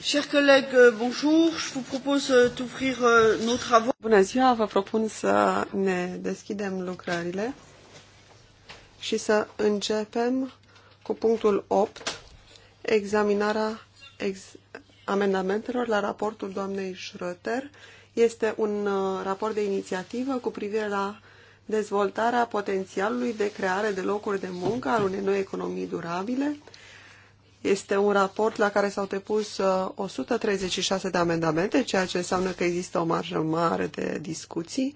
Chers collègues, euh, bonjour. Je vous propose euh, d'ouvrir euh, nos travaux. Bună ziua, vă propun să ne deschidem lucrările și să începem cu punctul 8, examinarea ex amendamentelor la raportul doamnei Schröter. Este un uh, raport de inițiativă cu privire la dezvoltarea potențialului de creare de locuri de muncă al unei noi economii durabile, este un raport la care s-au depus 136 uh, de amendamente, ceea ce înseamnă că există o marjă mare de discuții,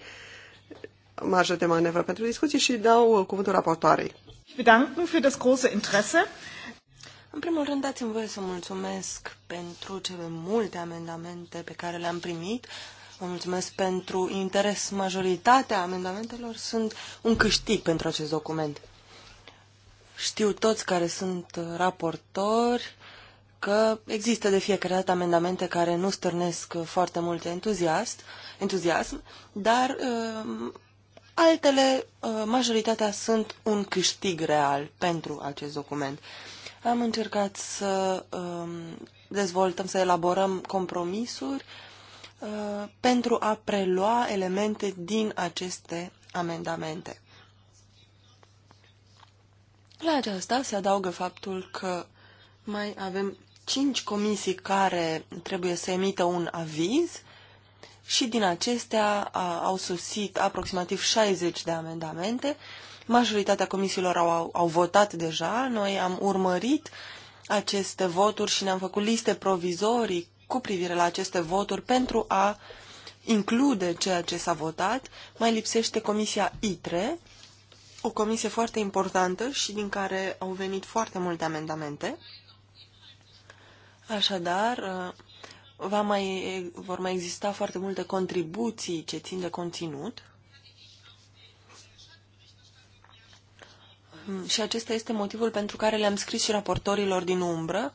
marjă de manevră pentru discuții și dau uh, cuvântul raportoarei. În primul rând, dați-mi voie să mulțumesc pentru cele multe amendamente pe care le-am primit. Vă mulțumesc pentru interes. Majoritatea amendamentelor sunt un câștig pentru acest document. Știu toți care sunt raportori că există de fiecare dată amendamente care nu stârnesc foarte mult entuziast, entuziasm, dar um, uh, altele, majoritatea, sunt un câștig real pentru acest document. Am încercat să uh, dezvoltăm, să elaborăm compromisuri uh, pentru a prelua elemente din aceste amendamente. La aceasta se adaugă faptul că mai avem cinci comisii care trebuie să emită un aviz și din acestea au susit aproximativ 60 de amendamente. Majoritatea comisiilor au, au votat deja, noi am urmărit aceste voturi și ne-am făcut liste provizorii cu privire la aceste voturi pentru a include ceea ce s-a votat. Mai lipsește comisia ITRE, o comisie foarte importantă și din care au venit foarte multe amendamente. Așadar, uh, va mai, vor mai exista foarte multe contribuții ce țin de conținut. Mm, și acesta este motivul pentru care le-am scris și raportorilor din umbră,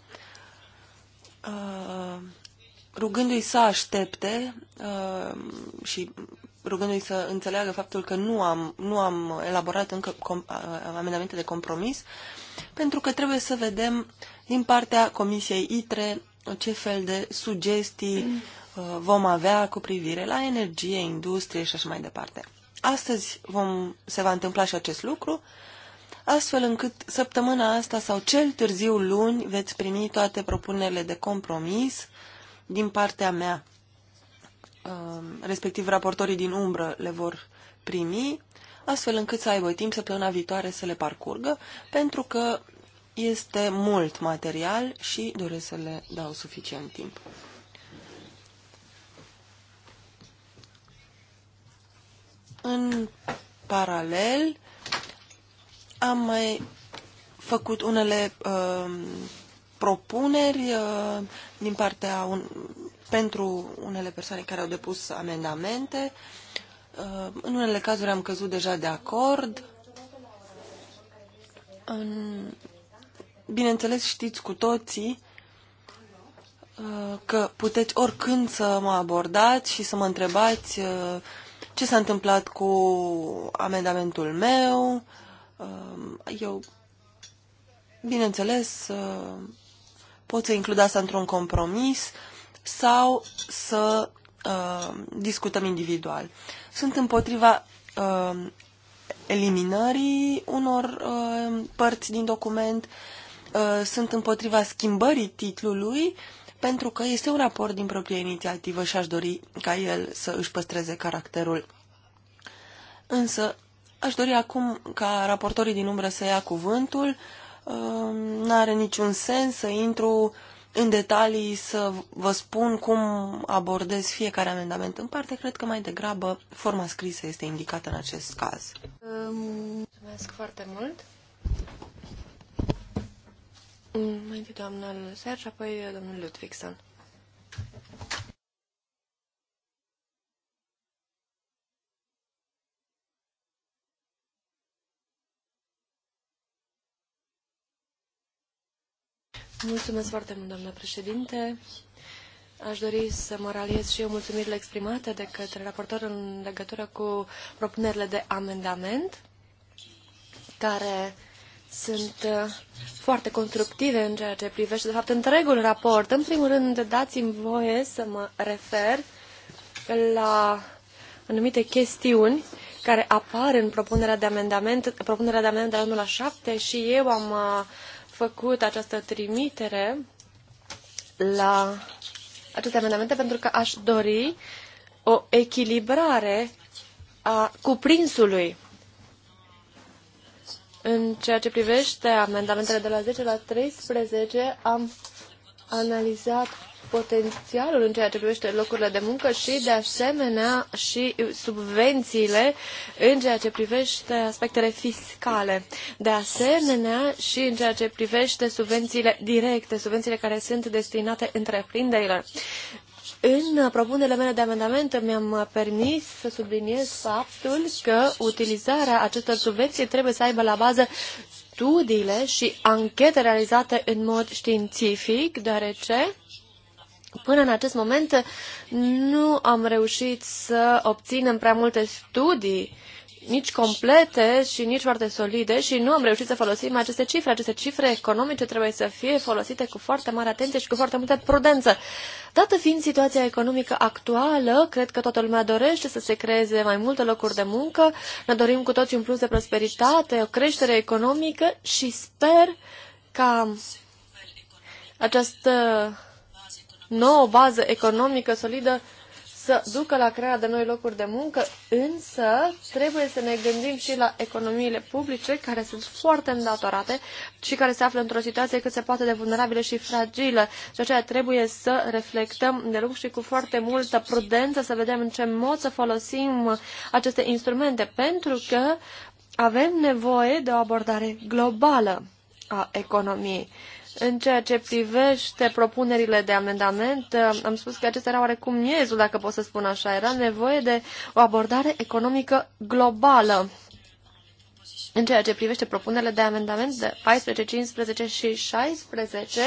uh, rugându-i să aștepte uh, și rugându-i să înțeleagă faptul că nu am, nu am elaborat încă amendamente de compromis, pentru că trebuie să vedem din partea Comisiei ITRE ce fel de sugestii uh, vom avea cu privire la energie, industrie și așa mai departe. Astăzi vom, se va întâmpla și acest lucru, astfel încât săptămâna asta sau cel târziu luni veți primi toate propunerile de compromis din partea mea Um, respectiv raportorii din umbră le vor primi, astfel încât să aibă timp săptămâna viitoare să le parcurgă, pentru că este mult material și doresc să le dau suficient timp. În paralel, am mai făcut unele uh, propuneri uh, din partea un, pentru unele persoane care au depus amendamente. Uh, în unele cazuri am căzut deja de acord. Bineînțeles, știți cu toții uh, că puteți oricând să mă abordați și să mă întrebați uh, ce s-a întâmplat cu amendamentul meu. Eu, bineînțeles, pot să includ asta într-un compromis sau să uh, discutăm individual. Sunt împotriva uh, eliminării unor uh, părți din document, uh, sunt împotriva schimbării titlului, pentru că este un raport din proprie inițiativă și aș dori ca el să își păstreze caracterul. Însă, aș dori acum ca raportorii din umbră să ia cuvântul. Uh, N-are niciun sens să intru uh, în detalii să vă spun cum abordez fiecare amendament în parte, cred că mai degrabă forma scrisă este indicată în acest caz. Mulțumesc foarte mult. Mai întâi doamna Serge, apoi domnul Ludvigson. Mulțumesc foarte mult, doamnă președinte. Aș dori să mă raliez și eu mulțumirile exprimate de către raportor în legătură cu propunerile de amendament, care sunt uh, foarte constructive în ceea ce privește, de fapt, întregul raport. În primul rând, dați-mi voie să mă refer la anumite chestiuni care apar în propunerea de amendament, propunerea de amendament de la 1 7 și eu am uh, făcut această trimitere la aceste amendamente pentru că aș dori o echilibrare a cuprinsului în ceea ce privește amendamentele de la 10 la 13 am analizat potențialul în ceea ce privește locurile de muncă și, de asemenea, și subvențiile în ceea ce privește aspectele fiscale. De asemenea, și în ceea ce privește subvențiile directe, subvențiile care sunt destinate întreprinderilor. În propunerile mele de amendament mi-am permis să subliniez faptul că utilizarea acestor subvenții trebuie să aibă la bază studiile și anchete realizate în mod științific, deoarece Până în acest moment nu am reușit să obținem prea multe studii nici complete și nici foarte solide și nu am reușit să folosim aceste cifre. Aceste cifre economice trebuie să fie folosite cu foarte mare atenție și cu foarte multă prudență. Dată fiind situația economică actuală, cred că toată lumea dorește să se creeze mai multe locuri de muncă, ne dorim cu toți un plus de prosperitate, o creștere economică și sper ca această nouă bază economică solidă să ducă la crearea de noi locuri de muncă, însă trebuie să ne gândim și la economiile publice care sunt foarte îndatorate și care se află într-o situație cât se poate de vulnerabilă și fragilă. Și aceea trebuie să reflectăm de lung și cu foarte multă prudență să vedem în ce mod să folosim aceste instrumente, pentru că avem nevoie de o abordare globală a economiei. În ceea ce privește propunerile de amendament, uh, am spus că acestea era oarecum miezul, dacă pot să spun așa. Era nevoie de o abordare economică globală. În ceea ce privește propunerile de amendament de 14, 15 și 16,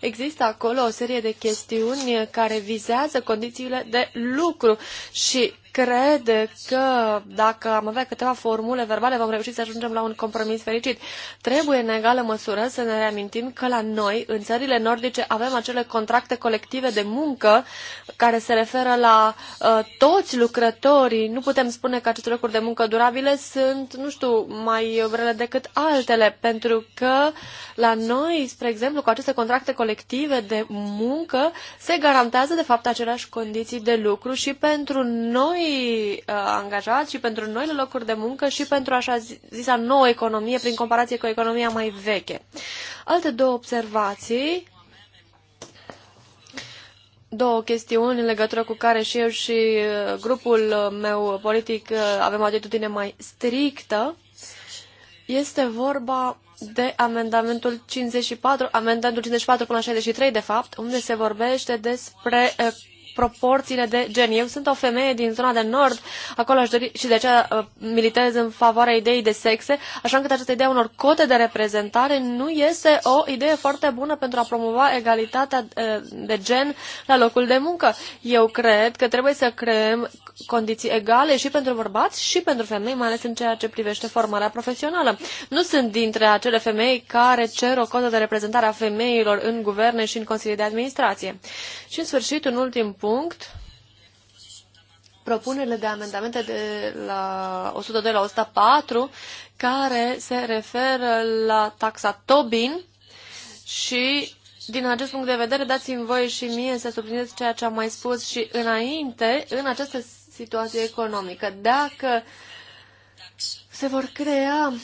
există acolo o serie de chestiuni care vizează condițiile de lucru și crede că dacă am avea câteva formule verbale vom reuși să ajungem la un compromis fericit. Trebuie în egală măsură să ne reamintim că la noi, în țările nordice, avem acele contracte colective de muncă care se referă la uh, toți lucrătorii. Nu putem spune că aceste locuri de muncă durabile sunt, nu știu, mai rele decât altele, pentru că la noi, spre exemplu, cu aceste contracte colective de muncă se garantează de fapt aceleași condiții de lucru și pentru noi noi uh, angajați și pentru noile locuri de muncă și pentru așa zisa nouă economie prin comparație cu economia mai veche. Alte două observații, două chestiuni în legătură cu care și eu și uh, grupul uh, meu politic uh, avem o atitudine mai strictă, este vorba de amendamentul 54, amendamentul 54 până la 63, de fapt, unde se vorbește despre proporțiile de gen. Eu sunt o femeie din zona de nord, acolo aș dori și de aceea uh, militez în favoarea ideii de sexe, așa încât această idee a unor cote de reprezentare nu este o idee foarte bună pentru a promova egalitatea uh, de gen la locul de muncă. Eu cred că trebuie să creăm condiții egale și pentru bărbați și pentru femei, mai ales în ceea ce privește formarea profesională. Nu sunt dintre acele femei care cer o cotă de reprezentare a femeilor în guverne și în consilii de administrație. Și în sfârșit, un ultim punct punct, propunerile de amendamente de la 102 la 104 care se referă la taxa Tobin și din acest punct de vedere dați-mi voie și mie să subliniez ceea ce am mai spus și înainte în această situație economică. Dacă uh, se vor crea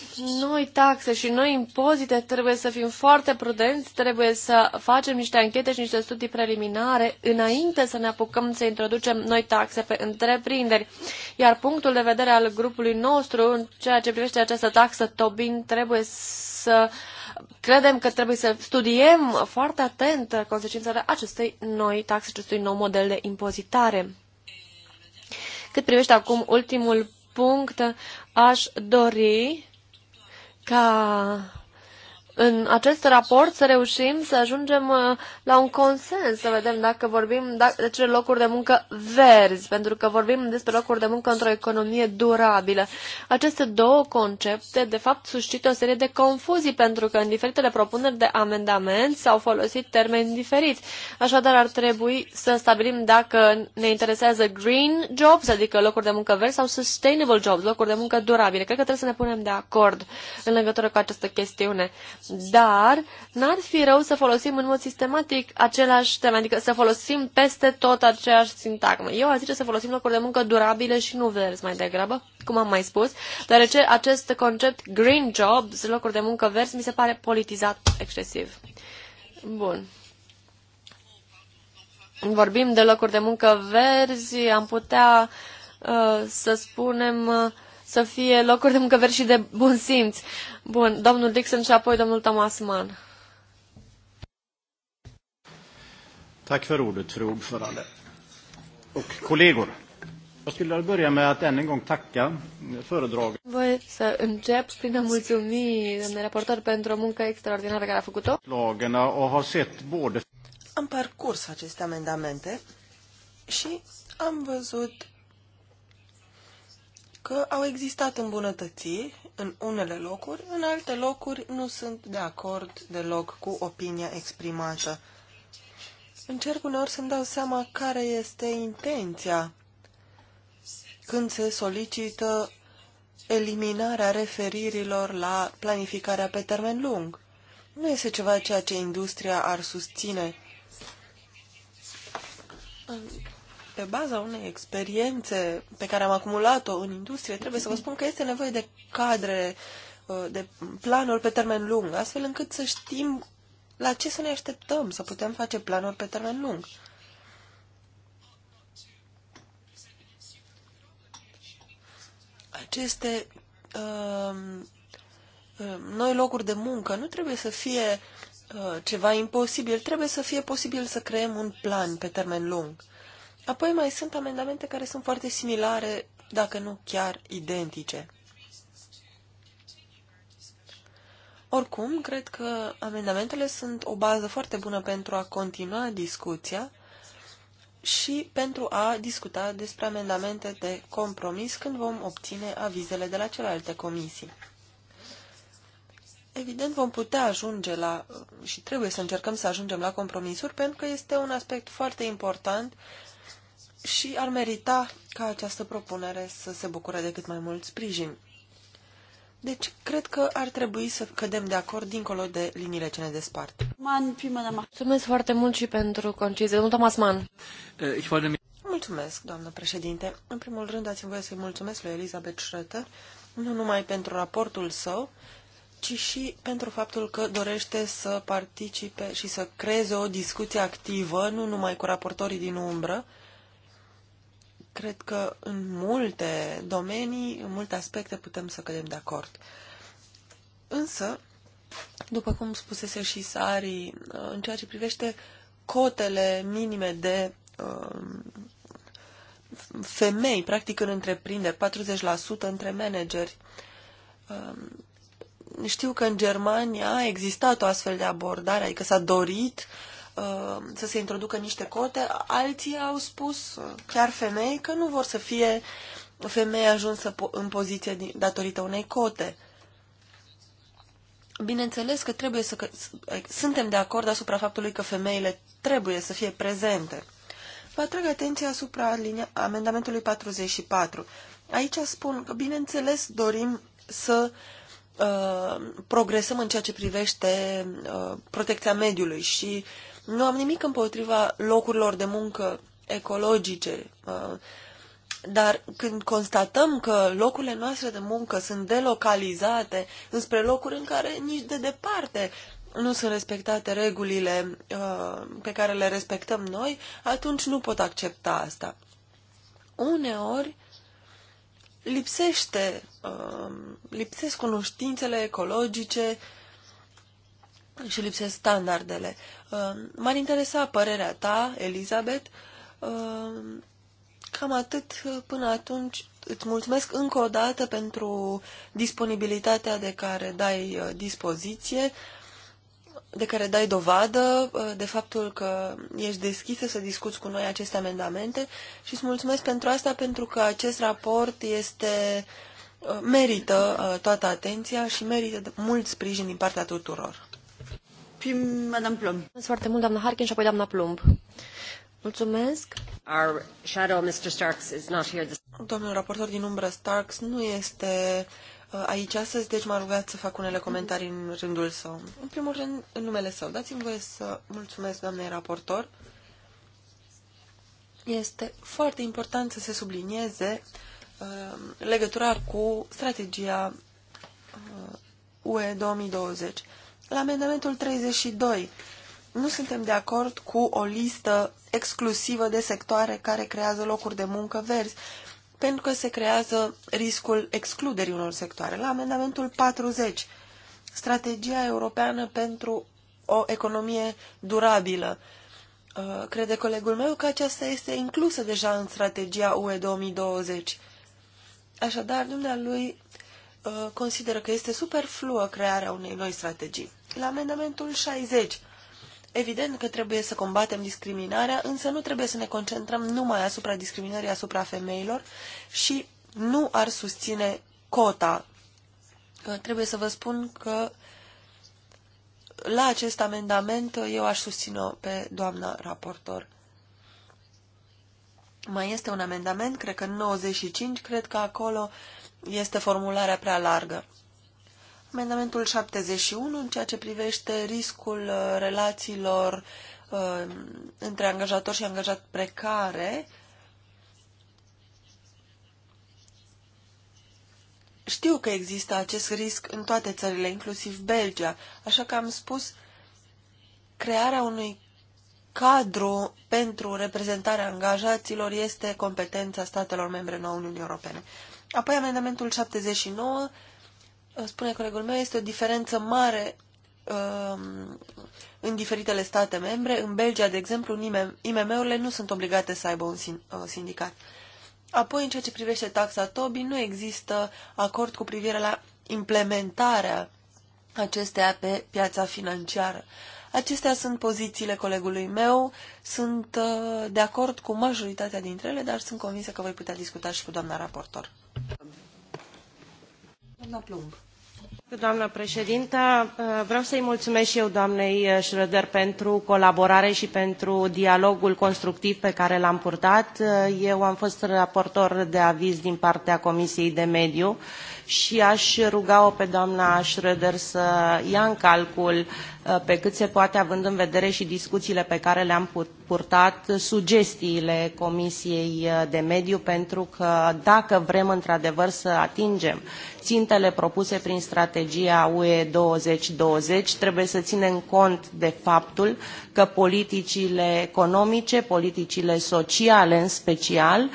noi taxe și noi impozite, trebuie să fim foarte prudenți, trebuie să facem niște anchete și niște studii preliminare înainte să ne apucăm să introducem noi taxe pe întreprinderi. Iar punctul de vedere al grupului nostru în ceea ce privește această taxă Tobin trebuie să credem că trebuie să studiem foarte atent consecințele acestei noi taxe, acestui nou model de impozitare. Cât privește acum ultimul punct, Aș dori ca în acest raport să reușim să ajungem uh, la un consens, să vedem dacă vorbim da, de cele locuri de muncă verzi, pentru că vorbim despre locuri de muncă într-o economie durabilă. Aceste două concepte, de fapt, suscită o serie de confuzii, pentru că în diferitele propuneri de amendament s-au folosit termeni diferiți. Așadar, ar trebui să stabilim dacă ne interesează green jobs, adică locuri de muncă verzi, sau sustainable jobs, locuri de muncă durabile. Cred că trebuie să ne punem de acord în legătură cu această chestiune dar n-ar fi rău să folosim în mod sistematic același teme, adică să folosim peste tot aceeași sintagmă. Eu aș zice să folosim locuri de muncă durabile și nu verzi mai degrabă, cum am mai spus, deoarece acest concept green jobs, locuri de muncă verzi, mi se pare politizat excesiv. Bun. Vorbim de locuri de muncă verzi, am putea uh, să spunem uh, să fie locuri de muncă verzi și de bun simț. Bun, domnul Dixon și apoi domnul Thomas Mann. Tack för ordet, fru ordförande. Och kollegor. Jag skulle vilja börja med att än en gång tacka föredraget. Voi să încep prin a mulțumi, domnul raportor, pentru o muncă extraordinară care a făcut-o. Lagarna och har sett både... Am parcurs aceste amendamente și am văzut că au existat îmbunătățiri în unele locuri, în alte locuri nu sunt de acord deloc cu opinia exprimată. Încerc uneori să-mi dau seama care este intenția când se solicită eliminarea referirilor la planificarea pe termen lung. Nu este ceva ceea ce industria ar susține pe baza unei experiențe pe care am acumulat-o în industrie, trebuie să vă spun că este nevoie de cadre, uh, de planuri pe termen lung, astfel încât să știm la ce să ne așteptăm, să putem face planuri pe termen lung. Aceste uh, uh noi locuri de muncă nu trebuie să fie uh, ceva imposibil, trebuie să fie posibil să creăm un plan pe termen lung. Apoi mai sunt amendamente care sunt foarte similare, dacă nu chiar identice. Oricum, cred că amendamentele sunt o bază foarte bună pentru a continua discuția și pentru a discuta despre amendamente de compromis când vom obține avizele de la celelalte comisii. Evident, vom putea ajunge la, și trebuie să încercăm să ajungem la compromisuri, pentru că este un aspect foarte important și ar merita ca această propunere să se bucure de cât mai mult sprijin. Deci, cred că ar trebui să cădem de acord dincolo de liniile ce ne despart. Mulțumesc foarte mult și pentru concizie. Domnul Thomas Mann. Eh, mulțumesc, doamnă președinte. În primul rând, dați-mi voie să-i mulțumesc lui Elizabeth Schröter, nu numai pentru raportul său, ci și pentru faptul că dorește să participe și să creeze o discuție activă, nu numai cu raportorii din umbră, Cred că în multe domenii, în multe aspecte putem să cădem de acord. Însă, după cum spusese și Sari, în ceea ce privește cotele minime de um, femei, practic în întreprinde, 40% între manageri, um, știu că în Germania a existat o astfel de abordare, adică s-a dorit uh, Uh, să se introducă niște cote, alții au spus, uh, chiar femei, că nu vor să fie femei ajunsă în poziție datorită unei cote. Bineînțeles că trebuie să... Că, suntem de acord asupra faptului că femeile trebuie să fie prezente. Vă atrag atenția asupra linia, amendamentului 44. Aici spun că, bineînțeles, dorim să uh, progresăm în ceea ce privește uh, protecția mediului și nu am nimic împotriva locurilor de muncă ecologice, uh, dar când constatăm că locurile noastre de muncă sunt delocalizate înspre locuri în care nici de departe nu sunt respectate regulile uh, pe care le respectăm noi, atunci nu pot accepta asta. Uneori lipsește, uh, lipsesc cunoștințele ecologice, și lipsesc standardele. Ehm, m-ar interesa părerea ta, Elizabeth. Ehm, cam atât până atunci. Îți mulțumesc încă o dată pentru disponibilitatea de care dai eh, dispoziție, de care dai dovadă, eh, de faptul că ești deschisă să discuți cu noi aceste amendamente și îți mulțumesc pentru asta, pentru că acest raport este eh, merită toată atenția și merită mult sprijin din partea tuturor puis Mulțumesc foarte mult, doamna Harkin și apoi doamna Plumb. Mulțumesc. Our shadow, Mr. Starks, is not here this... Domnul raportor din umbră Starks nu este uh, aici astăzi, deci m-a rugat să fac unele comentarii în rândul său. În primul rând, în numele său, dați-mi voie să mulțumesc doamnei raportor. Este foarte important să se sublinieze uh, legătura cu strategia uh, UE 2020. La amendamentul 32, nu suntem de acord cu o listă exclusivă de sectoare care creează locuri de muncă verzi, pentru că se creează riscul excluderii unor sectoare. La amendamentul 40, strategia europeană pentru o economie durabilă. Uh, crede colegul meu că aceasta este inclusă deja în strategia UE 2020. Așadar, dumnealui uh, consideră că este superfluă crearea unei noi strategii la amendamentul 60. Evident că trebuie să combatem discriminarea, însă nu trebuie să ne concentrăm numai asupra discriminării asupra femeilor și nu ar susține cota. Trebuie să vă spun că la acest amendament eu aș susține-o pe doamna raportor. Mai este un amendament, cred că în 95, cred că acolo este formularea prea largă. Amendamentul 71 în ceea ce privește riscul uh, relațiilor uh, între angajator și angajat precare. Știu că există acest risc în toate țările, inclusiv Belgia, așa că am spus crearea unui cadru pentru reprezentarea angajaților este competența statelor membre în Uniunii Europene. Apoi amendamentul 79 spune colegul meu, este o diferență mare um, în diferitele state membre. În Belgia, de exemplu, IMM-urile nu sunt obligate să aibă un uh, sindicat. Apoi, în ceea ce privește taxa Tobi, nu există acord cu privire la implementarea acesteia pe piața financiară. Acestea sunt pozițiile colegului meu, sunt uh, de acord cu majoritatea dintre ele, dar sunt convinsă că voi putea discuta și cu doamna raportor. Doamna Plumb. Doamnă președintă, vreau să-i mulțumesc și eu doamnei Schröder pentru colaborare și pentru dialogul constructiv pe care l-am purtat. Eu am fost raportor de aviz din partea Comisiei de Mediu și aș ruga-o pe doamna Schröder să ia în calcul uh, pe cât se poate, având în vedere și discuțiile pe care le-am purtat, sugestiile Comisiei uh, de Mediu, pentru că dacă vrem într-adevăr să atingem țintele propuse prin strategia UE 2020, trebuie să ținem cont de faptul că politicile economice, politicile sociale în special,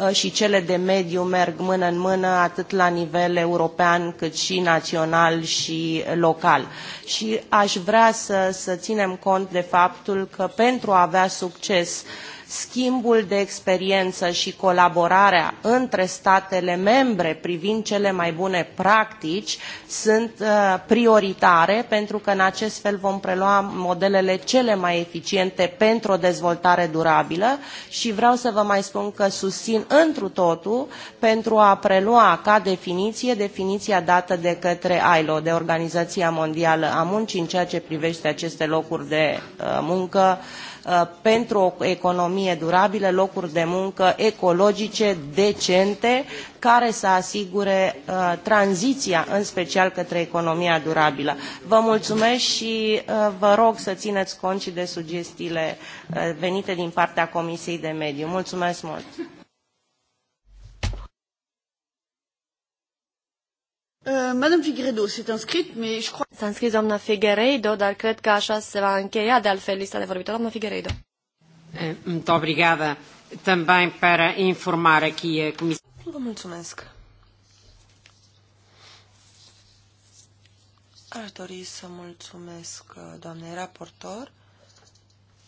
Uh, și cele de mediu merg mână în mână atât la nivel european cât și național și local. Și aș vrea să, să ținem cont de faptul că pentru a avea succes schimbul de experiență și colaborarea între statele membre privind cele mai bune practici sunt uh, prioritare pentru că în acest fel vom prelua modelele cele mai eficiente pentru o dezvoltare durabilă și vreau să vă mai spun că susțin întru totul pentru a prelua ca definiție definiția dată de către ILO, de Organizația Mondială a Muncii, în ceea ce privește aceste locuri de uh, muncă Uh, pentru o economie durabilă, locuri de muncă ecologice, decente, care să asigure uh, tranziția, în special către economia durabilă. Vă mulțumesc și uh, vă rog să țineți cont și de sugestiile uh, venite din partea Comisiei de Mediu. Mulțumesc mult! Euh, Madame Figueredo s'est inscrite, mais je crois... S-a Madame doamna Figueiredo, dar cred că așa se va încheia de altfel lista de vorbitori. Madame Figueiredo. Eh, muito obrigada também para informar aqui a Comissão. Vă mulțumesc. Aș dori să mulțumesc uh, doamnei raportor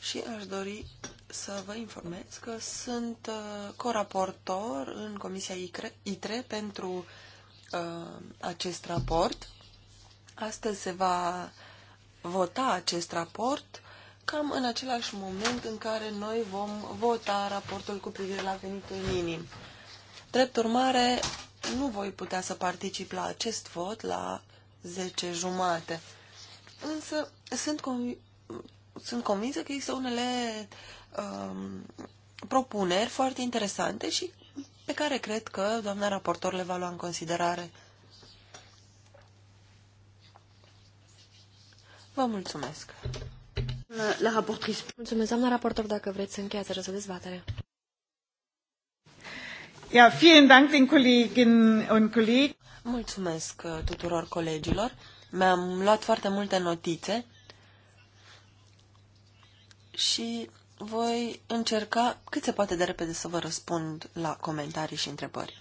și aș dori să vă informez că sunt uh, coraportor în Comisia ITRE pentru uh, Uh, acest raport. Astăzi se va vota acest raport cam în același moment în care noi vom vota raportul cu privire la venitul minim. Drept urmare, nu voi putea să particip la acest vot la 10 jumate. Însă sunt, conv- sunt convinsă că există unele um, propuneri foarte interesante și pe care cred că doamna raportor le va lua în considerare. Vă mulțumesc. La raportris. Mulțumesc, doamna raportor, dacă vreți să încheiați această dezbatere. Ja, vielen Dank den Kollegen und Kollegen. Mulțumesc uh, tuturor colegilor. Mi-am luat foarte multe notițe și voi încerca cât se poate de repede să vă răspund la comentarii și întrebări.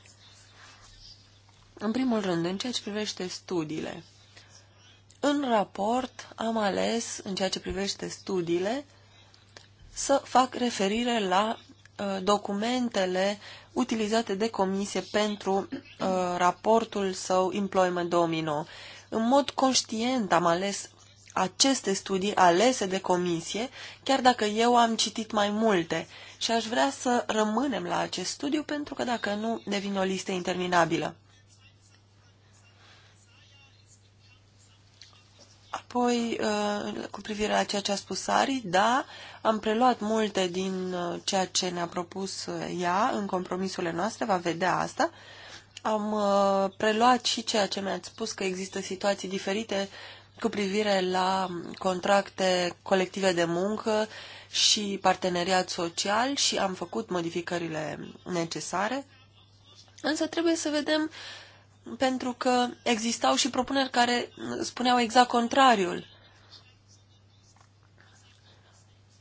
În primul rând, în ceea ce privește studiile, în raport am ales, în ceea ce privește studiile, să fac referire la uh, documentele utilizate de comisie pentru uh, raportul său Employment 2009. În mod conștient am ales aceste studii alese de comisie, chiar dacă eu am citit mai multe și aș vrea să rămânem la acest studiu pentru că dacă nu devine o listă interminabilă. Apoi, uh, cu privire la ceea ce a spus Ari, da, am preluat multe din uh, ceea ce ne-a propus uh, ea în compromisurile noastre, va vedea asta. Am preluat și ceea ce mi-ați spus, că există situații diferite cu privire la contracte colective de muncă și parteneriat social și am făcut modificările necesare. Însă trebuie să vedem, pentru că existau și propuneri care spuneau exact contrariul.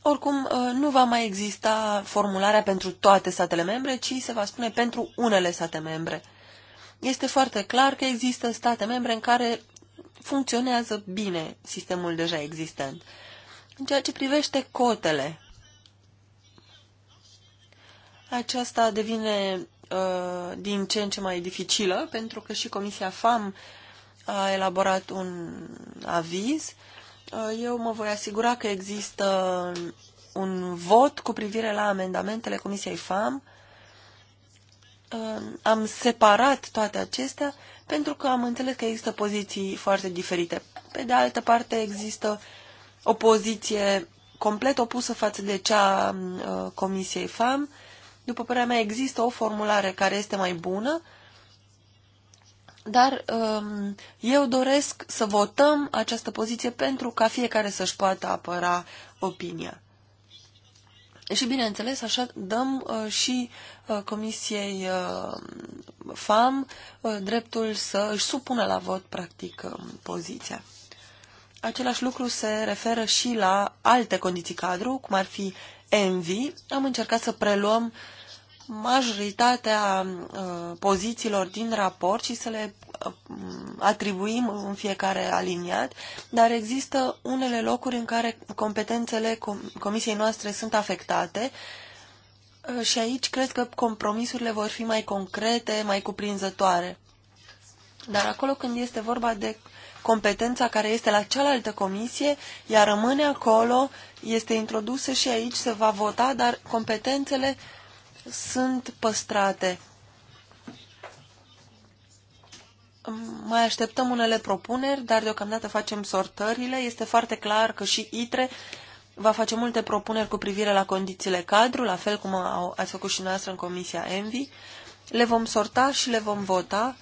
Oricum, uh, nu va mai exista formularea pentru toate statele membre, ci se va spune pentru unele state membre. Este foarte clar că există state membre în care funcționează bine sistemul deja existent. În ceea ce privește cotele, aceasta devine uh, din ce în ce mai dificilă, pentru că și Comisia FAM a elaborat un aviz. Uh, eu mă voi asigura că există un vot cu privire la amendamentele Comisiei FAM. Uh, am separat toate acestea pentru că am înțeles că există poziții foarte diferite. Pe de altă parte, există o poziție complet opusă față de cea uh, Comisiei FAM. După părerea mea, există o formulare care este mai bună, dar um, eu doresc să votăm această poziție pentru ca fiecare să-și poată apăra opinia. Și, bineînțeles, așa dăm uh, și uh, Comisiei uh, FAM uh, dreptul să își supună la vot, practic, uh, poziția. Același lucru se referă și la alte condiții cadru, cum ar fi ENVI. Am încercat să preluăm uh, majoritatea uh, pozițiilor din raport și să le uh, atribuim în fiecare aliniat, dar există unele locuri în care competențele comisiei noastre sunt afectate uh, și aici cred că compromisurile vor fi mai concrete, mai cuprinzătoare. Dar acolo când este vorba de competența care este la cealaltă comisie, ea rămâne acolo, este introdusă și aici, se va vota, dar competențele uh, sunt păstrate. Mai așteptăm unele propuneri, dar deocamdată facem sortările. Este foarte clar că și ITRE va face multe propuneri cu privire la condițiile cadru, la fel cum ați făcut și noastră în Comisia ENVI. Le vom sorta și le vom vota.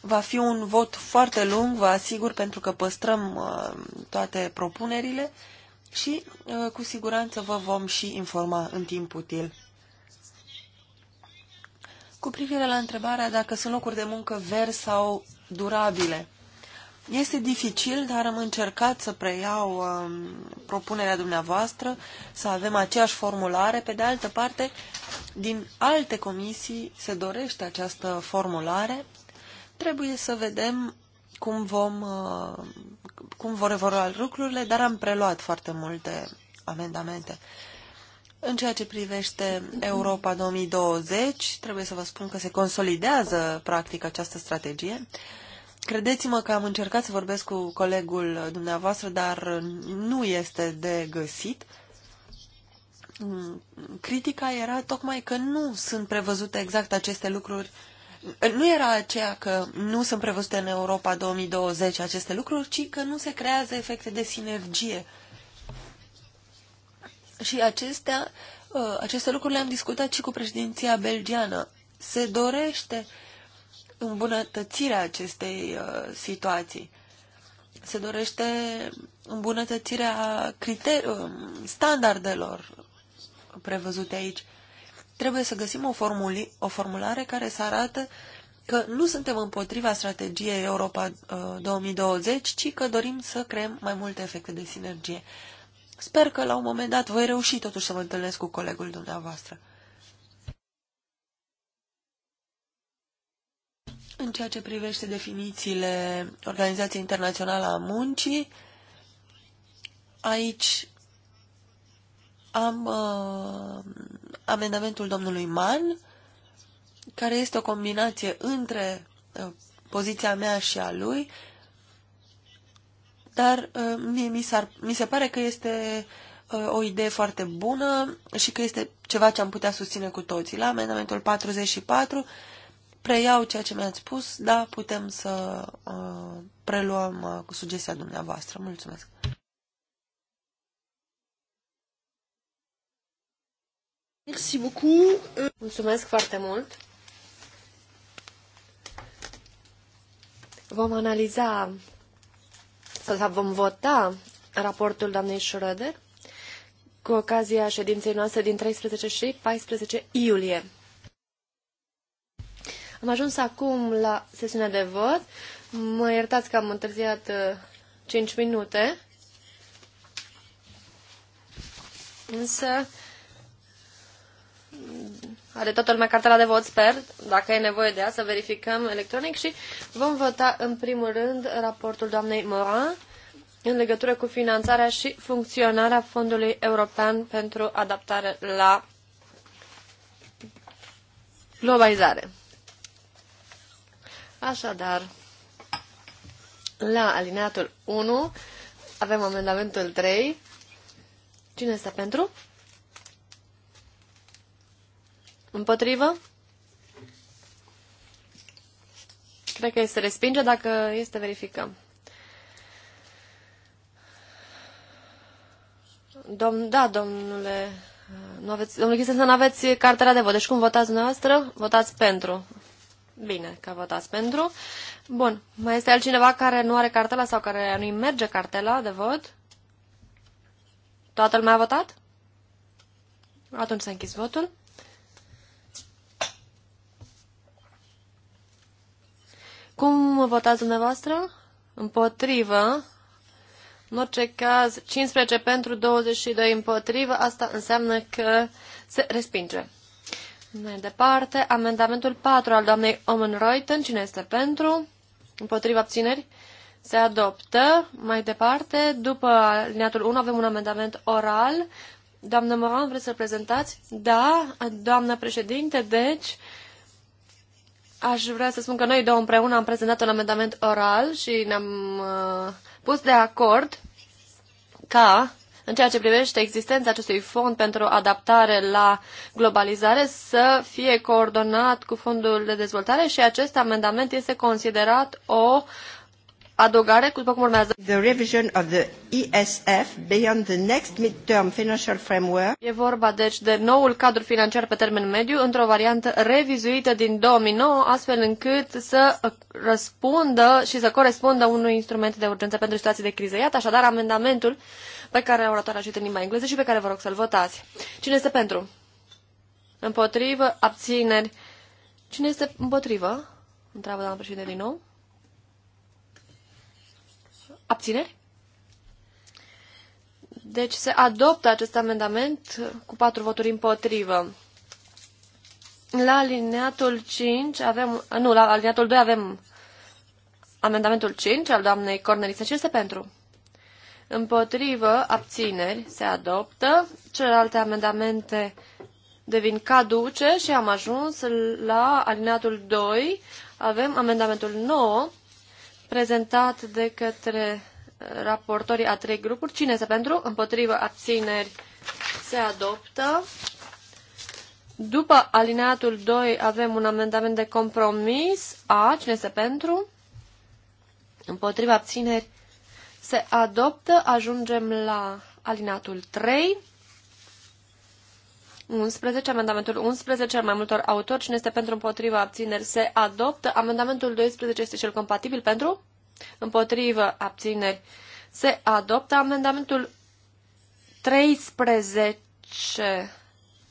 Va fi un vot foarte lung, vă asigur, pentru că păstrăm uh, toate propunerile și uh, cu siguranță vă vom și informa în timp util. Cu privire la întrebarea dacă sunt locuri de muncă veri sau durabile, este dificil, dar am încercat să preiau um, propunerea dumneavoastră, să avem aceeași formulare. Pe de altă parte, din alte comisii se dorește această formulare. Trebuie să vedem cum, vom, uh, cum vor evolua lucrurile, dar am preluat foarte multe amendamente. Uh, în ceea ce privește Europa 2020, trebuie să vă spun că se consolidează practic această strategie. Credeți-mă că am încercat să vorbesc cu colegul dumneavoastră, dar nu este de găsit. Critica era tocmai că nu sunt prevăzute exact aceste lucruri. Nu era aceea că nu sunt prevăzute în Europa 2020 aceste lucruri, ci că nu se creează efecte de sinergie și acestea, ă, aceste lucruri le-am discutat și cu președinția belgiană. Se dorește îmbunătățirea acestei ă, situații. Se dorește îmbunătățirea ă, standardelor prevăzute aici. Trebuie să găsim o, formuli, o formulare care să arată că nu suntem împotriva strategiei Europa 2020, ci că dorim să creăm mai multe efecte de sinergie. Sper că la un moment dat voi reuși totuși să mă întâlnesc cu colegul dumneavoastră. În ceea ce privește definițiile Organizației Internaționale a Muncii, aici am uh, amendamentul domnului Mann, care este o combinație între uh, poziția mea și a lui, uh, dar uh, mie mi, s-ar, mi se pare că este uh, o idee foarte bună și că este ceva ce am putea susține cu toții. La amendamentul 44 preiau ceea ce mi-ați spus, dar putem să uh, preluăm uh, sugestia dumneavoastră. Mulțumesc! Merci beaucoup. Mulțumesc foarte mult! Vom analiza să vom vota raportul doamnei Schröder cu ocazia ședinței noastre din 13 și 14 iulie. Am ajuns acum la sesiunea de vot. Mă iertați că am întârziat 5 uh, minute. Însă are toată lumea cartela de vot, sper, dacă e nevoie de ea, să verificăm electronic și vom vota în primul rând raportul doamnei Morin în legătură cu finanțarea și funcționarea Fondului European pentru adaptare la globalizare. Așadar, la alineatul 1 avem amendamentul 3. Cine este pentru? Împotrivă? Cred că este respinge, dacă este verificăm. Domn, da, domnule, nu aveți, domnule nu aveți cartela de vot. Deci cum votați dumneavoastră? Votați pentru. Bine că votați pentru. Bun. Mai este altcineva care nu are cartela sau care nu-i merge cartela de vot? Toată lumea a votat? Atunci s-a închis votul. Cum votați dumneavoastră? Împotrivă. În orice caz, 15 pentru 22 împotrivă, asta înseamnă că se respinge. Mai departe, amendamentul 4 al doamnei Omen Reuten, cine este pentru? Împotriva abțineri? Se adoptă. Mai departe, după alineatul 1 avem un amendament oral. Doamnă Moran, vreți să-l prezentați? Da, doamnă președinte, deci aș vrea să spun că noi două împreună am prezentat un amendament oral și ne-am uh, pus de acord ca, în ceea ce privește existența acestui fond pentru adaptare la globalizare, să fie coordonat cu fondul de dezvoltare și acest amendament este considerat o adăugare, după cum urmează. The revision of the ESF beyond the next midterm financial framework. E vorba deci de noul cadru financiar pe termen mediu într-o variantă revizuită din 2009, astfel încât să răspundă și să corespundă unui instrument de urgență pentru situații de criză. Iată așadar amendamentul pe care oratoarea ajută în limba engleză și pe care vă rog să-l votați. Cine este pentru? Împotrivă? Abțineri? Cine este împotrivă? Întreabă doamna președinte din nou. Abțineri? Deci se adoptă acest amendament cu patru voturi împotrivă. La alineatul 5 avem, nu, la alineatul 2 avem amendamentul 5 al doamnei Cornelisa. Ce este pentru? Împotrivă, abțineri, se adoptă. Celelalte amendamente devin caduce și am ajuns la alineatul 2. Avem amendamentul 9 prezentat de către uh, raportorii a trei grupuri. Cine este pentru? Împotrivă abțineri se adoptă. După alineatul 2 avem un amendament de compromis. A. Cine este pentru? Împotrivă abțineri se adoptă. Ajungem la alineatul 3. 11, amendamentul 11 al mai multor autori, cine este pentru împotriva abțineri se adoptă. Amendamentul 12 este cel compatibil pentru împotrivă abțineri se adoptă. Amendamentul 13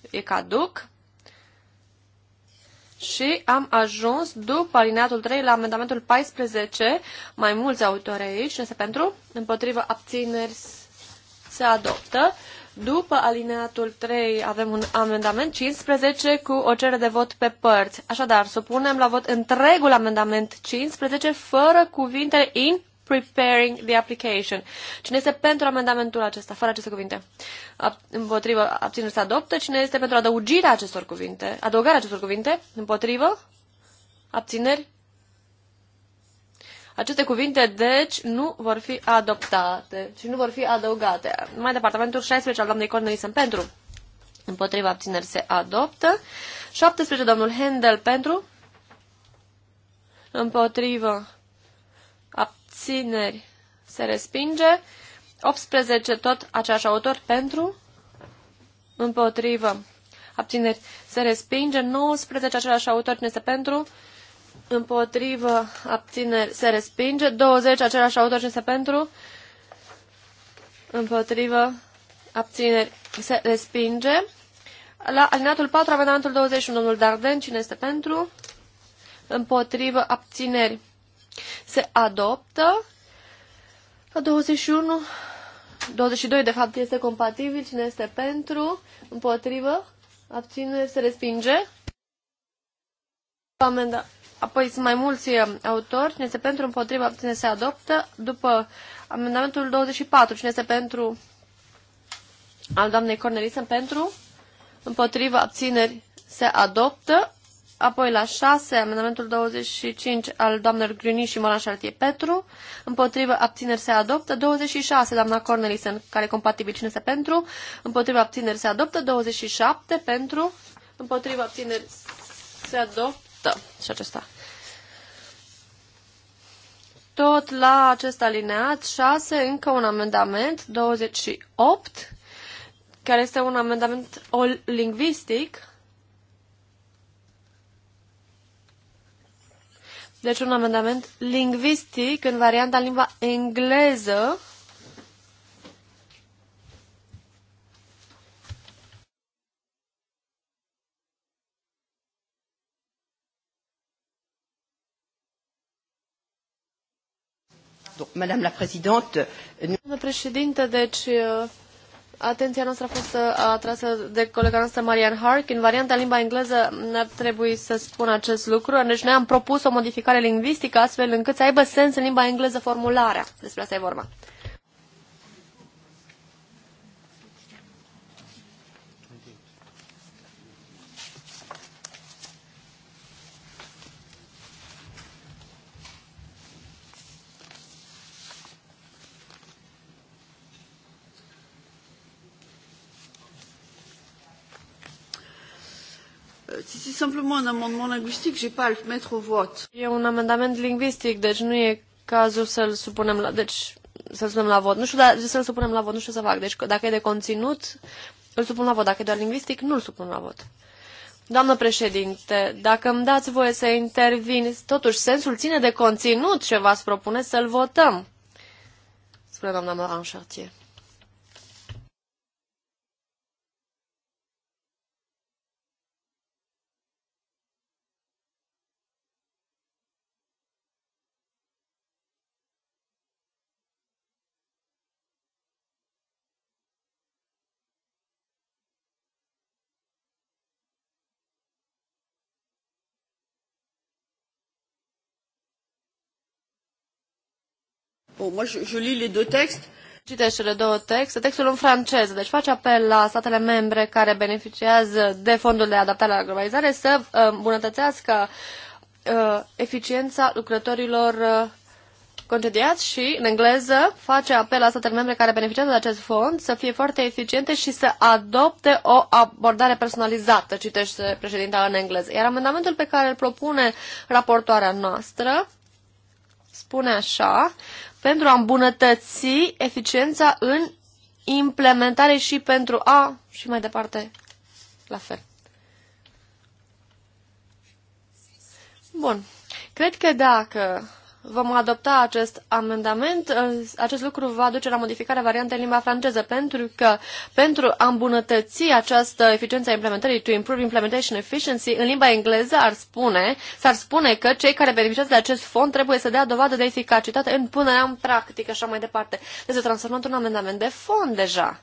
e caduc. Și am ajuns după alineatul 3 la amendamentul 14, mai mulți autori aici, este pentru, împotrivă abțineri se adoptă. După alineatul 3 avem un amendament 15 cu o cerere de vot pe părți. Așadar, supunem la vot întregul amendament 15 fără cuvintele in preparing the application. Cine este pentru amendamentul acesta, fără aceste cuvinte? împotrivă, abținere se adoptă. Cine este pentru adăugirea acestor cuvinte, adăugarea acestor cuvinte, împotrivă, abțineri, aceste cuvinte, deci, nu vor fi adoptate și nu vor fi adăugate. Mai departamentul 16 al doamnei Corneli sunt pentru. Împotriva abțineri se adoptă. 17 domnul Handel pentru. Împotriva abțineri se respinge. 18 tot aceeași autor pentru. Împotrivă abțineri se respinge. 19 același autor cine este pentru împotrivă, abțineri, se respinge. 20, același autor și este pentru, împotrivă, abțineri, se respinge. La alineatul 4, amendamentul 21, domnul Darden, cine este pentru? Împotrivă, abțineri, se adoptă. La 21, 22 de fapt este compatibil, cine este pentru, împotrivă, abțineri, se respinge. Amenda Apoi sunt mai mulți eh, autori. Cine este pentru, împotriva, cine se adoptă. După amendamentul 24, cine este pentru al doamnei Cornelisen, pentru, împotriva, abțineri, se adoptă. Apoi la 6, amendamentul 25 al doamnelor Grini și Moran Șartie Petru. împotriva, abțineri se adoptă. 26, doamna Cornelisen, care compatibil cine se pentru. împotriva abțineri se adoptă. 27 pentru. împotriva abțineri se adoptă. 100 și acesta. Tot la acest alineat 6, încă un amendament, 28, care este un amendament lingvistic. Deci un amendament lingvistic în varianta limba engleză Pardon, Madame Doamnă președinte, deci uh, atenția noastră a fost uh, atrasă de colega noastră Marian Hark. În varianta în limba engleză n-ar trebui să spun acest lucru. Deci noi am propus o modificare lingvistică astfel încât să aibă sens în limba engleză formularea. Despre asta e vorba. simplement un amendement linguistique, j'ai pas à le mettre au vot. E un amendament lingvistic, deci nu e cazul să-l supunem la... Deci, să-l supunem la vot. Nu știu, dar să-l supunem la vot, nu știu să fac. Deci, dacă e de conținut, îl supun la vot. Dacă e doar lingvistic, nu-l supun la vot. Doamnă președinte, dacă îmi dați voie să intervin, totuși sensul ține de conținut ce v-ați propune să-l votăm. Spune doamna Moran Chartier. bon, moi je, je lis les deux textes. Citește cele două texte, textul în franceză, deci face apel la statele membre care beneficiază de fondul de adaptare la globalizare să uh, îmbunătățească uh, eficiența lucrătorilor uh, concediați și, în engleză, face apel la statele membre care beneficiază de acest fond să fie foarte eficiente și să adopte o abordare personalizată, citește președinta în engleză. Iar amendamentul pe care îl propune raportoarea noastră spune așa, pentru a îmbunătăți eficiența în implementare și pentru a, și mai departe, la fel. Bun. Cred că dacă vom adopta acest amendament, acest lucru va duce la modificarea variantei în limba franceză, pentru că pentru a îmbunătăți această eficiență a implementării, to improve implementation efficiency, în limba engleză ar spune, s-ar spune că cei care beneficiază de acest fond trebuie să dea dovadă de eficacitate în punerea în practică și așa mai departe. Deci se transformă într-un amendament de fond deja.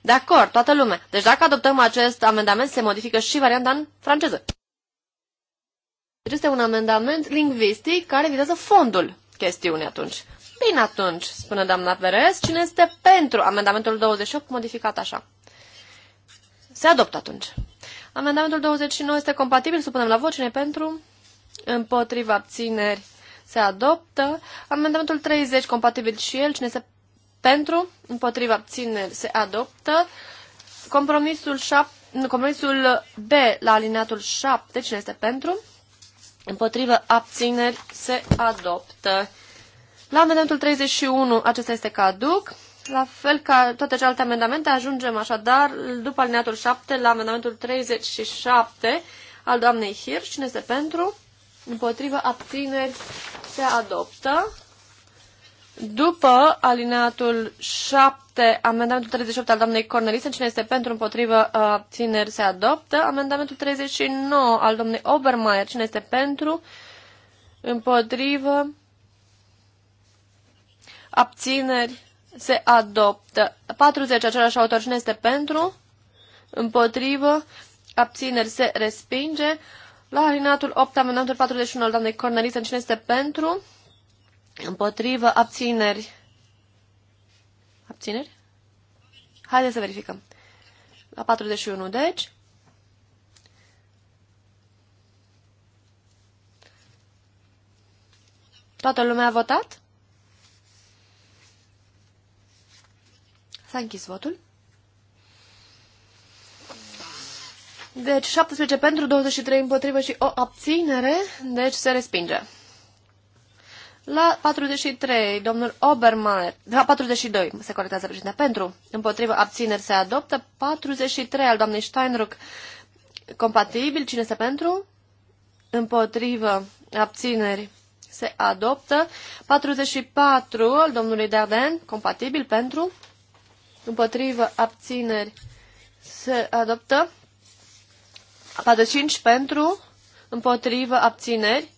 De acord, toată lumea. Deci dacă adoptăm acest amendament, se modifică și varianta în franceză. Deci este un amendament lingvistic care vizează fondul chestiunii atunci. Bine atunci, spune doamna Perez, cine este pentru amendamentul 28 modificat așa? Se adoptă atunci. Amendamentul 29 este compatibil, supunem la vot, cine pentru? Împotriva abțineri se adoptă. Amendamentul 30, compatibil și el, cine este pentru? Împotriva abțineri se adoptă. Compromisul, șap, compromisul B la alineatul 7, cine este pentru? împotrivă, abțineri, se adoptă. La amendamentul 31, acesta este caduc. La fel ca toate celelalte amendamente, ajungem așadar, după alineatul 7, la amendamentul 37 al doamnei Hirsch. Cine este pentru? Împotrivă, abțineri, se adoptă. După alineatul 7, amendamentul 38 al doamnei Cornelisen, cine este pentru, împotrivă, abțineri, se adoptă. Amendamentul 39 al doamnei Obermeier, cine este pentru, împotrivă, abțineri, se adoptă. 40, același autor, cine este pentru, împotrivă, abțineri, se respinge. La alineatul 8, amendamentul 41 al doamnei Cornelisen, cine este pentru, Împotrivă. Abțineri. Abțineri? Haideți să verificăm. La 41, deci. Toată lumea a votat? S-a închis votul. Deci 17 pentru, 23 împotrivă și o abținere, deci se respinge. La 43, domnul Obermeier, la 42, se corectează președinte, pentru, împotrivă, abțineri se adoptă, 43 al doamnei Steinruck, compatibil, cine este pentru, împotrivă, abțineri se adoptă, 44 al domnului Darden, compatibil, pentru, împotrivă, abțineri se adoptă, 45 pentru, împotrivă, abțineri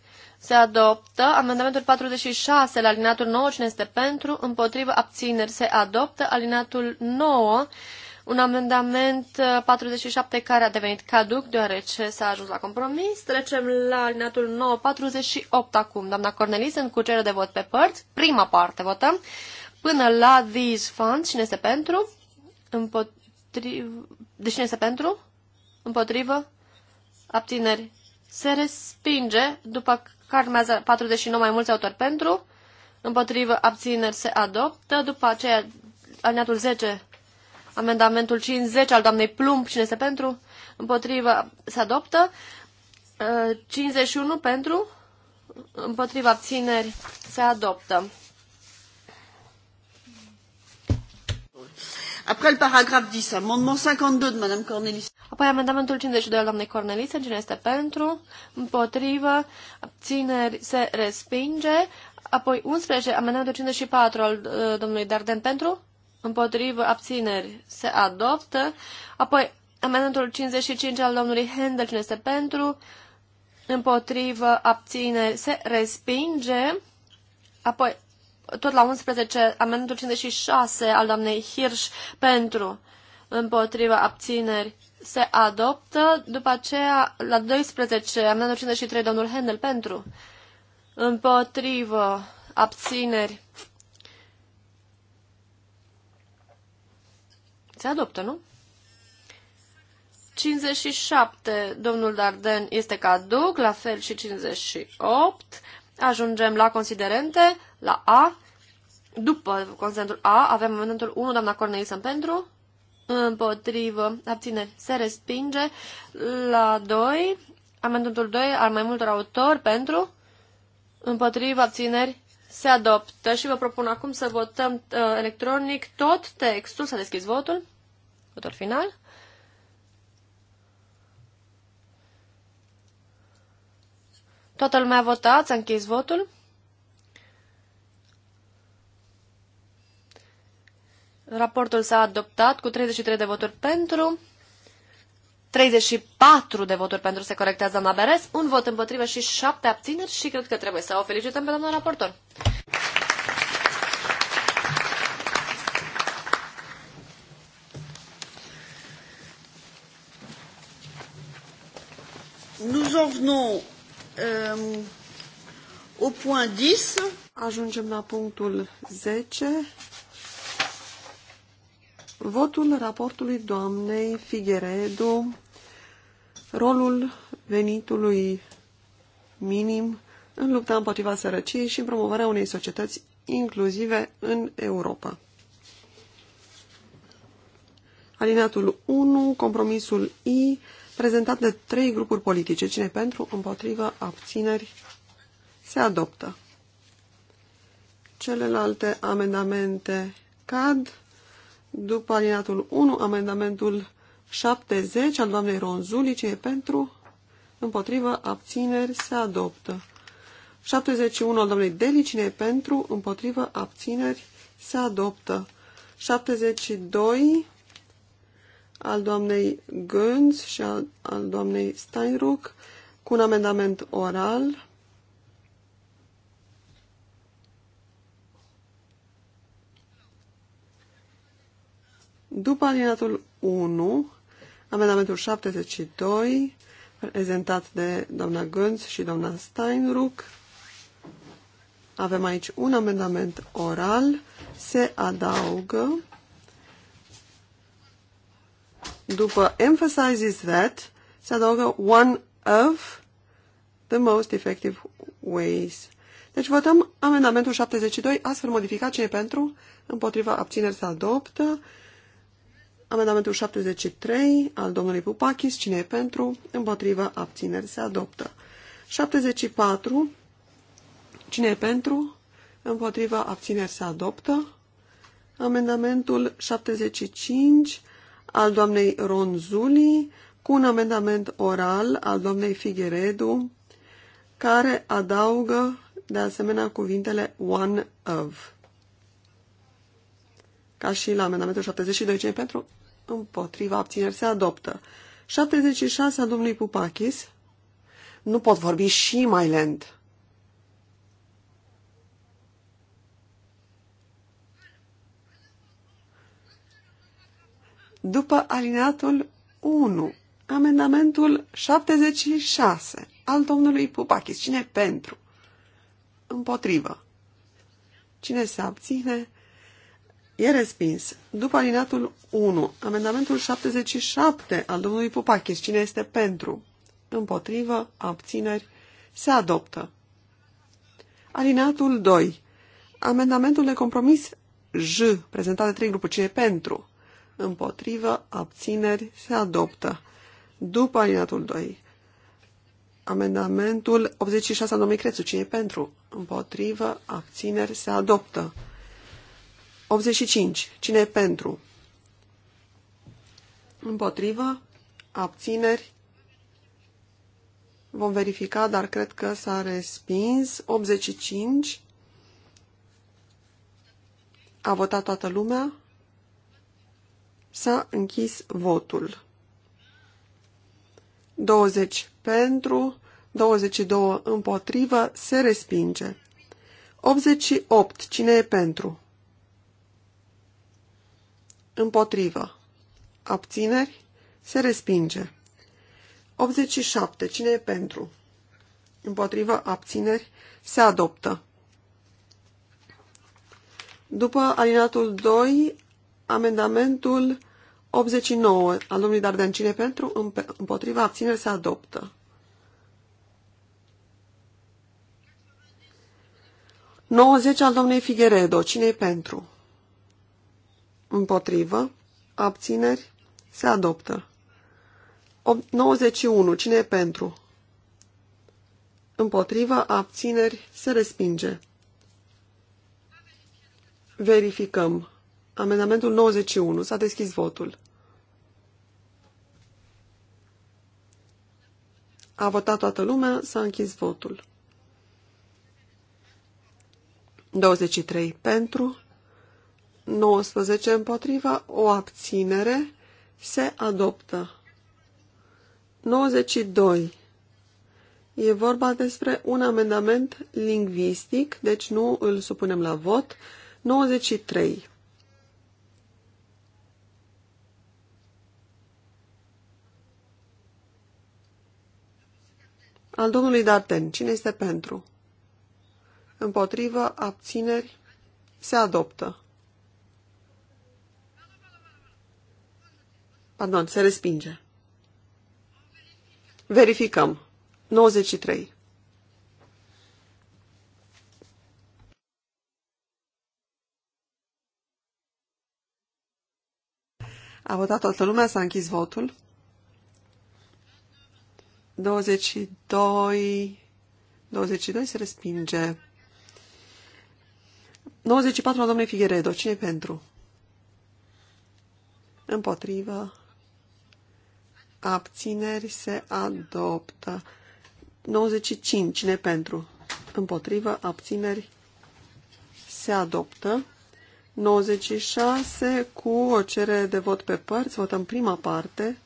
se adoptă amendamentul 46 la alineatul 9, cine este pentru, împotrivă, abțineri. Se adoptă alineatul 9, un amendament 47 uh, care a devenit caduc deoarece s-a ajuns la compromis. Trecem la alineatul 9, 48 acum. Doamna Cornelis, în cucere de vot pe părți. Prima parte votăm până la these funds. Cine este pentru? Împotrivă. de deci cine este pentru? Împotrivă? Abțineri. Se respinge, după care urmează 49 mai mulți autori pentru, împotrivă abțineri se adoptă, după aceea alineatul 10, amendamentul 50 al doamnei Plumb, cine este pentru, împotrivă se adoptă, 51 pentru, împotriva abțineri se adoptă. Après le paragraphe 10, amendement 52 de Madame Cornelis. Apoi amendamentul 52 al doamnei Cornelis cine este pentru, împotrivă, abțineri, se respinge. Apoi 11, amendamentul 54 al uh, domnului Darden pentru, împotrivă, abțineri, se adoptă. Apoi amendamentul 55 al domnului Handel, cine este pentru, împotrivă, abțineri, se respinge. Apoi tot la 11, amendamentul 56 al doamnei Hirsch pentru împotriva abțineri se adoptă. După aceea, la 12, amendamentul 53, domnul Handel pentru împotriva abțineri se adoptă, nu? 57, domnul Darden este caduc, la fel și 58. Ajungem la considerente. La A, după consentul A, avem amendamentul 1, doamna Cornelisen pentru, împotrivă, abține, se respinge. La 2, amendamentul 2 al mai multor autori pentru, împotrivă, abțineri, se adoptă și vă propun acum să votăm uh, electronic tot textul, să deschizi votul, votul final. Toată lumea a votat, s-a închis votul. Raportul s-a adoptat cu 33 de voturi pentru, 34 de voturi pentru se corectează doamna Beres, un vot împotrivă și 7 abțineri și cred că trebuie să o felicităm pe doamna raportor. Nous en venons euh, au point 10. Ajungem la punctul 10 Votul raportului doamnei Figueredu, rolul venitului minim în lupta împotriva sărăciei și în promovarea unei societăți inclusive în Europa. Alineatul 1, compromisul I, prezentat de trei grupuri politice. Cine pentru, împotrivă, abțineri, se adoptă. Celelalte amendamente cad. După alineatul 1, amendamentul 70 al doamnei Ronzuli, ce e pentru, împotrivă, abțineri, se adoptă. 71 al doamnei Deli, cine e pentru, împotrivă, abțineri, se adoptă. 72 al doamnei Gânz și al, al doamnei Steinruck, cu un amendament oral, După alineatul 1, amendamentul 72, prezentat de doamna Gânț și doamna Steinruck, avem aici un amendament oral, se adaugă după emphasizes that, se adaugă one of the most effective ways. Deci votăm amendamentul 72, astfel modificat, cine pentru, împotriva, abțineri se adoptă, Amendamentul 73 al domnului Pupachis, cine e pentru, împotrivă, abțineri, se adoptă. 74, cine e pentru, împotrivă, abțineri, se adoptă. Amendamentul 75 al doamnei Ronzuli, cu un amendament oral al doamnei Figueredu, care adaugă de asemenea cuvintele one of. Ca și la amendamentul 72, cine pentru? împotriva, abțineri se adoptă. 76 a domnului Pupachis. Nu pot vorbi și mai lent. După alineatul 1, amendamentul 76 al domnului Pupachis. Cine pentru? Împotrivă. Cine se abține? E respins. După alinatul 1, amendamentul 77 al domnului Pupachis, cine este pentru? Împotrivă, abțineri, se adoptă. Alinatul 2, amendamentul de compromis J, prezentat de trei grupuri, cine pentru? Împotrivă, abțineri, se adoptă. După alinatul 2, amendamentul 86 al domnului Crețu, cine pentru? Împotrivă, abțineri, se adoptă. 85. Cine e pentru? Împotrivă? Abțineri? Vom verifica, dar cred că s-a respins. 85. A votat toată lumea. S-a închis votul. 20 pentru, 22 împotrivă, se respinge. 88. Cine e pentru? Împotrivă. Abțineri. Se respinge. 87. Cine e pentru? Împotrivă. Abțineri. Se adoptă. După alinatul 2, amendamentul 89 al domnului Dardean. Cine pentru? Împotriva. Abțineri. Se adoptă. 90 al domnei Figueredo. cine pentru? Împotrivă. Abțineri. Se adoptă. 91. Cine e pentru? Împotrivă. Abțineri. Se respinge. Verificăm. Amendamentul 91. S-a deschis votul. A votat toată lumea, s-a închis votul. 23 pentru, 19 împotrivă, o abținere, se adoptă. 92. E vorba despre un amendament lingvistic, deci nu îl supunem la vot. 93. Al domnului Darten. Cine este pentru? Împotrivă, abțineri, se adoptă. Pardon, se respinge. Verificăm. 93. A votat toată lumea, s-a închis votul. 22... 22 se respinge. 94 la domnul Figueredo. Cine pentru? Împotrivă abțineri se adoptă. 95, cine pentru? Împotrivă, abțineri se adoptă. 96 cu o cerere de vot pe părți, votăm prima parte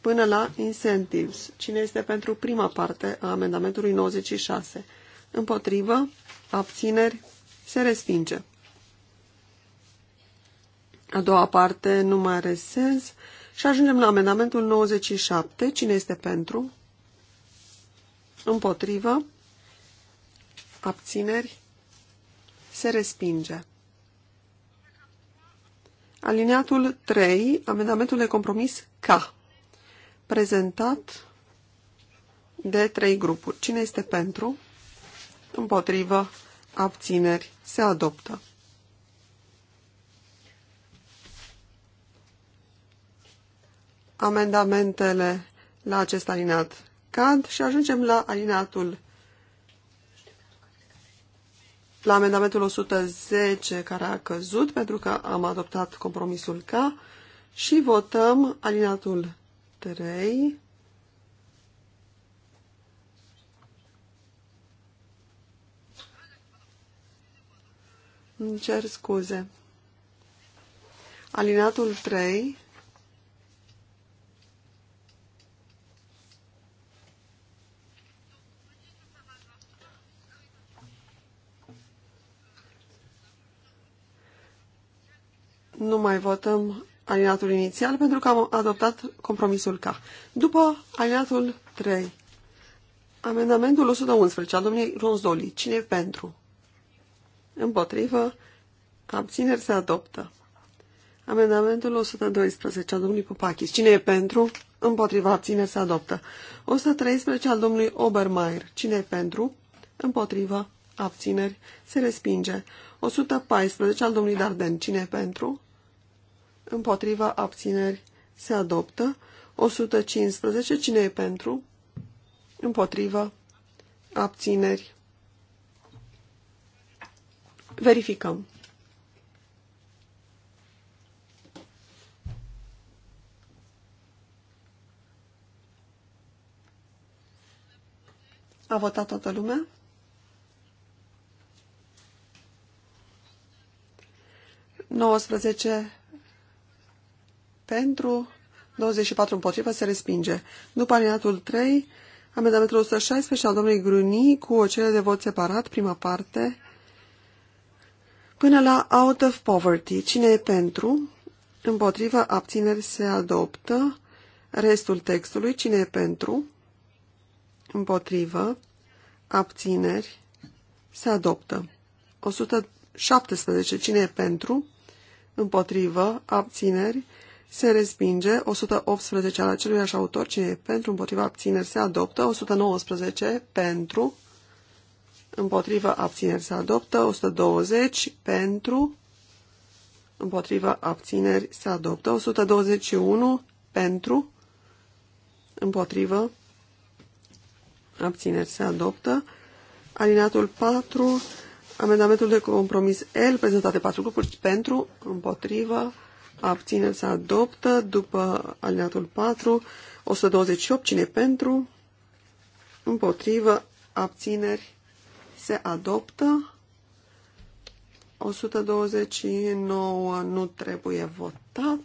până la incentives. Cine este pentru prima parte a amendamentului 96? Împotrivă, abțineri, se respinge. A doua parte nu mai are sens. Și ajungem la amendamentul 97. Cine este pentru? Împotrivă. Abțineri. Se respinge. Alineatul 3, amendamentul de compromis K, prezentat de trei grupuri. Cine este pentru? Împotrivă. Abțineri. Se adoptă. amendamentele la acest alinat cad și ajungem la alinatul la amendamentul 110 care a căzut pentru că am adoptat compromisul K și votăm alinatul 3 Îmi cer scuze. Alinatul 3 Nu mai votăm alinatul inițial pentru că am adoptat compromisul K. După alinatul 3, amendamentul 111 al domnului Ronzoli. Cine pentru? Împotrivă. Abțineri se adoptă. Amendamentul 112 al domnului Popachis. Cine e pentru? Împotriva abțineri se adoptă. 113 al domnului Obermeier. Cine e pentru? Împotrivă, abțineri se respinge. 114 al domnului Darden. Cine e pentru? împotriva abțineri se adoptă. 115. Cine e pentru? Împotriva abțineri. Verificăm. A votat toată lumea? Nouăsprezece pentru, 24 împotrivă, se respinge. După alineatul 3, amendamentul 116 al domnului Gruni cu o cerere de vot separat, prima parte, până la out of poverty. Cine e pentru? Împotrivă, abțineri, se adoptă. Restul textului, cine e pentru? Împotrivă, abțineri, se adoptă. 117. Cine e pentru? Împotrivă, abțineri, se respinge 118 al aceluiași autor, ce e pentru, împotriva abțineri se adoptă, 119 pentru, împotriva abțineri se adoptă, 120 pentru, împotriva abțineri se adoptă, 121 pentru, împotriva abțineri se adoptă, alineatul 4, amendamentul de compromis L prezentat de patru grupuri pentru, împotriva abține se adoptă, după alineatul 4, 128, cine pentru, împotrivă, abțineri se adoptă, 129 nu trebuie votat,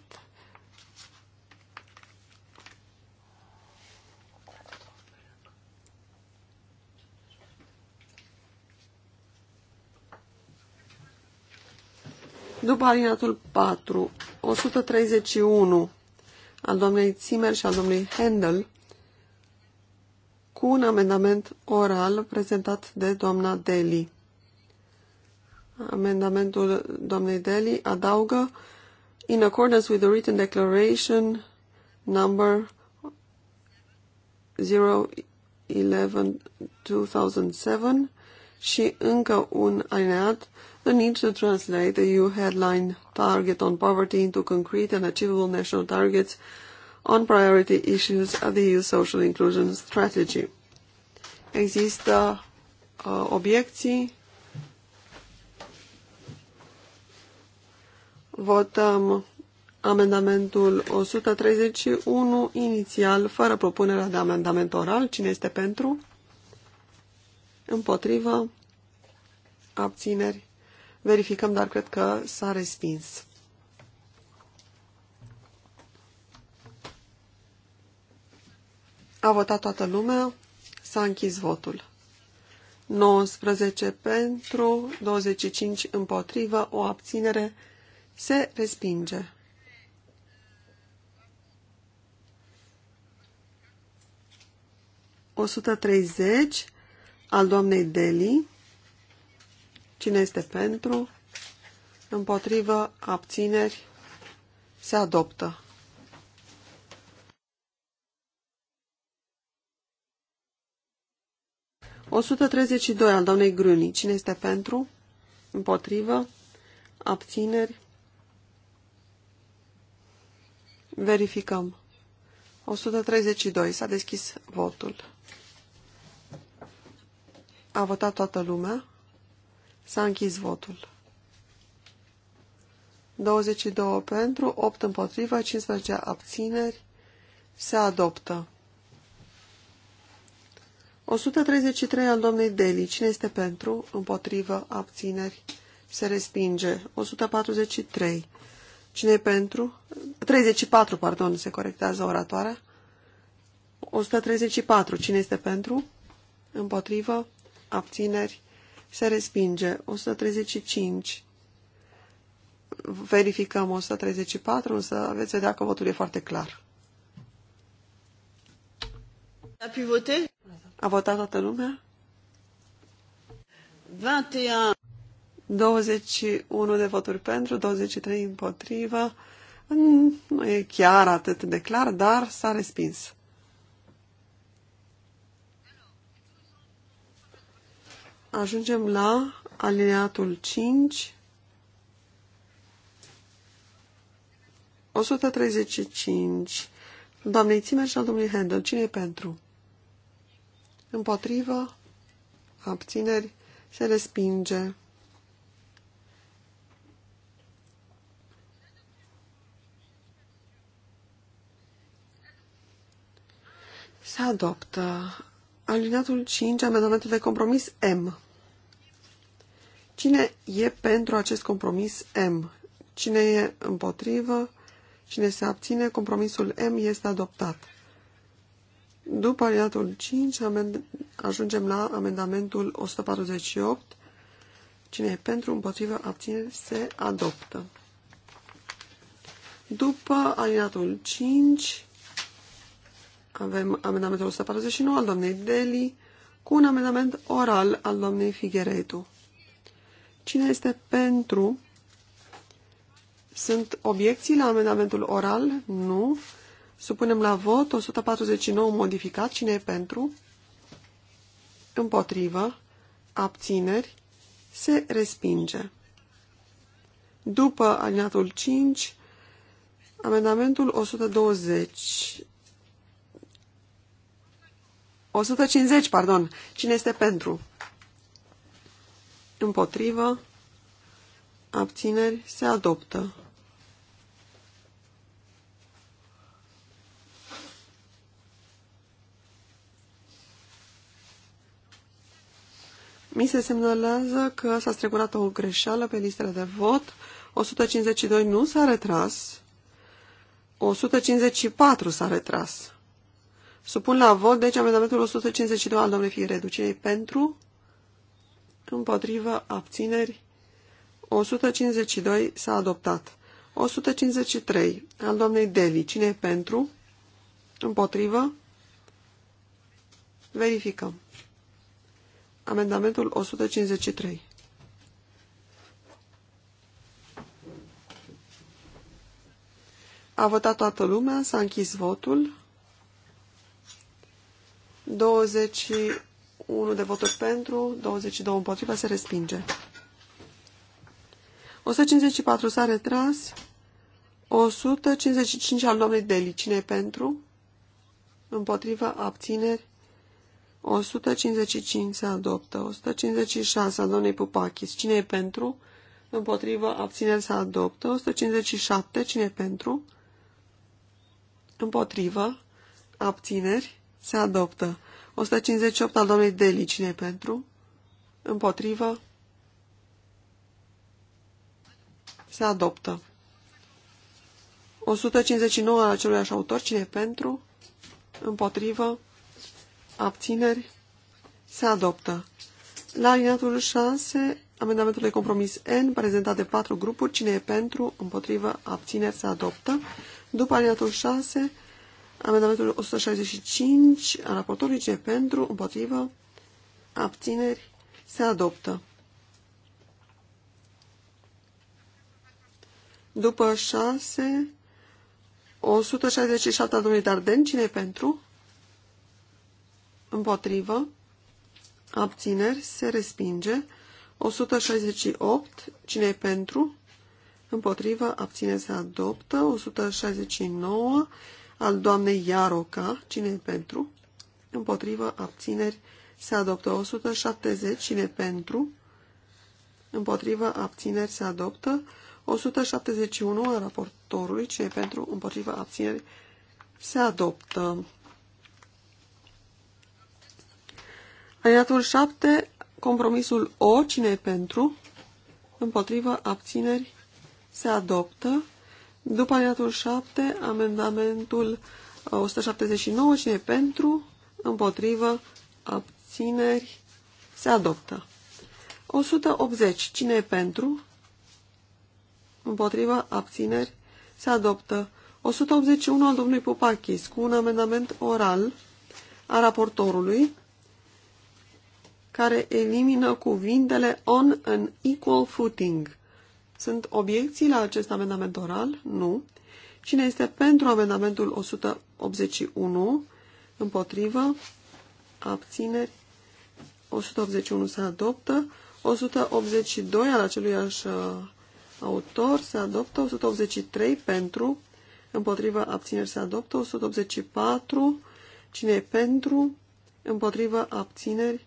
După alineatul 4, 131 al doamnei Zimmer și al domnului Handel cu un amendament oral prezentat de doamna Deli. Amendamentul doamnei Deli adaugă In accordance with the written declaration number 011-2007 și încă un alineat the need to translate the EU headline target on poverty into concrete and achievable national targets on priority issues of the EU social inclusion strategy. Există uh, obiecții? Votăm amendamentul 131 inițial, fără propunerea de amendament oral. Cine este pentru? Împotrivă? Abțineri? Verificăm, dar cred că s-a respins. A votat toată lumea, s-a închis votul. 19 pentru, 25 împotrivă, o abținere se respinge. O 130 al doamnei Deli. Cine este pentru? Împotrivă, abțineri, se adoptă. O 132 al doamnei Grâni. Cine este pentru? Împotrivă? Abțineri? Verificăm. 132. S-a deschis votul. A votat toată lumea. S-a închis votul. 22 pentru, 8 împotrivă, 15 abțineri. Se adoptă. 133 al domnei Deli. Cine este pentru? Împotrivă, abțineri. Se respinge. 143. Cine e pentru? 34, pardon, se corectează oratoarea. 134. Cine este pentru? Împotrivă, abțineri se respinge. 135. Verificăm 134, însă veți vedea că votul e foarte clar. A pu A votat toată lumea? 21. 21 de voturi pentru, 23 împotrivă. Nu e chiar atât de clar, dar s-a respins. Ajungem la alineatul 5. 135. Doamnei Țimer și al domnului Handel. Cine e pentru? Împotrivă. Abțineri. Se respinge. Se adoptă. Alineatul 5, amendamentul de compromis M. Cine e pentru acest compromis M? Cine e împotrivă? Cine se abține? Compromisul M este adoptat. După aliatul 5 ajungem la amendamentul 148. Cine e pentru, împotrivă, abține, se adoptă. După aliatul 5 avem amendamentul 149 al doamnei Deli cu un amendament oral al doamnei Figueretu. Cine este pentru? Sunt obiecții la amendamentul oral? Nu. Supunem la vot 149 modificat. Cine e pentru? Împotrivă. Abțineri. Se respinge. După alinatul 5, amendamentul 120. 150, pardon. Cine este pentru? împotrivă, abțineri, se adoptă. Mi se semnalează că s-a strecurat o greșeală pe listele de vot. 152 nu s-a retras. 154 s-a retras. Supun la vot, deci, amendamentul 152 al domnului Figredu. Cine pentru? împotrivă, abțineri. 152 s-a adoptat. 153 al doamnei Deli. Cine pentru? Împotrivă? Verificăm. Amendamentul 153. A votat toată lumea, s-a închis votul. 20 1 de voturi pentru, 22 împotriva, se respinge. 154 s-a retras, 155 al domnului Deli, cine pentru? Împotriva, abțineri, 155 se adoptă, 156 al domnului Pupachis, cine e pentru? Împotriva, abțineri se adoptă, 157, cine e pentru? Împotrivă, abțineri, se adoptă. 158 al domnului Deli. Cine pentru? Împotrivă? Se adoptă. 159 al aceluiași autor. Cine pentru? Împotrivă? Abțineri? Se adoptă. La alineatul 6, amendamentul de compromis N, prezentat de patru grupuri, cine e pentru, împotrivă, abțineri, se adoptă. După alineatul 6, Amendamentul 165 al raportorului ce pentru, împotrivă, abțineri, se adoptă. După 6, 167 al domnului Darden, cine pentru? Împotrivă, abțineri, se respinge. 168, cine pentru? Împotrivă, abțineri se adoptă. 169, al doamnei Iaroca. Cine e pentru? Împotrivă, abțineri, se adoptă 170. Cine e pentru? Împotrivă, abțineri, se adoptă 171 a raportorului. Cine e pentru? Împotrivă, abțineri, se adoptă. Aliatul 7, compromisul O, cine e pentru? Împotrivă, abțineri, se adoptă. După aliatul 7, amendamentul 179, cine pentru, împotrivă, abțineri, se adoptă. 180, cine e pentru, împotrivă, abțineri, se adoptă. 181 al domnului Popachis, cu un amendament oral a raportorului, care elimină cuvintele on an equal footing. Sunt obiecții la acest amendament oral? Nu. Cine este pentru amendamentul 181? Împotrivă? Abțineri? 181 se adoptă. 182 al aceluiași uh, autor se adoptă. 183 pentru. Împotrivă? Abțineri se adoptă. 184. Cine e pentru? Împotrivă? Abțineri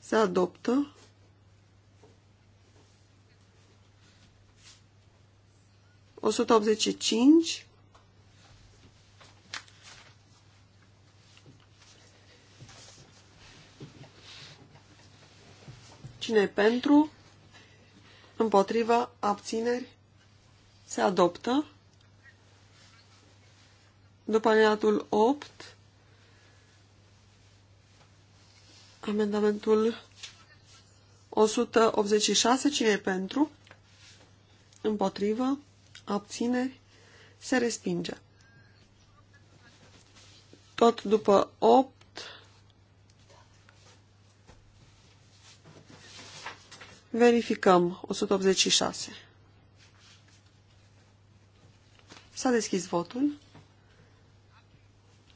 se adoptă. 185 cine e pentru Împotrivă? abțineri se adoptă după alineatul 8 amendamentul 186 cine e pentru împotrivă abțineri, se respinge. Tot după 8, verificăm 186. S-a deschis votul.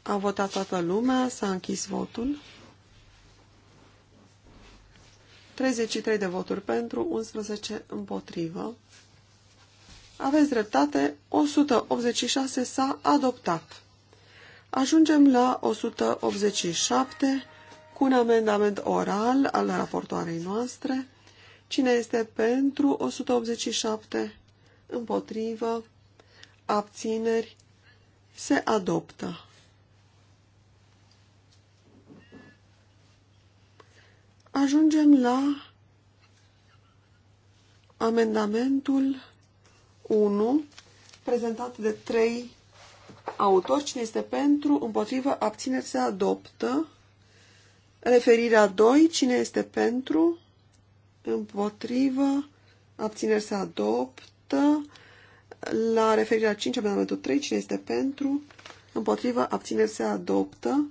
A votat toată lumea, s-a închis votul. 33 de voturi pentru, 11 împotrivă. Aveți dreptate, 186 s-a adoptat. Ajungem la 187 cu un amendament oral al raportoarei noastre. Cine este pentru 187? Împotrivă? Abțineri? Se adoptă. Ajungem la amendamentul 1, prezentat de 3 autori. Cine este pentru, împotrivă, abțineri, se adoptă. Referirea 2, cine este pentru, împotrivă, abțineri, se adoptă. La referirea 5, amendamentul 3, cine este pentru, împotrivă, abțineri, se adoptă.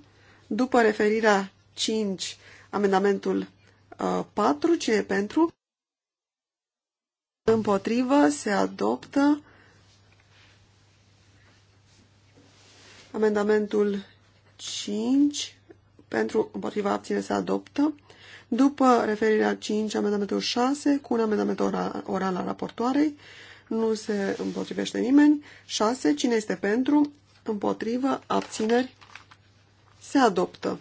După referirea 5, amendamentul 4, uh, cine e pentru, Împotrivă se adoptă amendamentul 5 pentru împotriva abține se adoptă. După referirea 5, amendamentul 6, cu un amendament oral al raportoarei, nu se împotrivește nimeni. 6. Cine este pentru? Împotrivă? Abțineri? Se adoptă.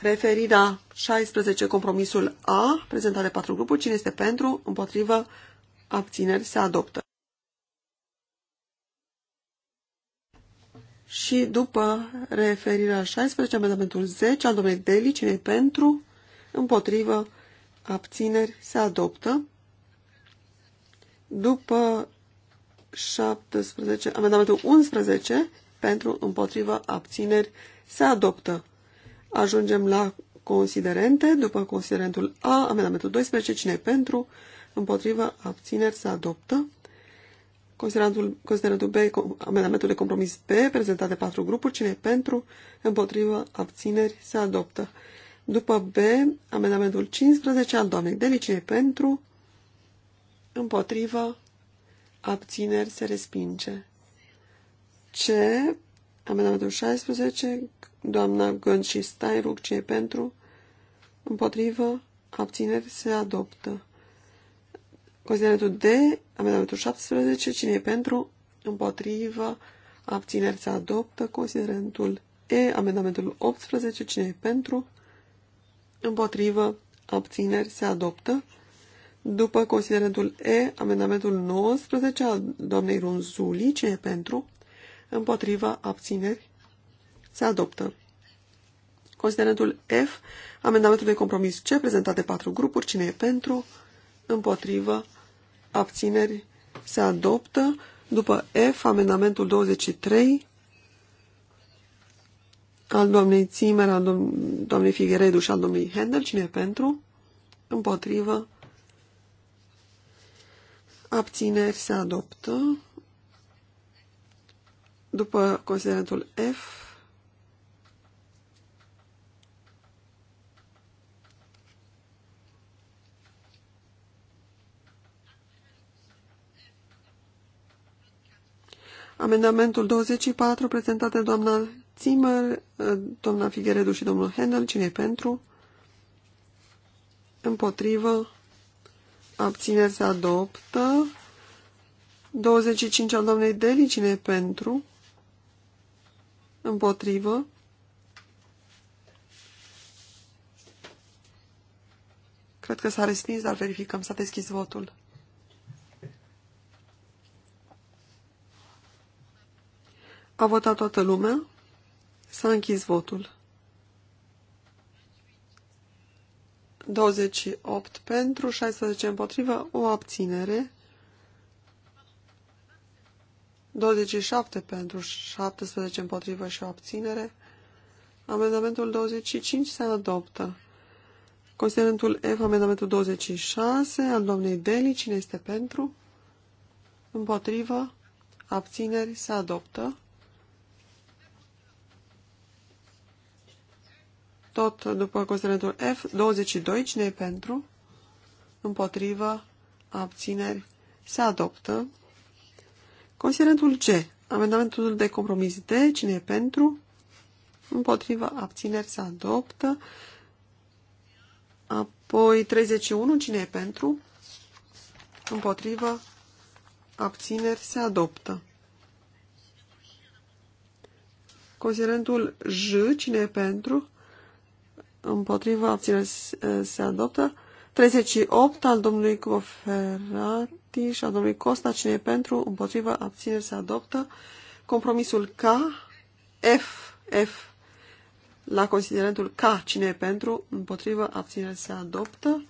Referirea 16, compromisul A, prezentat de patru grupuri, cine este pentru, împotrivă, abțineri, se adoptă. Și după referirea 16, amendamentul 10 al domnului Deli, cine este pentru, împotrivă, abțineri, se adoptă. După 17, amendamentul 11, pentru, împotrivă, abțineri, se adoptă. Ajungem la considerente. După considerentul A, amendamentul 12, cine pentru, împotrivă, abțineri, se adoptă. Considerentul, considerentul B, amendamentul de compromis B, prezentat de patru grupuri, cine pentru, împotrivă, abțineri, se adoptă. După B, amendamentul 15 al doamnei Deli, cine pentru, împotrivă, abțineri, se respinge. C, amendamentul 16, doamna Gând și Stairuc, ce e pentru, împotrivă, abțineri, se adoptă. Considerentul D, amendamentul 17, cine e pentru, împotrivă, abțineri, se adoptă. Considerentul E, amendamentul 18, cine e pentru, împotrivă, abțineri, se adoptă. După considerentul E, amendamentul 19 al doamnei Runzuli, cine e pentru, împotriva abțineri se adoptă. Considerentul F, amendamentul de compromis C, prezentat de patru grupuri, cine e pentru, împotrivă, abțineri, se adoptă. După F, amendamentul 23, al doamnei Zimmer, al doamnei Figueredu și al domnului Händel cine e pentru, împotrivă, abțineri, se adoptă. După considerentul F, Amendamentul 24, prezentat de doamna Zimmer, eh, doamna Figueredu și domnul Handel. cine pentru? Împotrivă. Abțineri se adoptă. 25 al doamnei Deli, cine pentru? Împotrivă. Cred că s-a respins, dar verificăm. S-a deschis votul. A votat toată lumea? S-a închis votul. 28 pentru, 16 împotrivă, o abținere. 27 pentru, 17 împotrivă și o abținere. Amendamentul 25 se adoptă. Considerentul F, amendamentul 26 al doamnei Deli, cine este pentru? Împotrivă, abțineri, se adoptă. tot după considerentul F, 22, cine e pentru, împotrivă, abțineri, se adoptă. Considerentul G, amendamentul de compromis D, cine e pentru, împotrivă, abțineri, se adoptă. Apoi 31, cine e pentru, împotrivă, abțineri, se adoptă. Considerentul J, cine e pentru, împotrivă, abțineri se adoptă. 38 al domnului Coferati și al domnului Costa, cine e pentru, împotrivă, abțineri se adoptă. Compromisul K, F, F, la considerentul K, cine e pentru, împotrivă, abțineri se adoptă.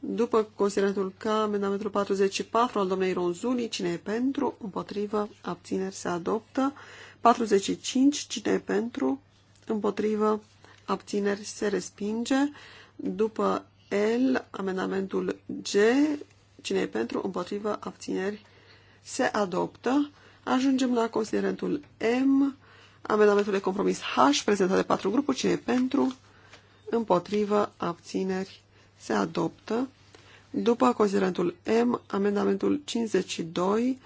După considerentul K, amendamentul 44 al domnului Ronzuli, cine e pentru, împotrivă, abțineri se adoptă. 45, cine e pentru, împotrivă, abțineri se respinge. După L, amendamentul G, cine e pentru, împotrivă, abțineri se adoptă. Ajungem la considerentul M, amendamentul de compromis H, prezentat de patru grupuri, cine e pentru, împotrivă, abțineri se adoptă. După considerentul M, amendamentul 52,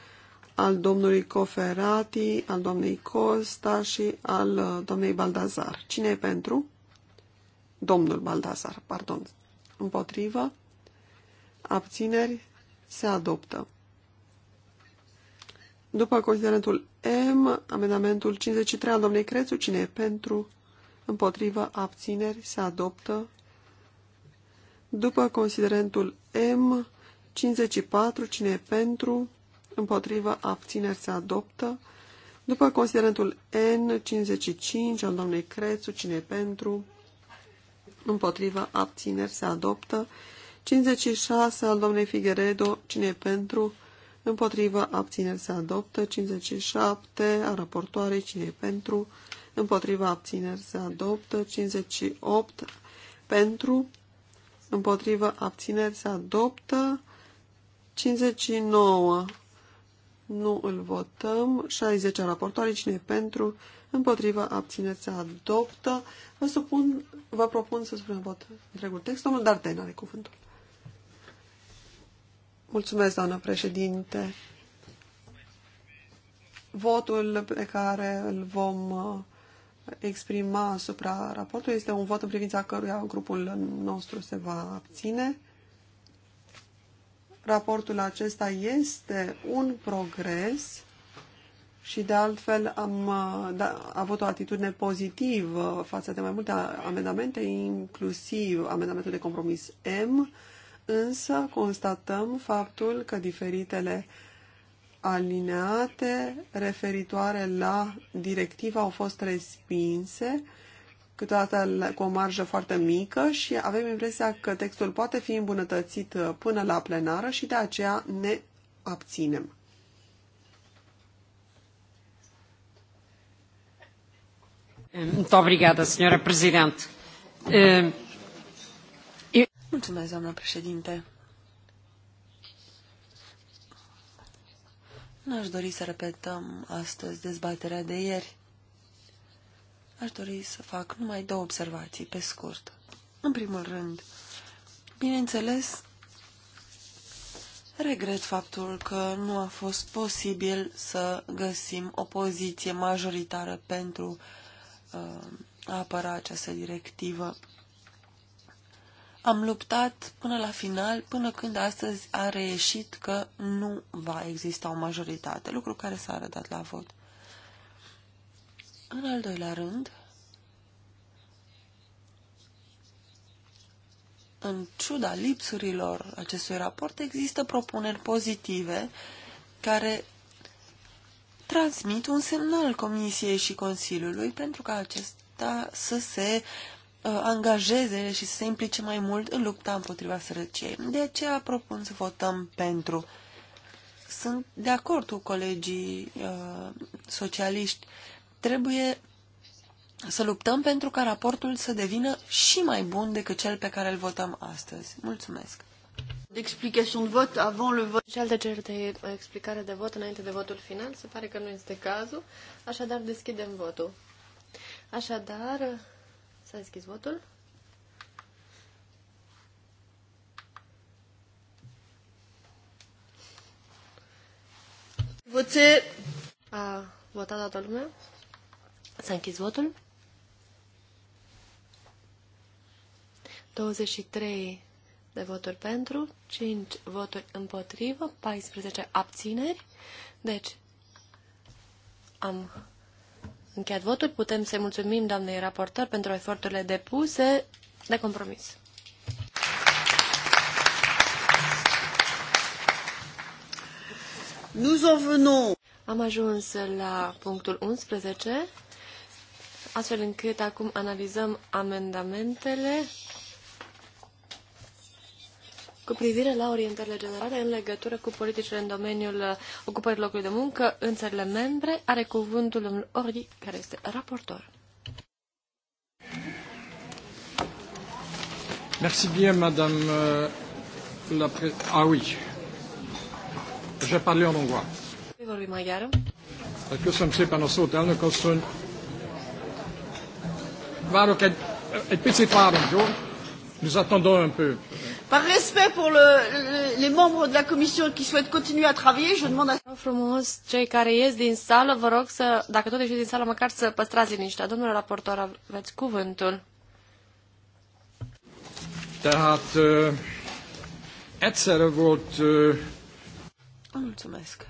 al domnului Coferati, al doamnei Costa și al uh, doamnei Baldazar. Cine e pentru? Domnul Baldazar, pardon. Împotrivă? Abțineri? Se adoptă. După considerentul M, amendamentul 53 al domnului Crețu, cine e pentru? Împotrivă? Abțineri? Se adoptă. După considerentul M, 54, cine e pentru? împotrivă, abțineri se adoptă. După considerentul N55 al doamnei Crețu, cine pentru, împotrivă, abțineri se adoptă. 56 al doamnei Figueredo, cine pentru, împotrivă, abțineri se adoptă. 57 a raportoarei, cine pentru, Împotrivă, abțineri se adoptă, 58 pentru, Împotrivă, abțineri se adoptă, 59 nu îl votăm. 60 a Cine cine pentru, împotriva, Abțineți? adoptă. Vă, supun, vă propun să spunem vot întregul text. Domnul Dartei are cuvântul. Mulțumesc, doamnă președinte. Votul pe care îl vom uh, exprima asupra raportului este un vot în privința căruia grupul nostru se va abține. Raportul acesta este un progres și de altfel am uh, da, avut o atitudine pozitivă față de mai multe amendamente, inclusiv amendamentul de compromis M, însă constatăm faptul că diferitele alineate referitoare la directiva au fost respinse câteodată cu o marjă foarte mică și avem impresia că textul poate fi îmbunătățit uh, până la plenară și de aceea ne abținem. Muito obrigada, senhora Presidente. Eh, Mulțumesc, doamnă președinte. N-aș dori să repetăm astăzi dezbaterea de ieri. Aș dori să fac numai două observații, pe scurt. În primul rând, bineînțeles, regret faptul că nu a fost posibil să găsim o poziție majoritară pentru uh, a apăra această directivă. Am luptat până la final, până când astăzi a reieșit că nu va exista o majoritate, lucru care s-a arătat la vot. În al doilea rând, în ciuda lipsurilor acestui raport, există propuneri pozitive care transmit un semnal Comisiei și Consiliului pentru ca acesta să se uh, angajeze și să se implice mai mult în lupta împotriva sărăciei. De aceea propun să votăm pentru. Sunt de acord cu colegii uh, socialiști Trebuie să luptăm pentru ca raportul să devină și mai bun decât cel pe care îl votăm astăzi. Mulțumesc! d'explication de vot avant le vot. Cel de cereri de explicare de vot înainte de votul final, se pare că nu este cazul, așadar deschidem votul. Așadar, s-a deschis votul. Vote. A votat toată lumea? S-a închis votul. 23 de voturi pentru, 5 voturi împotrivă, 14 abțineri. Deci, am încheiat votul. Putem să-i mulțumim doamnei raportor pentru eforturile depuse de compromis. Nous en venons. Am ajuns la punctul 11 astfel încât acum analizăm amendamentele cu privire la orientările generale în legătură cu politicile în domeniul ocupării locului de muncă în țările membre, are cuvântul domnul Ordi, care este raportor. Merci bien, madame euh, la pre... Ah oui. Je parle en hongrois. Voi vorbi maghiară. Köszönöm szépen a szót, elnök asszony. Várok egy, egy picit várunk, jó? Nous attendons un peu. Par respect pour le, les membres de la commission qui souhaitent continuer à travailler, je demande à... frumos, cei care ies din sală, vă rog să, dacă tot ieșiți din sală, măcar să păstrați liniștea. Domnule raportor, aveți cuvântul. Tehát uh, egyszerre volt... Uh... Mulțumesc.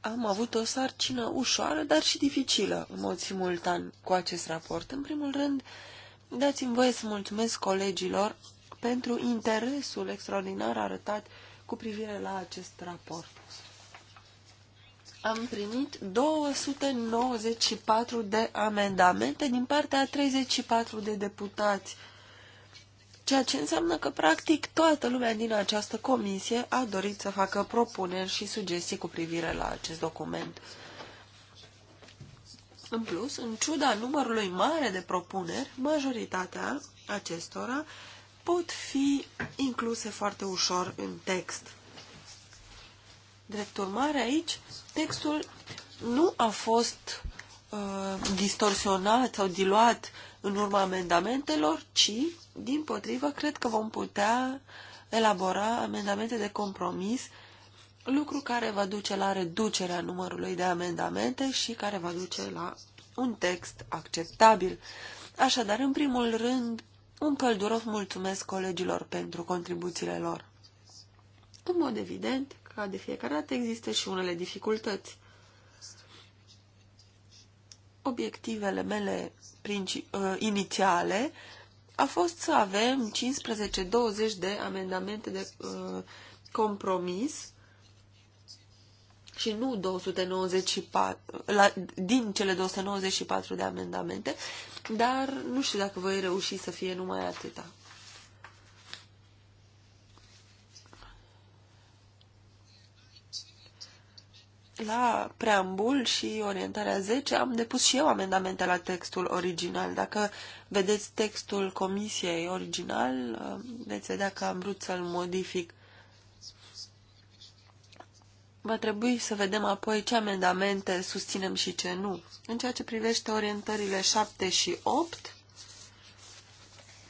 am avut o sarcină ușoară, dar și dificilă, în mod simultan, cu acest raport. În primul rând, dați-mi voie să mulțumesc colegilor pentru interesul extraordinar arătat cu privire la acest raport. Am primit 294 de amendamente din partea 34 de deputați ceea ce înseamnă că practic toată lumea din această comisie a dorit să facă propuneri și sugestii cu privire la acest document. În plus, în ciuda numărului mare de propuneri, majoritatea acestora pot fi incluse foarte ușor în text. Drept urmare, aici, textul nu a fost uh, distorsionat sau diluat uh, în urma amendamentelor, ci, din potrivă, cred că vom putea elabora amendamente de compromis, lucru care va duce la reducerea numărului de amendamente și care va duce la un text acceptabil. Așadar, în primul rând, un călduros mulțumesc colegilor pentru contribuțiile lor. În mod evident, ca de fiecare dată, există și unele dificultăți. Obiectivele mele Uh, inițiale a fost să avem 15-20 de amendamente de uh, compromis și nu 294, la, din cele 294 de amendamente, dar nu știu dacă voi reuși să fie numai atâta. la preambul și orientarea 10 am depus și eu amendamente la textul original. Dacă vedeți textul comisiei original, uh, veți vedea că am vrut să-l modific. Va trebui să vedem apoi ce amendamente susținem și ce nu. În ceea ce privește orientările 7 și 8,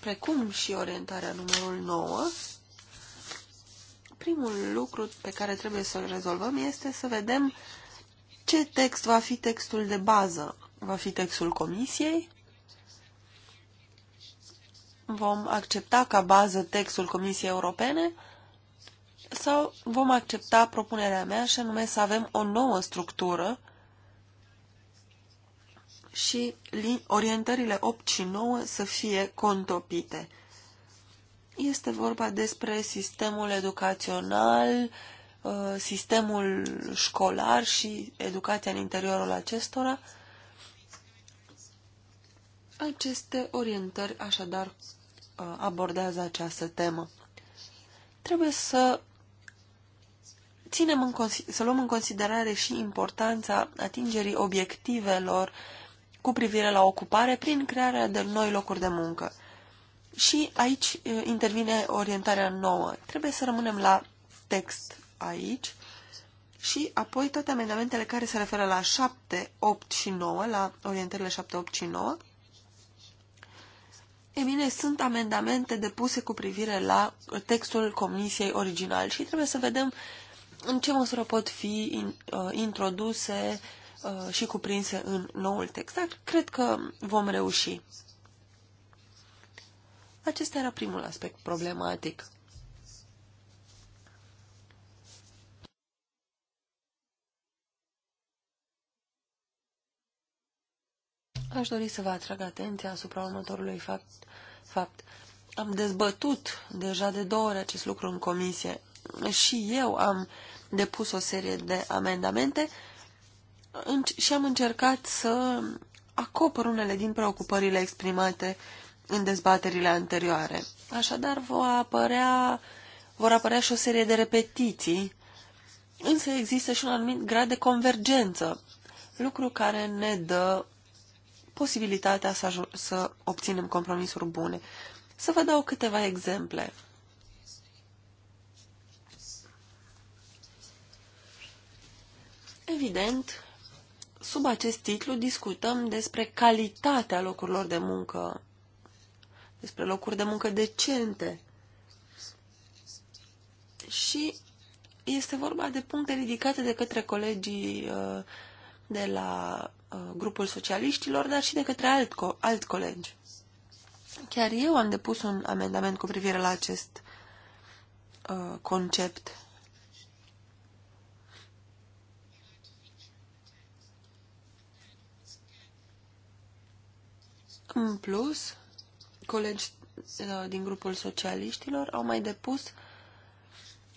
precum și orientarea numărul 9, primul lucru pe care trebuie să-l rezolvăm este să vedem ce text va fi textul de bază. Va fi textul comisiei? Vom accepta ca bază textul Comisiei Europene? Sau vom accepta propunerea mea și anume să avem o nouă structură și orientările 8 și 9 să fie contopite. Este vorba despre sistemul educațional, uh, sistemul școlar și educația în interiorul acestora. Aceste orientări așadar uh, abordează această temă. Trebuie să ținem în, să luăm în considerare și importanța atingerii obiectivelor cu privire la ocupare prin crearea de noi locuri de muncă. Și aici intervine orientarea nouă. Trebuie să rămânem la text aici și apoi toate amendamentele care se referă la 7, 8 și 9, la orientările 7, 8 și 9, E bine, sunt amendamente depuse cu privire la textul comisiei original și trebuie să vedem în ce măsură pot fi uh, introduse uh, și cuprinse în noul text. Dar cred că vom reuși. Acesta era primul aspect problematic. Aș dori să vă atrag atenția asupra următorului fapt. fapt. Am dezbătut deja de două ori acest lucru în comisie. Și eu am depus o serie de amendamente și am încercat să acopăr unele din preocupările exprimate uh, în dezbaterile anterioare. Așadar, vor apărea, vor apărea și o serie de repetiții, însă există și un anumit grad de convergență, lucru care ne dă posibilitatea să, să obținem compromisuri bune. Să vă dau câteva exemple. Evident, sub acest titlu discutăm despre calitatea locurilor de muncă despre locuri de muncă decente. Și este vorba de puncte ridicate de către colegii uh, de la uh, grupul socialiștilor, dar și de către alt, co alt colegi. Chiar eu am depus un amendament cu privire la acest uh, concept. În plus, colegi uh, din grupul socialiștilor au mai depus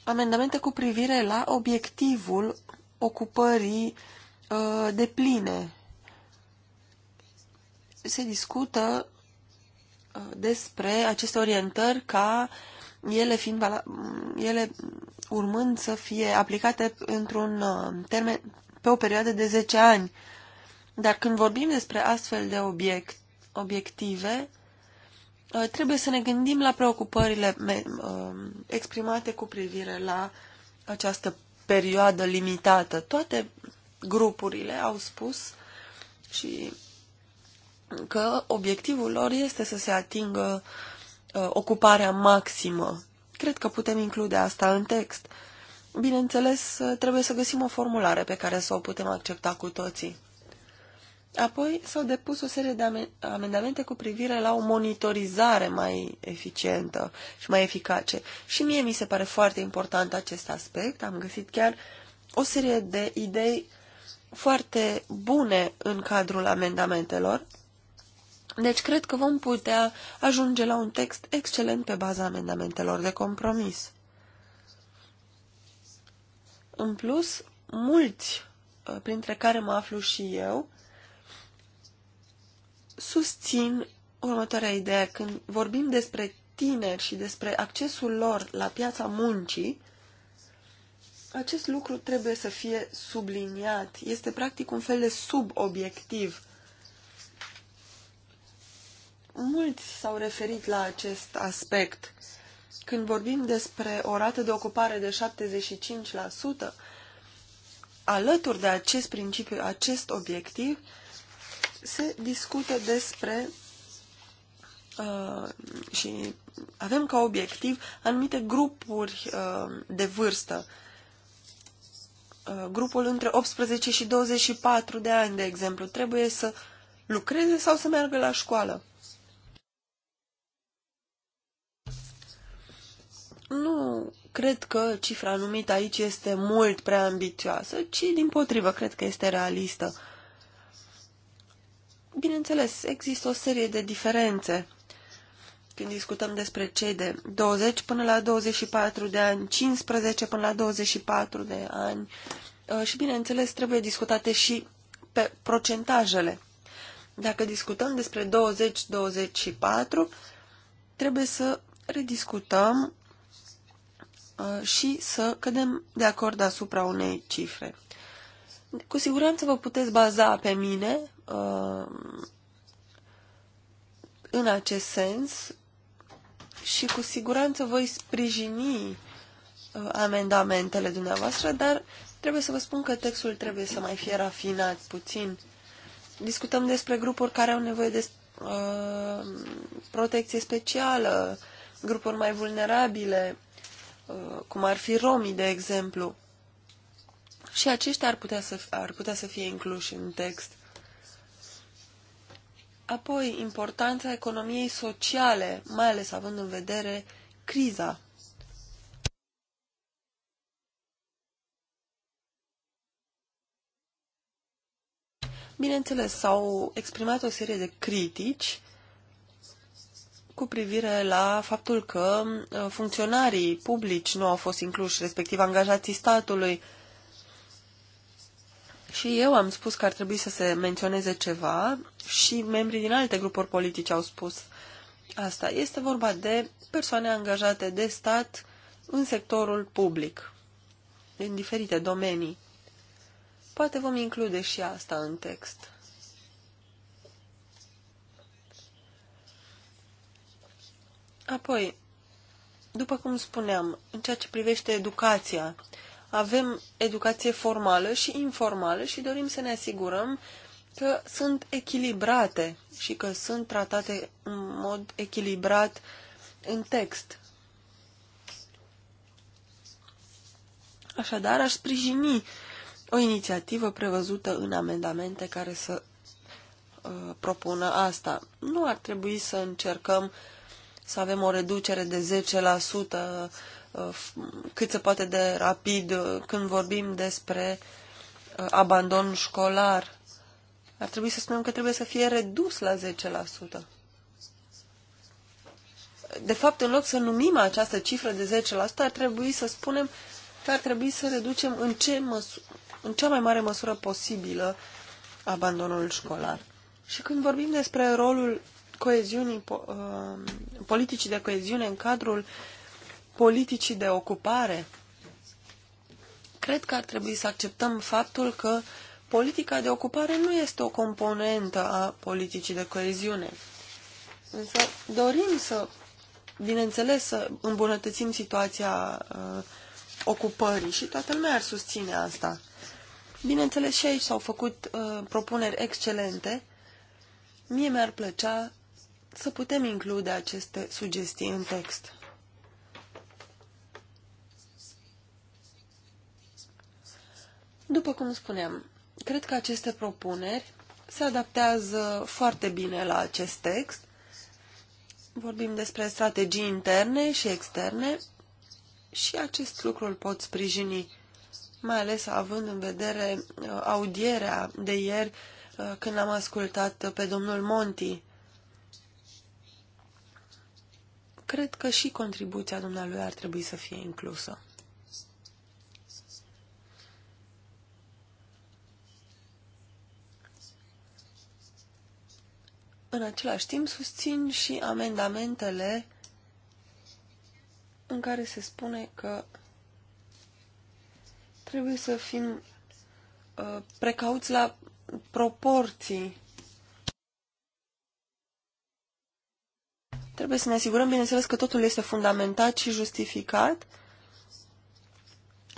amendamente cu privire la obiectivul ocupării uh, de pline. Se discută uh, despre aceste orientări ca ele, fiind, mm, ele urmând să fie aplicate într-un termen, pe o perioadă de 10 ani. Dar când vorbim despre astfel de obiect, obiective, Uh, trebuie să ne gândim la preocupările uh, exprimate cu privire la această perioadă limitată. Toate grupurile au spus și că obiectivul lor este să se atingă uh, ocuparea maximă. Cred că putem include asta în text. Bineînțeles, trebuie să găsim o formulare pe care să o putem accepta cu toții. Apoi s-au depus o serie de amendamente cu privire la o monitorizare mai eficientă și mai eficace. Și mie mi se pare foarte important acest aspect. Am găsit chiar o serie de idei foarte bune în cadrul amendamentelor. Deci cred că vom putea ajunge la un text excelent pe baza amendamentelor de compromis. În plus, mulți, printre care mă aflu și eu, susțin următoarea idee. Când vorbim despre tineri și despre accesul lor la piața muncii, acest lucru trebuie să fie subliniat. Este practic un fel de subobiectiv. Mulți s-au referit la acest aspect. Când vorbim despre o rată de ocupare de 75%, alături de acest principiu, acest obiectiv, se discută despre uh, și avem ca obiectiv anumite grupuri uh, de vârstă. Uh, grupul între 18 și 24 de ani, de exemplu, trebuie să lucreze sau să meargă la școală. Nu cred că cifra anumită aici este mult prea ambițioasă, ci din potrivă cred că este realistă. Uh, Bineînțeles, există o serie de diferențe. Când discutăm despre cei de 20 până la 24 de ani, 15 până la 24 de ani uh, și, bineînțeles, trebuie discutate și pe procentajele. Dacă discutăm despre 20-24, trebuie să rediscutăm uh, și să cădem de acord asupra unei cifre. Cu siguranță vă puteți baza pe mine uh, în acest sens și cu siguranță voi sprijini uh, amendamentele dumneavoastră, dar trebuie să vă spun că textul trebuie să mai fie rafinat puțin. Discutăm despre grupuri care au nevoie de uh, protecție specială, grupuri mai vulnerabile, uh, cum ar fi romii, de exemplu și aceștia ar putea să, ar putea să fie incluși în text. Apoi, importanța economiei sociale, mai ales având în vedere criza. Bineînțeles, s-au exprimat o serie de critici cu privire la faptul că uh, funcționarii publici nu au fost incluși, respectiv angajații statului, și eu am spus că ar trebui să se menționeze ceva și membrii din alte grupuri politice au spus asta. Este vorba de persoane angajate de stat în sectorul public, în diferite domenii. Poate vom include și asta în text. Apoi, după cum spuneam, în ceea ce privește educația, avem educație formală și informală și dorim să ne asigurăm că sunt echilibrate și că sunt tratate în mod echilibrat în text. Așadar, aș sprijini o inițiativă prevăzută în amendamente care să uh, propună asta. Nu ar trebui să încercăm să avem o reducere de 10% Uh, cât se poate de rapid uh, când vorbim despre uh, abandon școlar. Ar trebui să spunem că trebuie să fie redus la 10%. De fapt, în loc să numim această cifră de 10%, ar trebui să spunem că ar trebui să reducem în, ce măsu- în cea mai mare măsură posibilă abandonul școlar. Și când vorbim despre rolul coeziunii, po- politicii de coeziune în cadrul uh, politicii de ocupare, cred că ar trebui să acceptăm faptul că politica de ocupare nu este o componentă a politicii de coeziune. Însă dorim să, bineînțeles, să îmbunătățim situația uh, ocupării și toată lumea ar susține asta. Bineînțeles, și aici s-au făcut uh, propuneri excelente. Mie mi-ar plăcea să putem include aceste sugestii în text. După cum spuneam, cred că aceste propuneri se adaptează foarte bine la acest text. Vorbim despre strategii interne și externe și acest lucru îl pot sprijini, mai ales având în vedere uh, audierea de ieri uh, când l-am ascultat pe domnul Monti. Cred că și contribuția dumnealui ar trebui să fie inclusă. În același timp, susțin și amendamentele în care se spune că trebuie să fim uh, precauți la proporții. Trebuie să ne asigurăm, bineînțeles, că totul este fundamentat și justificat,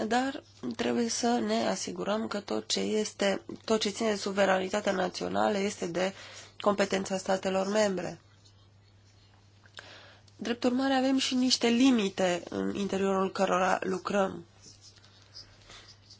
dar trebuie să ne asigurăm că tot ce, este, tot ce ține de suveranitatea națională este de uh, competența statelor membre. Drept urmare, avem și niște limite în interiorul cărora lucrăm.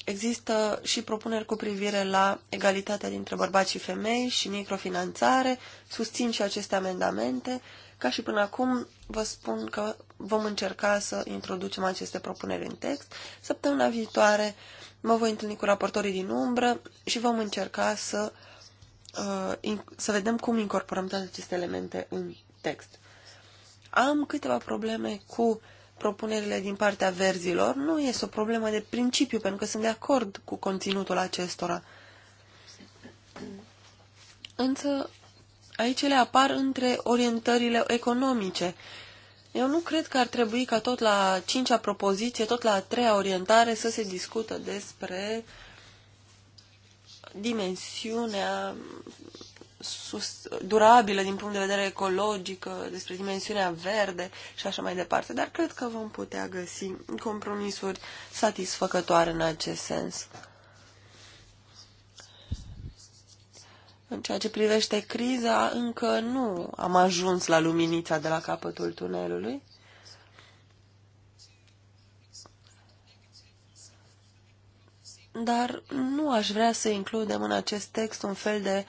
Există și propuneri cu privire la egalitatea dintre bărbați și femei și microfinanțare. Susțin și aceste amendamente. Ca și până acum, vă spun că vom încerca să introducem aceste propuneri în text. Săptămâna viitoare mă voi întâlni cu raportorii din umbră și vom încerca să uh, Uh, să vedem cum incorporăm toate aceste elemente în text. Am câteva probleme cu propunerile din partea verzilor. Nu este o problemă de principiu, pentru că sunt de acord cu conținutul acestora. Însă aici ele apar între orientările economice. Eu nu cred că ar trebui ca tot la cincea propoziție, tot la a treia orientare să se discută despre uh, dimensiunea sus, durabilă din punct de vedere ecologic, despre dimensiunea verde și așa mai departe, dar cred că vom putea găsi compromisuri satisfăcătoare în acest sens. În ceea ce privește criza, încă nu am ajuns la luminița de la capătul tunelului. dar nu aș vrea să includem în acest text un fel de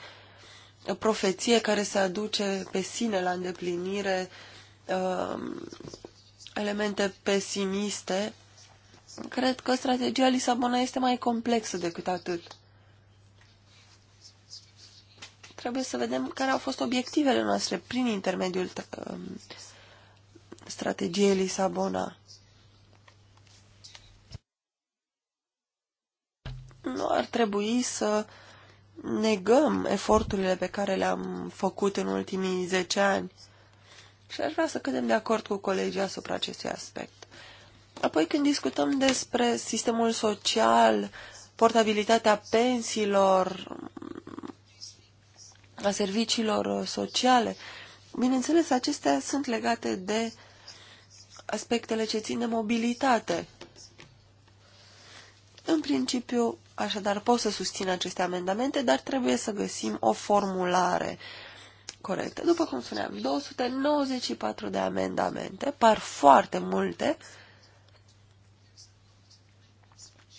profeție care se aduce pe sine la îndeplinire uh, elemente pesimiste. Cred că strategia Lisabona este mai complexă decât atât. Trebuie să vedem care au fost obiectivele noastre prin intermediul uh, strategiei Lisabona. ar trebui să negăm eforturile pe care le-am făcut în ultimii 10 ani. Și aș vrea să cădem de acord cu colegii asupra acestui aspect. Apoi când discutăm despre sistemul social, portabilitatea pensiilor, a serviciilor sociale, bineînțeles, acestea sunt legate de aspectele ce țin de mobilitate. În principiu, Așadar, pot să susțin aceste amendamente, dar trebuie să găsim o formulare corectă. După cum spuneam, 294 de amendamente, par foarte multe,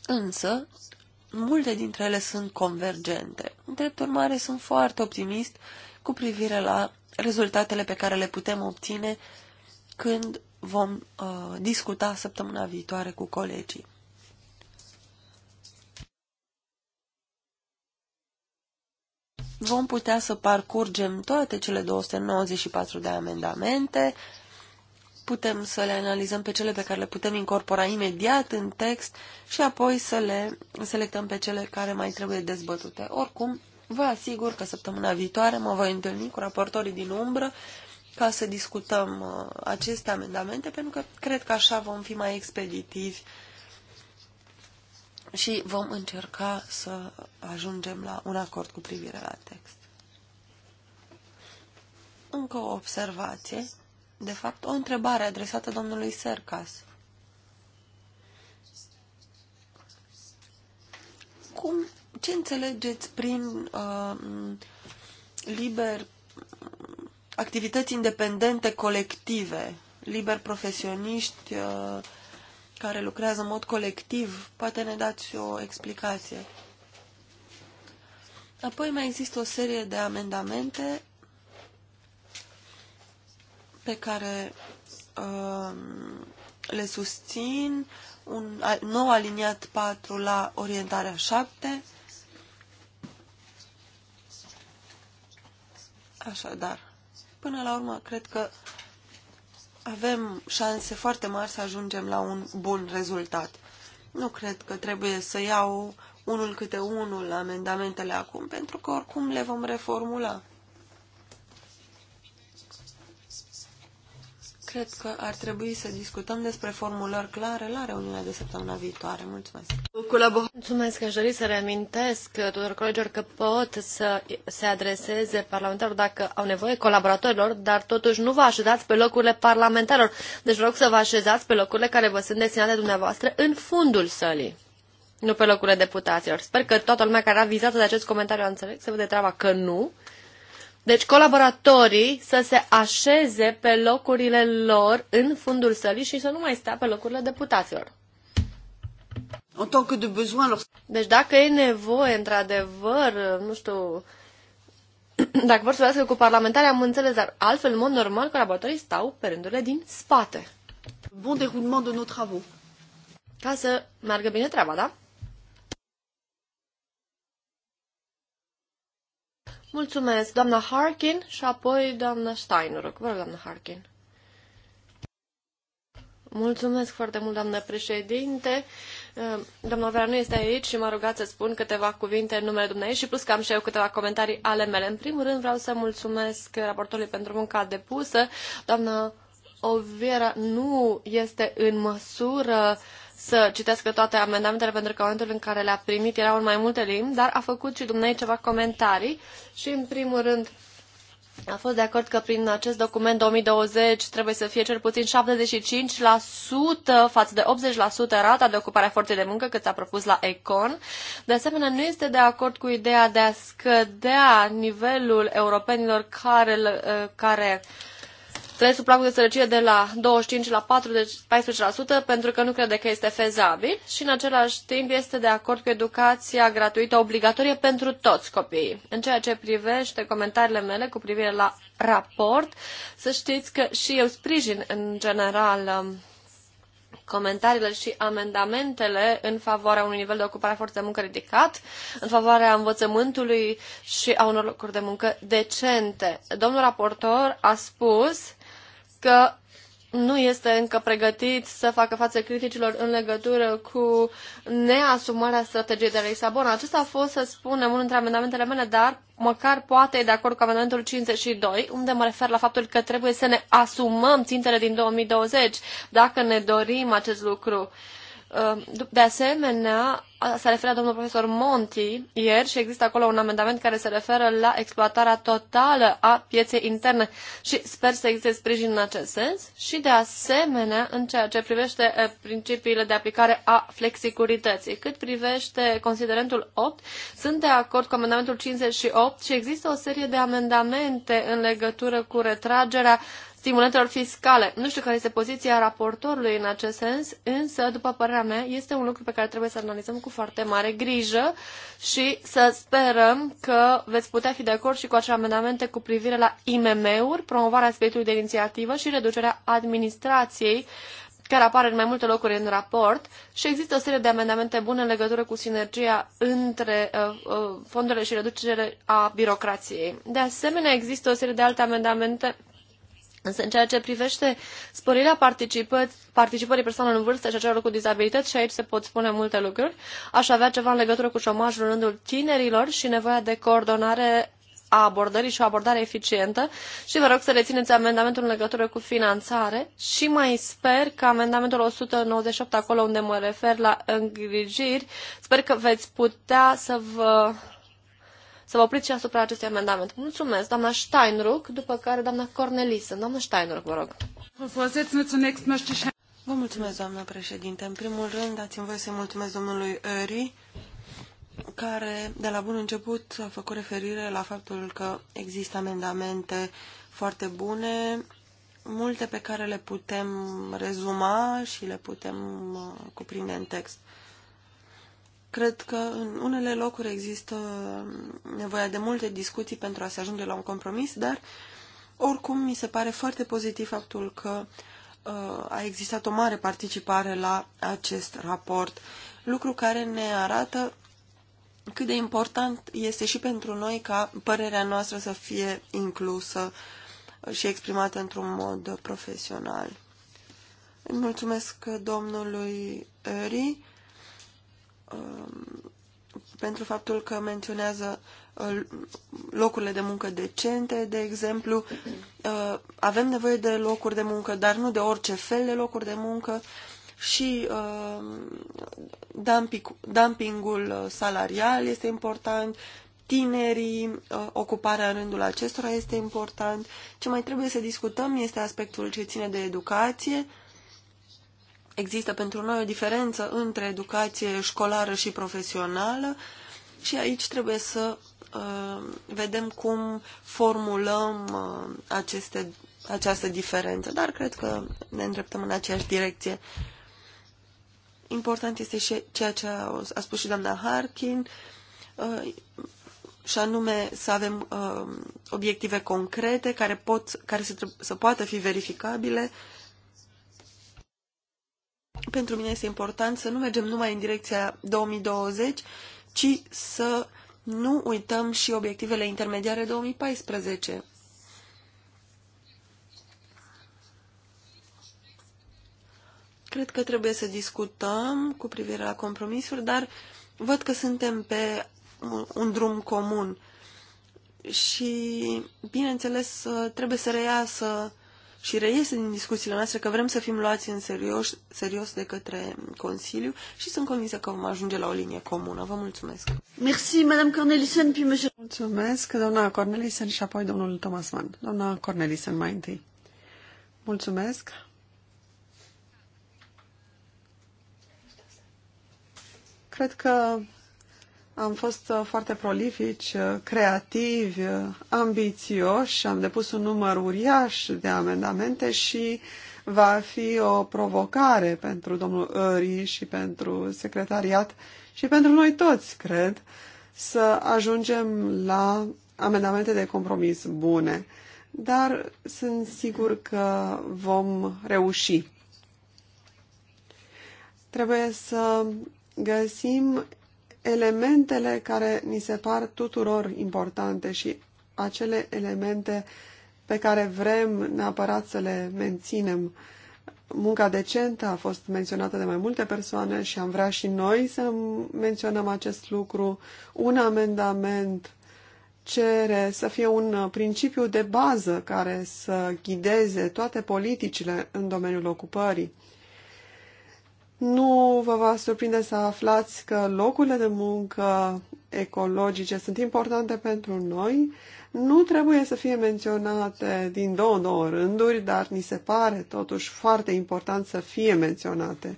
însă multe dintre ele sunt convergente. Drept urmare, sunt foarte optimist cu privire la rezultatele pe care le putem obține când vom uh, discuta săptămâna viitoare cu colegii. vom putea să parcurgem toate cele 294 de amendamente, putem să le analizăm pe cele pe care le putem incorpora imediat în text și apoi să le selectăm pe cele care mai trebuie dezbătute. Oricum, vă asigur că săptămâna viitoare mă voi întâlni cu raportorii din umbră ca să discutăm uh, aceste amendamente, pentru că cred că așa vom fi mai expeditivi și vom încerca să ajungem la un acord cu privire la text. Încă o observație, de fapt o întrebare adresată domnului Sercas. Cum, ce înțelegeți prin uh, liber activități independente colective, liber profesioniști, uh, care lucrează în mod colectiv. Poate ne dați o explicație. Apoi mai există o serie de amendamente pe care uh, le susțin. Un nou aliniat 4 la orientarea 7. Așadar, până la urmă, cred că avem șanse foarte mari să ajungem la un bun rezultat. Nu cred că trebuie să iau unul câte unul la amendamentele acum, pentru că oricum le vom reformula. cred că ar trebui să discutăm despre formulări clare la reuniunea de săptămâna viitoare. Mulțumesc! Mulțumesc! Aș dori să reamintesc tuturor colegilor că pot să se adreseze parlamentarilor dacă au nevoie, colaboratorilor, dar totuși nu vă așezați pe locurile parlamentarilor. Deci vă rog să vă așezați pe locurile care vă sunt destinate dumneavoastră în fundul sălii. Nu pe locurile deputaților. Sper că toată lumea care a vizat de acest comentariu a înțeles, se vede treaba că nu. Deci colaboratorii să se așeze pe locurile lor în fundul sălii și să nu mai stea pe locurile deputaților. Deci dacă e nevoie, într-adevăr, nu știu, dacă vor să vorbească cu parlamentarii, am înțeles, dar altfel, în mod normal, colaboratorii stau pe rândurile din spate. Bun deroulement de nos travaux. Ca să meargă bine treaba, da? Mulțumesc, doamna Harkin și apoi doamna Steinruck. Vă rog, doamna Harkin. Mulțumesc foarte mult, doamnă președinte. Uh, doamna Vera nu este aici și m-a rugat să spun câteva cuvinte în numele dumneavoastră și plus că am și eu câteva comentarii ale mele. În primul rând vreau să mulțumesc raportorului pentru munca depusă. Doamna Oviera nu este în măsură uh, să citească toate amendamentele, pentru că în momentul în care le-a primit erau în mai multe limbi, dar a făcut și dumneavoastră ceva comentarii și, în primul rând, a fost de acord că prin acest document 2020 trebuie să fie cel puțin 75% față de 80% rata de ocupare a forței de muncă cât s-a propus la Econ. De asemenea, nu este de acord cu ideea de a scădea nivelul europenilor care, uh, care uh, sub pragul de sărăcie de la 25 la 14% pentru că nu crede că este fezabil și în același timp este de acord cu educația gratuită obligatorie pentru toți copiii. În ceea ce privește comentariile mele cu privire la raport, să știți că și eu sprijin în general um, comentariile și amendamentele în favoarea unui nivel de ocupare a forței de muncă ridicat, în favoarea învățământului și a unor locuri de muncă decente. Domnul raportor a spus că nu este încă pregătit să facă față criticilor în legătură cu neasumarea strategiei de la Lisabona. Acesta a fost, să spunem, unul dintre amendamentele mele, dar măcar poate e de acord cu amendamentul 52, unde mă refer la faptul că trebuie să ne asumăm țintele din 2020, dacă ne dorim acest lucru. Uh, de asemenea, s-a referit domnul profesor Monti ieri și există acolo un amendament care se referă la exploatarea totală a pieței interne și sper să existe sprijin în acest sens și de asemenea în ceea ce privește uh, principiile de aplicare a flexicurității. Cât privește considerentul 8, sunt de acord cu amendamentul 58 și există o serie de amendamente în legătură cu retragerea stimulentelor fiscale. Nu știu care este poziția raportorului în acest sens, însă, după părerea mea, este un lucru pe care trebuie să analizăm cu foarte mare grijă și să sperăm că veți putea fi de acord și cu acele amendamente cu privire la IMM-uri, promovarea spiritului de inițiativă și reducerea administrației care apare în mai multe locuri în raport și există o serie de amendamente bune în legătură cu sinergia între uh, uh, fondurile și reducerea a birocrației. De asemenea, există o serie de alte amendamente Însă în ceea ce privește sporirea participării persoanelor în vârstă și a celor cu dizabilități, și aici se pot spune multe lucruri, aș avea ceva în legătură cu șomajul în rândul tinerilor și nevoia de coordonare a abordării și o abordare eficientă și vă rog să rețineți amendamentul în legătură cu finanțare și mai sper că amendamentul 198, acolo unde mă refer la îngrijiri, sper că veți putea să vă să vă opriți și asupra acestui amendament. Mulțumesc, doamna Steinruck, după care doamna Cornelisen. Doamna Steinruck, vă rog. Vă mulțumesc, doamna președinte. În primul rând, dați-mi voie să-i mulțumesc domnului Eri, care de la bun început a făcut referire la faptul că există amendamente foarte bune, multe pe care le putem rezuma și le putem uh, cuprinde în text. Cred că în unele locuri există nevoia de multe discuții pentru a se ajunge la un compromis, dar oricum mi se pare foarte pozitiv faptul că uh, a existat o mare participare la acest raport, lucru care ne arată cât de important este și pentru noi ca părerea noastră să fie inclusă și exprimată într-un mod profesional. Îi mulțumesc domnului Eri Um, pentru faptul că menționează uh, locurile de muncă decente, de exemplu. Uh, avem nevoie de locuri de muncă, dar nu de orice fel de locuri de muncă și uh, dumpingul salarial este important, tinerii, ocuparea în rândul acestora este important. Ce mai trebuie să discutăm este aspectul ce ține de educație, Există pentru noi o diferență între educație școlară și profesională și aici trebuie să uh, vedem cum formulăm uh, aceste, această diferență, dar cred că ne îndreptăm în aceeași direcție. Important este și ceea ce a, a spus și doamna Harkin, uh, și anume să avem uh, obiective concrete care, pot, care se să poată fi verificabile uh, pentru mine este important să nu mergem numai în direcția 2020, ci să nu uităm și obiectivele intermediare 2014. Cred că trebuie să discutăm cu privire la compromisuri, dar văd că suntem pe un drum comun. Și, bineînțeles, trebuie să reiasă și reiese din discuțiile noastre că vrem să fim luați în serios, serios de către Consiliu și sunt convinsă că vom ajunge la o linie comună. Vă mulțumesc. Merci, Madame Cornelisen, puis Monsieur. Mulțumesc, doamna Cornelisen și apoi domnul Thomasman. Doamna Cornelisen, mai întâi. Mulțumesc. Cred că am fost uh, foarte prolifici, uh, creativi, uh, ambițioși, am depus un număr uriaș de amendamente și va fi o provocare pentru domnul Ări și pentru secretariat și pentru noi toți, cred, să ajungem la amendamente de compromis bune. Dar sunt sigur că vom reuși. Trebuie să găsim elementele care ni se par tuturor importante și acele elemente pe care vrem neapărat să le menținem. Munca decentă a fost menționată de mai multe persoane și am vrea și noi să menționăm acest lucru. Un amendament cere să fie un principiu de bază care să ghideze toate politicile în domeniul ocupării. Nu vă va surprinde să aflați că locurile de muncă ecologice sunt importante pentru noi. Nu trebuie să fie menționate din două în două rânduri, dar ni se pare totuși foarte important să fie menționate.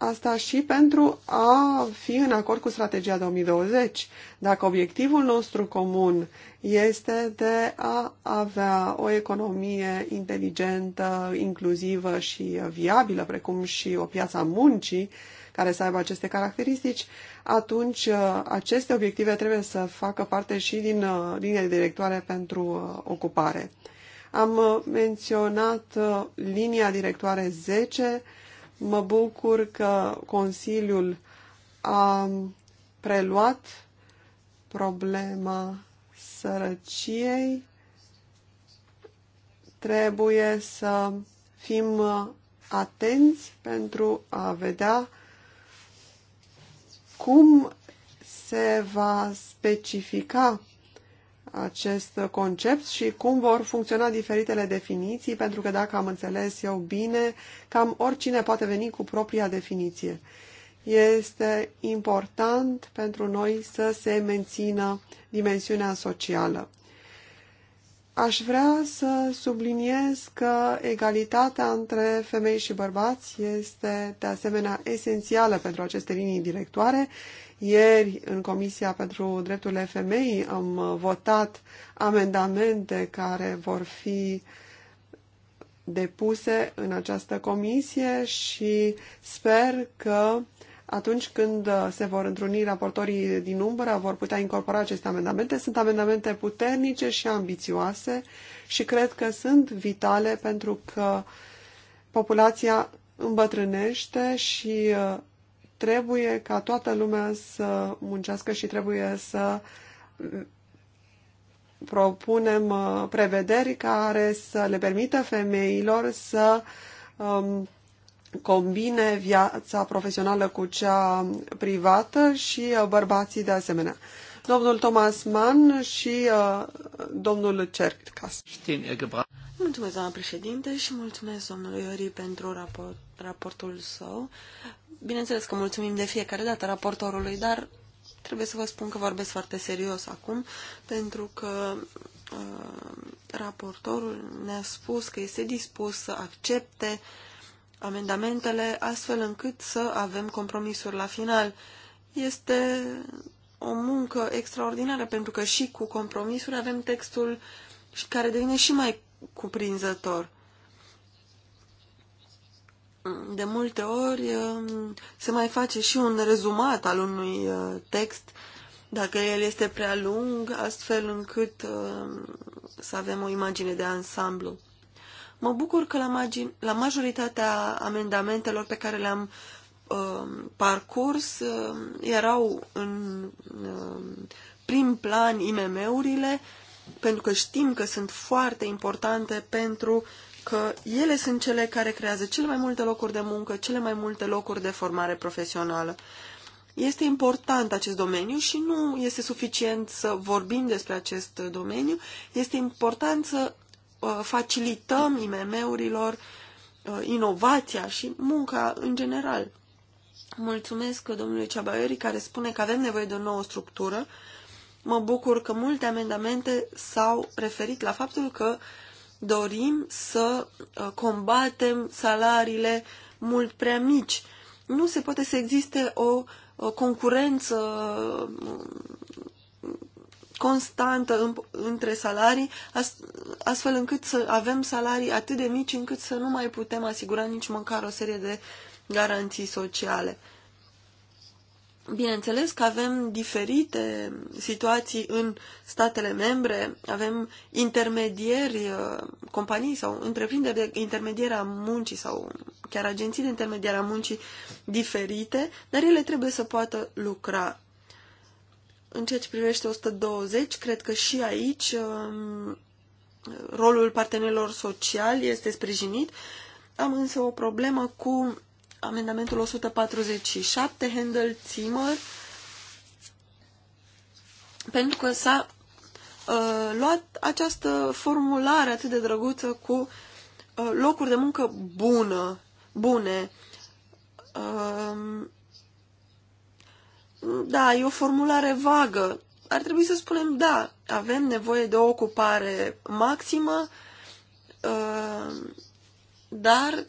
Asta și pentru a fi în acord cu strategia 2020. Dacă obiectivul nostru comun este de a avea o economie inteligentă, inclusivă și viabilă, precum și o piață a muncii care să aibă aceste caracteristici, atunci uh, aceste obiective trebuie să facă parte și din uh, linia de directoare pentru uh, ocupare. Am menționat linia directoare 10 Mă bucur că Consiliul a preluat problema sărăciei. Trebuie să fim atenți pentru a vedea cum se va specifica acest concept și cum vor funcționa diferitele definiții, pentru că dacă am înțeles eu bine, cam oricine poate veni cu propria definiție. Este important pentru noi să se mențină dimensiunea socială. Aș vrea să subliniez că egalitatea între femei și bărbați este de asemenea esențială pentru aceste linii directoare ieri, în Comisia pentru Drepturile Femeii, am votat amendamente care vor fi depuse în această comisie și sper că atunci când se vor întruni raportorii din umbră, vor putea incorpora aceste amendamente. Sunt amendamente puternice și ambițioase și cred că sunt vitale pentru că populația îmbătrânește și uh, Trebuie ca toată lumea să muncească și trebuie să propunem uh, prevederi care să le permită femeilor să um, combine viața profesională cu cea privată și uh, bărbații de asemenea. Domnul Thomas Mann și uh, domnul Cercas. Mulțumesc, doamna președinte, și mulțumesc domnului Iori pentru raport, raportul său. Bineînțeles că mulțumim de fiecare dată raportorului, dar trebuie să vă spun că vorbesc foarte serios acum, pentru că uh, raportorul ne-a spus că este dispus să accepte amendamentele astfel încât să avem compromisuri la final. Este o muncă extraordinară, pentru că și cu compromisuri avem textul care devine și mai cuprinzător. Mm, de multe ori mm, se mai face și un rezumat al unui uh, text dacă el este prea lung, astfel încât mm, să avem o imagine de ansamblu. Mă bucur că la, majoritatea amendamentelor pe care le-am parcurs erau în prim plan IMM-urile, pentru că știm că sunt foarte importante pentru uh, că ele sunt cele care creează cele mai multe locuri de muncă, cele mai multe locuri de formare profesională. Este important acest domeniu și nu este suficient să vorbim despre acest domeniu, este important să uh, facilităm IMM-urilor uh, inovația și munca în general. Mulțumesc domnului Ceabaieri care spune că avem nevoie de o nouă structură. Mă bucur că multe amendamente s-au referit la faptul că uh, dorim să uh, combatem salariile mult prea mici. Nu se poate să existe o uh, concurență uh, constantă între salarii, astfel încât să avem salarii atât de mici încât să nu mai putem asigura nici măcar o serie de garanții sociale. Bineînțeles că avem diferite situații în statele membre, avem intermedieri, uh, companii sau întreprinderi de intermediere a muncii sau chiar agenții de intermediere a muncii diferite, dar ele trebuie să poată lucra. În ceea ce privește 120, cred că și aici um, rolul partenerilor sociali este sprijinit. Am însă o problemă cu Amendamentul 147, Handel Zimmer, pentru că s-a uh, luat această formulare atât de drăguță cu uh, locuri de muncă bună, bune. Uh, da, e o formulare vagă. Ar trebui să spunem, da, avem nevoie de o ocupare maximă, uh, dar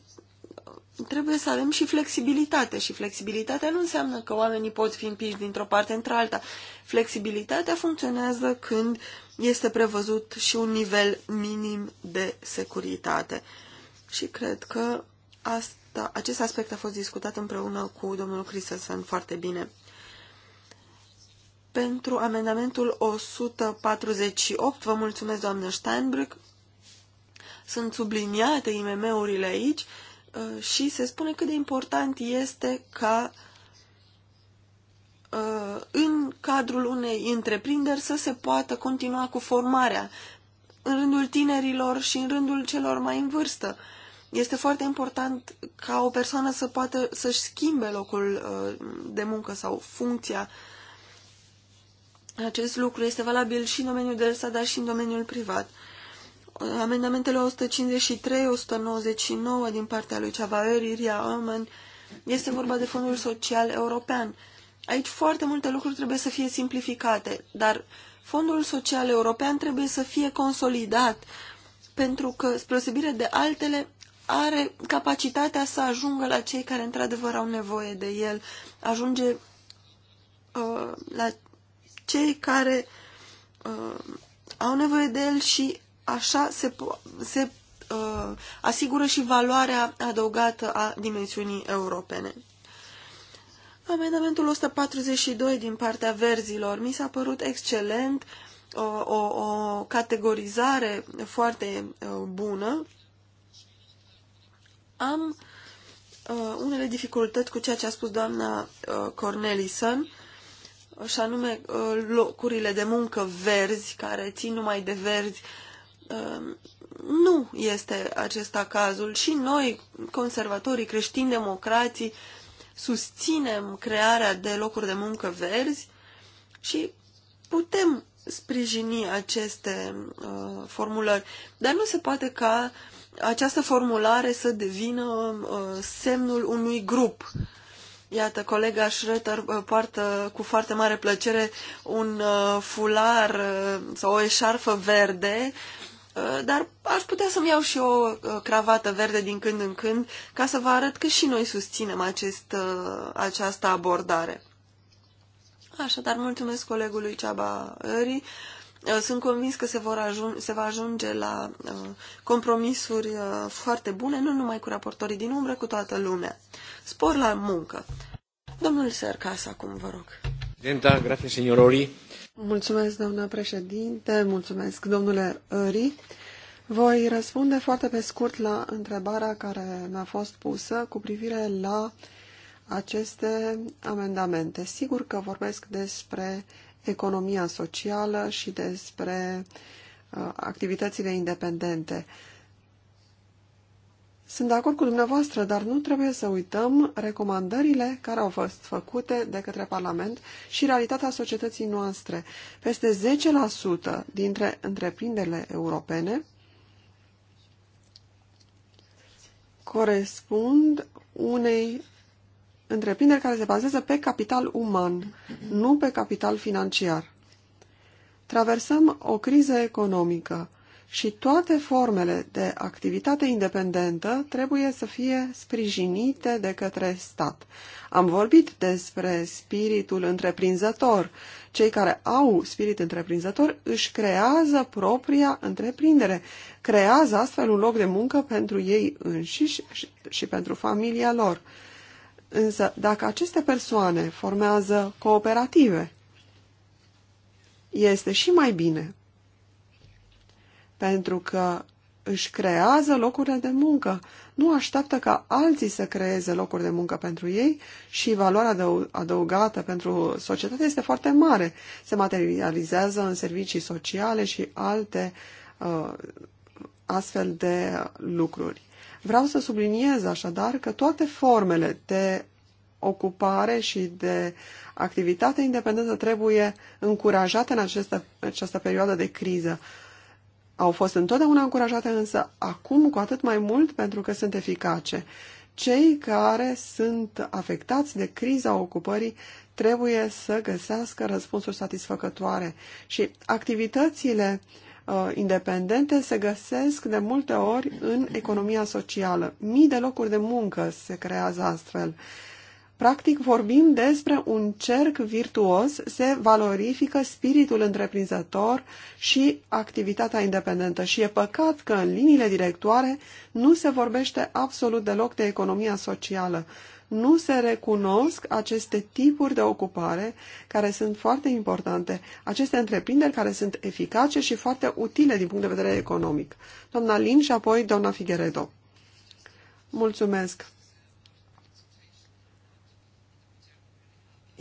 trebuie să avem și flexibilitate. Și flexibilitatea nu înseamnă că oamenii pot fi împiși dintr-o parte într-alta. Flexibilitatea funcționează când este prevăzut și un nivel minim de securitate. Și cred că asta, acest aspect a fost discutat împreună cu domnul Christensen foarte bine. Pentru amendamentul 148, vă mulțumesc, doamnă Steinbrück, sunt subliniate IMM-urile aici, uh, Uh, și se spune cât de important este ca uh, în cadrul unei întreprinderi să se poată continua cu formarea în rândul tinerilor și în rândul celor mai în vârstă. Este foarte important ca o persoană să poată să-și schimbe locul uh, de muncă sau funcția. Acest lucru este valabil și în domeniul de stat, dar și în domeniul privat. Amendamentele 153, 199 din partea lui Cavaer, Iria Oman, este vorba de Fondul Social European. Aici foarte multe lucruri trebuie să fie simplificate, dar Fondul Social European trebuie să fie consolidat, pentru că, spre osebire de altele, are capacitatea să ajungă la cei care într-adevăr au nevoie de el, ajunge uh, la cei care uh, au nevoie de el și așa se, se uh, asigură și valoarea adăugată a dimensiunii europene. Amendamentul 142 din partea verzilor mi s-a părut excelent, o, o, o categorizare foarte uh, bună. Am uh, unele dificultăți cu ceea ce a spus doamna uh, Cornelison, și anume uh, locurile de muncă verzi, care țin numai de verzi, uh, Ehm, nu este acesta cazul. Și noi, conservatorii creștini democrații, susținem crearea de locuri de muncă verzi și putem sprijini aceste uh, formulări. Dar nu se poate ca această formulare să devină uh, semnul unui grup. Iată, colega Schröter uh, poartă cu foarte mare plăcere un uh, fular uh, sau o eșarfă verde Eh, dar aș putea să-mi iau și o eh, cravată verde din când în când ca să vă arăt că și noi susținem acest, eh, această abordare. Așadar, mulțumesc colegului Ceaba Ări. Sunt convins că se, vor ajunge, se va ajunge la compromisuri foarte bune, nu numai cu raportorii din umbră, cu toată lumea. Spor la muncă. Domnul Sărcas, acum vă rog. Presidenta, gracias, Ori. Mulțumesc, doamna președinte, mulțumesc, domnule Ri. Voi răspunde foarte pe scurt la întrebarea care mi-a fost pusă cu privire la aceste amendamente. Sigur că vorbesc despre economia socială și despre uh, activitățile independente. Sunt de acord cu dumneavoastră, dar nu trebuie să uităm recomandările care au fost făcute de către Parlament și realitatea societății noastre. Peste 10% dintre întreprinderile europene corespund unei întreprinderi care se bazează pe capital uman, nu pe capital financiar. Traversăm o criză economică și toate formele de activitate independentă trebuie să fie sprijinite de către stat. Am vorbit despre spiritul întreprinzător. Cei care au spirit întreprinzător își creează propria întreprindere, creează astfel un loc de muncă pentru ei înșiși și pentru familia lor. Însă, dacă aceste persoane formează cooperative, este și mai bine pentru că își creează locurile de muncă, nu așteaptă ca alții să creeze locuri de muncă pentru ei și valoarea adăugată pentru societate este foarte mare. Se materializează în servicii sociale și alte uh, astfel de lucruri. Vreau să subliniez așadar că toate formele de ocupare și de activitate independentă trebuie încurajate în această, această perioadă de criză. Uh, au fost întotdeauna încurajate, însă acum cu atât mai mult pentru că sunt eficace. Cei care sunt afectați de criza ocupării trebuie să găsească răspunsuri satisfăcătoare și activitățile uh, independente se găsesc de multe ori în economia socială. Mii de locuri de muncă se creează astfel. Uh, Practic vorbim despre un cerc virtuos, se valorifică spiritul întreprinzător și activitatea independentă și e păcat că în liniile directoare nu se vorbește absolut deloc de economia socială. Nu se recunosc aceste tipuri de ocupare care sunt foarte importante, aceste întreprinderi care sunt eficace și foarte utile din punct de vedere economic. Doamna Lin și apoi doamna Figueredo. Mulțumesc!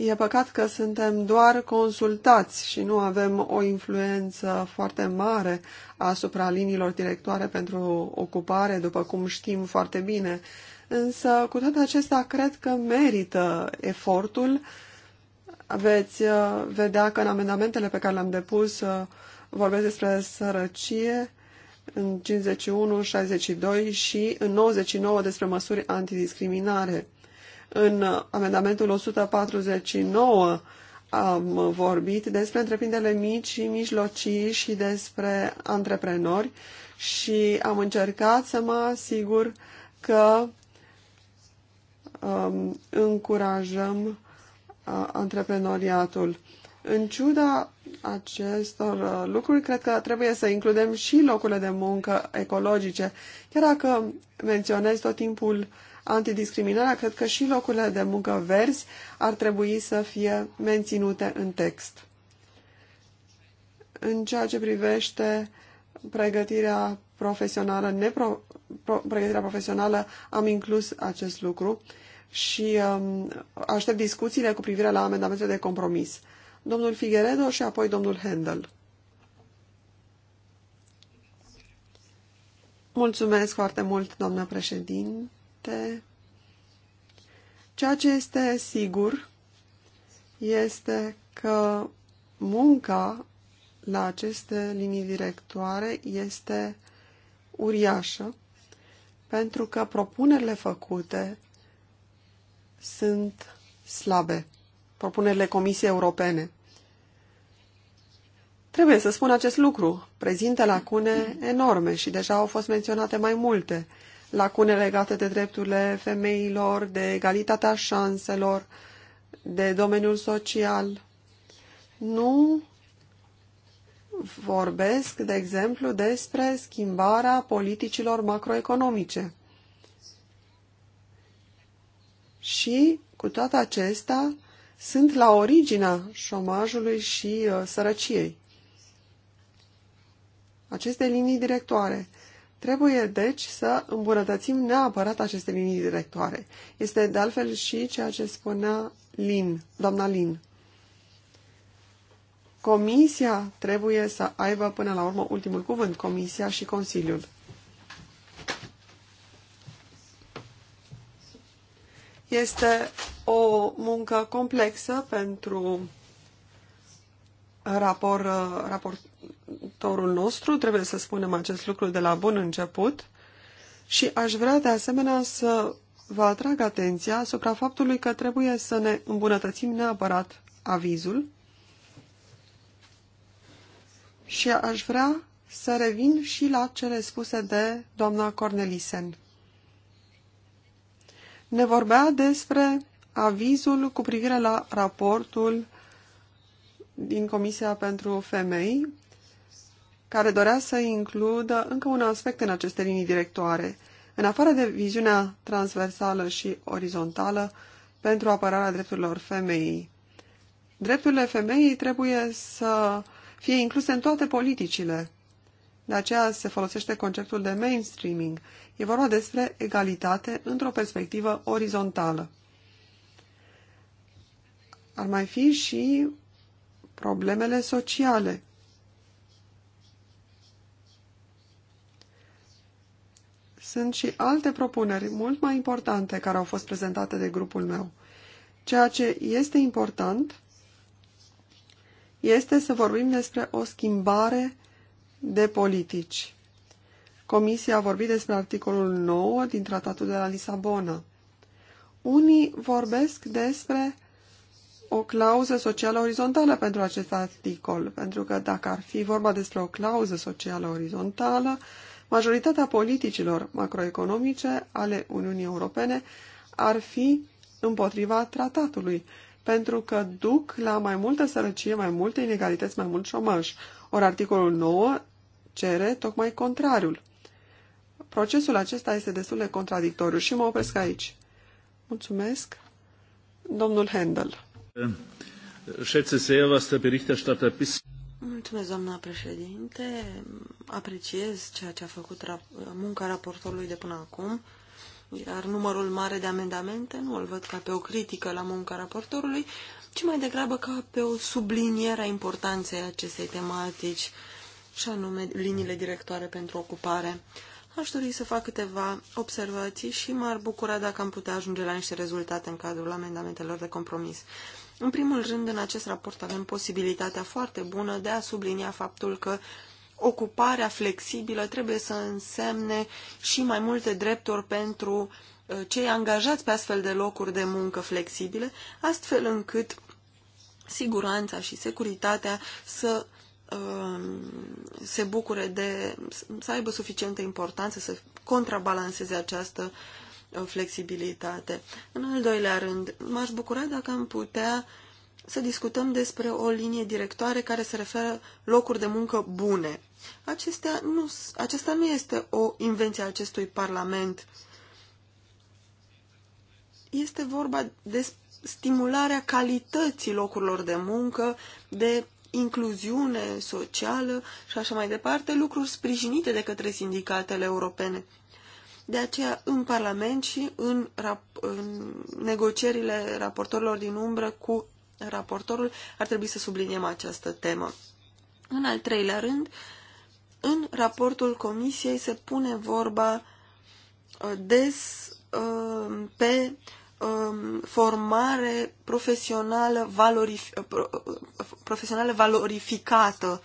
E păcat că suntem doar consultați și nu avem o influență foarte mare asupra liniilor directoare pentru ocupare, după cum știm foarte bine. Însă, cu toate acestea, cred că merită efortul. Veți uh, vedea că în amendamentele pe care le-am depus uh, vorbesc despre sărăcie în 51, 62 și în 99 despre măsuri antidiscriminare. În amendamentul 149 am vorbit despre întreprinderile mici și mijlocii și despre antreprenori și am încercat să mă asigur că um, încurajăm uh, antreprenoriatul. În ciuda acestor uh, lucruri, cred că trebuie să includem și locurile de muncă ecologice. Chiar dacă menționez tot timpul antidiscriminarea, cred că și locurile de muncă verzi ar trebui să fie menținute în text. În ceea ce privește pregătirea profesională, nepro, pro, pregătirea profesională, am inclus acest lucru și um, aștept discuțiile cu privire la amendamentele de compromis. Domnul Figueredo și apoi domnul Handel. Mulțumesc foarte mult, doamnă președinte departe. Ceea ce este sigur este că munca la aceste linii directoare este uriașă, pentru că propunerile făcute sunt slabe, propunerile Comisiei Europene. Trebuie să spun acest lucru. Prezintă lacune enorme și deja au fost menționate mai multe lacune legate de drepturile femeilor, de egalitatea șanselor, de domeniul social. Nu vorbesc, de exemplu, despre schimbarea politicilor macroeconomice. Și, cu toate acestea, sunt la originea șomajului și uh, sărăciei. Aceste linii directoare Trebuie, deci, să îmbunătățim neapărat aceste linii directoare. Este, de altfel, și ceea ce spunea Lin, doamna Lin. Comisia trebuie să aibă, până la urmă, ultimul cuvânt, Comisia și Consiliul. Este o muncă complexă pentru rapor, uh, raportorul nostru, trebuie să spunem acest lucru de la bun început și aș vrea de asemenea să vă atrag atenția asupra faptului că trebuie să ne îmbunătățim neapărat avizul și aș vrea să revin și la cele spuse de doamna Cornelisen. Ne vorbea despre avizul cu privire la raportul din Comisia pentru Femei, care dorea să includă încă un aspect în aceste linii directoare, în afară de viziunea transversală și orizontală pentru apărarea drepturilor femeii. Drepturile femeii trebuie să fie incluse în toate politicile. De aceea se folosește conceptul de mainstreaming. E vorba despre egalitate într-o perspectivă orizontală. Ar mai fi și problemele sociale. Sunt și alte propuneri mult mai importante care au fost prezentate de grupul meu. Ceea ce este important este să vorbim despre o schimbare de politici. Comisia a vorbit despre articolul 9 din Tratatul de la Lisabona. Unii vorbesc despre o clauză socială orizontală pentru acest articol, pentru că dacă ar fi vorba despre o clauză socială orizontală, majoritatea politicilor macroeconomice ale Uniunii Europene ar fi împotriva tratatului, pentru că duc la mai multă sărăcie, mai multe inegalități, mai mult șomaj. Ori articolul 9 cere tocmai contrariul. Procesul acesta este destul de contradictoriu și mă opresc aici. Mulțumesc, domnul Handel. Mulțumesc, doamna președinte. Apreciez ceea ce a făcut munca raportorului de până acum, iar numărul mare de amendamente nu îl văd ca pe o critică la munca raportorului, ci mai degrabă ca pe o subliniere a importanței acestei tematici, și anume liniile directoare pentru ocupare. Aș dori să fac câteva observații și m-ar bucura dacă am putea ajunge la niște rezultate în cadrul amendamentelor de compromis. În primul rând, în acest raport avem posibilitatea foarte bună de a sublinia faptul că ocuparea flexibilă trebuie să însemne și mai multe drepturi pentru uh, cei angajați pe astfel de locuri de muncă flexibile, astfel încât siguranța și securitatea să um, se bucure de, să aibă suficientă importanță să contrabalanceze această flexibilitate. În al doilea rând, m-aș bucura dacă am putea să discutăm despre o linie directoare care se referă locuri de muncă bune. Acestea nu, acesta nu este o invenție a acestui Parlament. Este vorba de stimularea calității locurilor de muncă, de incluziune socială și așa mai departe, lucruri sprijinite de către sindicatele europene. De aceea, în Parlament și în, rap- în negocierile raportorilor din umbră cu raportorul, ar trebui să subliniem această temă. În al treilea rând, în raportul Comisiei se pune vorba uh, des uh, pe um, formare profesională, valorif- uh, profesională valorificată,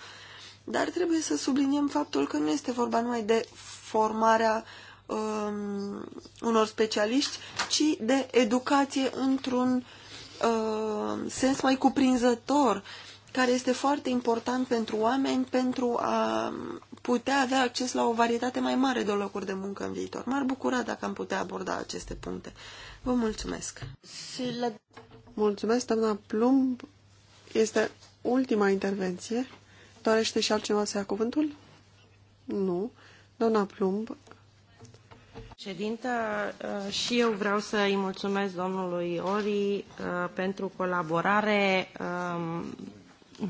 dar trebuie să subliniem faptul că nu este vorba numai de formarea uh, um, unor specialiști, ci de educație într-un um, sens mai cuprinzător, care este foarte important pentru oameni pentru a putea avea acces la o varietate mai mare de locuri de muncă în viitor. M-ar bucura dacă am putea aborda aceste puncte. Vă mulțumesc! Mulțumesc, doamna Plumb. Este ultima intervenție. Dorește și altcineva să ia cuvântul? Nu. Doamna Plumb președintă, uh, și eu vreau să îi mulțumesc domnului Ori uh, pentru colaborare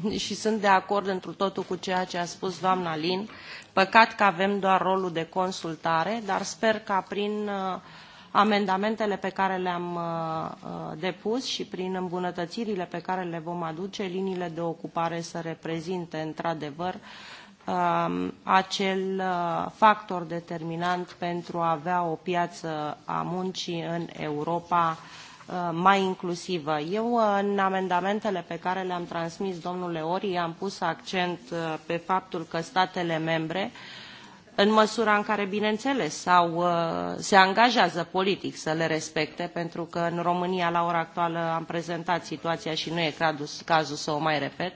um, și sunt de acord întru totul cu ceea ce a spus doamna Lin. Păcat că avem doar rolul de consultare, dar sper ca prin uh, amendamentele pe care le-am depus și prin îmbunătățirile pe care le vom aduce, liniile de ocupare să reprezinte într-adevăr Um, acel uh, factor determinant pentru a avea o piață a muncii în Europa uh, mai inclusivă. Eu, în amendamentele pe care le-am transmis domnule Ori, am pus accent uh, pe faptul că statele membre uh, în măsura în care, bineînțeles, sau uh, se angajează politic să le respecte, pentru că în România, la ora actuală, am prezentat situația și nu e cazul să o mai repet,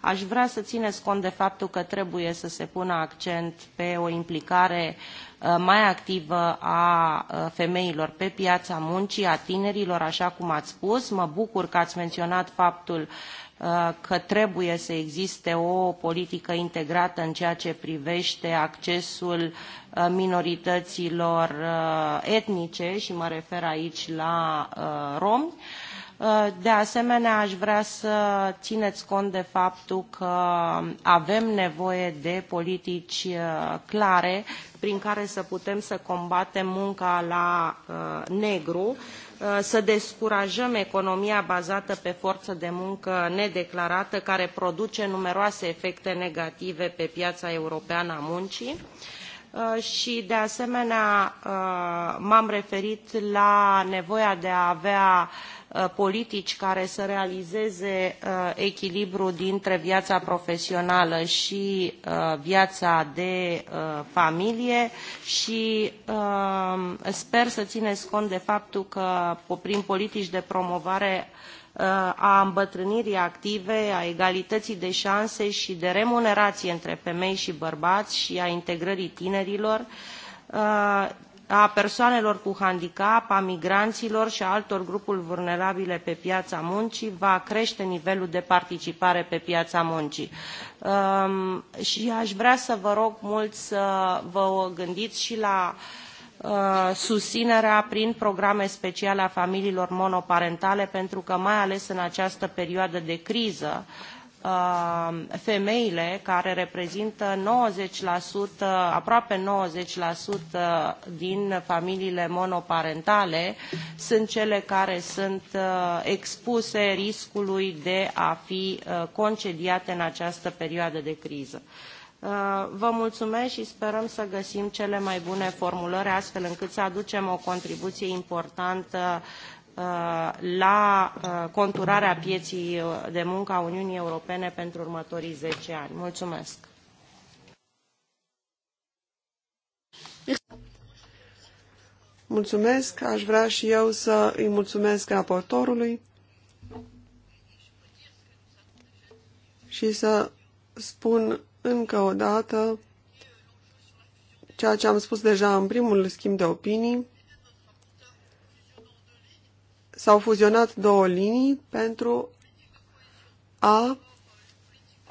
aș vrea să țineți cont de faptul că trebuie să se pună accent pe o implicare uh, mai activă a uh, femeilor pe piața muncii, a tinerilor, așa cum ați spus. Mă bucur că ați menționat faptul Uh, că trebuie să existe o politică integrată în ceea ce privește accesul uh, minorităților uh, etnice și mă refer aici la romi. De asemenea, aș vrea să țineți cont de faptul că avem nevoie de politici clare prin care să putem să combatem munca la negru, Uh, să descurajăm economia bazată pe forță de muncă nedeclarată, care produce numeroase efecte negative pe piața europeană a muncii uh, și, de asemenea, uh, m-am referit la nevoia de a avea Uh, politici care să realizeze uh, echilibru dintre viața profesională și uh, viața de familie și sper să țineți cont de faptul că prin politici de promovare a îmbătrânirii active, a egalității de șanse și de remunerație între femei și bărbați și a integrării tinerilor, a persoanelor cu handicap, a migranților și a altor grupuri vulnerabile pe piața muncii va crește nivelul de participare pe piața muncii. Um, și aș vrea să vă rog mult să vă gândiți și la uh, susținerea prin programe speciale a familiilor monoparentale, pentru că mai ales în această perioadă de criză Uh, femeile care reprezintă 90%, aproape 90% din familiile monoparentale sunt cele care sunt uh, expuse riscului de a fi uh, concediate în această perioadă de criză. Vă mulțumesc și sperăm să găsim cele mai bune formulări astfel încât să aducem o contribuție importantă Uh, la uh, conturarea pieții uh, de muncă a Uniunii Europene pentru următorii 10 ani. Mulțumesc! Mulțumesc, aș vrea și eu să îi mulțumesc raportorului și să spun încă o dată ceea ce am spus deja în primul schimb de opinii, S-au fuzionat două linii pentru a,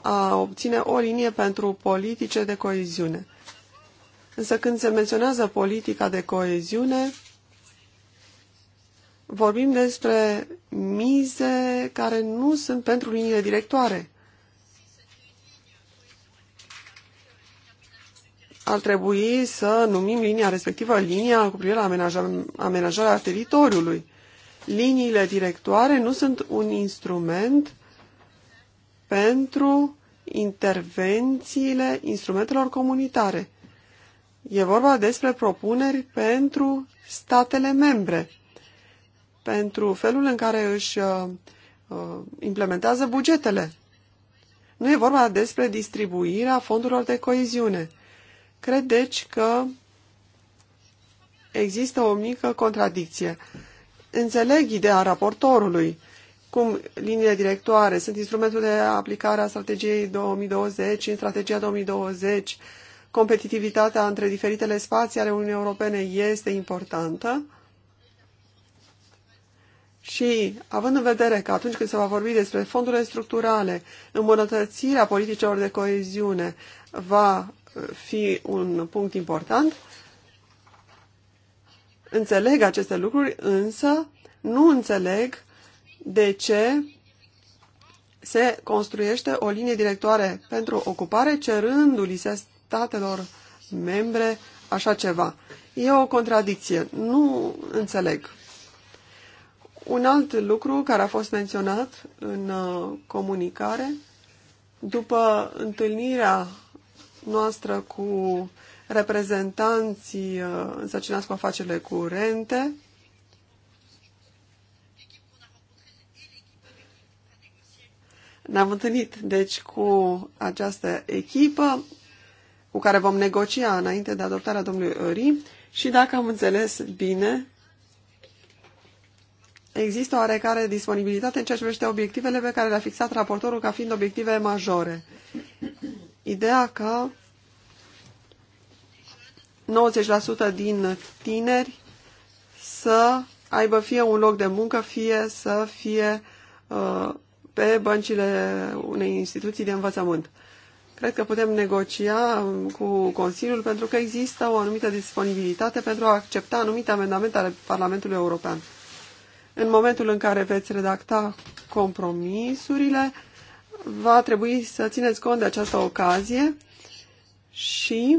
a obține o linie pentru politice de coeziune. Însă când se menționează politica de coeziune, vorbim despre mize care nu sunt pentru liniile directoare. Ar trebui să numim linia respectivă linia cu privire la amenajarea teritoriului liniile directoare nu sunt un instrument pentru intervențiile instrumentelor comunitare. E vorba despre propuneri pentru statele membre, pentru felul în care își uh, uh implementează bugetele. Nu e vorba despre distribuirea fondurilor de coeziune. Cred deci că există o mică contradicție. Înțeleg ideea raportorului, cum liniile directoare sunt instrumentul de aplicare a strategiei 2020 în strategia 2020, competitivitatea între diferitele spații ale Uniunii Europene este importantă. Și, având în vedere că atunci când se va vorbi despre fondurile structurale, îmbunătățirea politicilor de coeziune va fi un punct important, Înțeleg aceste lucruri, însă nu înțeleg de ce se construiește o linie directoare pentru ocupare cerându-li statelor membre așa ceva. E o contradicție. Nu înțeleg. Un alt lucru care a fost menționat în uh, comunicare, după întâlnirea noastră cu reprezentanții uh, însărcinați cu afacerile curente, Ne-am întâlnit, deci, cu această echipă cu care vom negocia înainte de adoptarea domnului Ori și, dacă am înțeles bine, există oarecare disponibilitate în ceea ce privește obiectivele pe care le-a fixat raportorul ca fiind obiective majore. Ideea că 90% din tineri să aibă fie un loc de muncă, fie să fie uh, pe băncile unei instituții de învățământ. Cred că putem negocia um, cu Consiliul pentru că există o anumită disponibilitate pentru a accepta anumite amendamente ale Parlamentului European. În momentul în care veți redacta compromisurile, va trebui să țineți cont de această ocazie și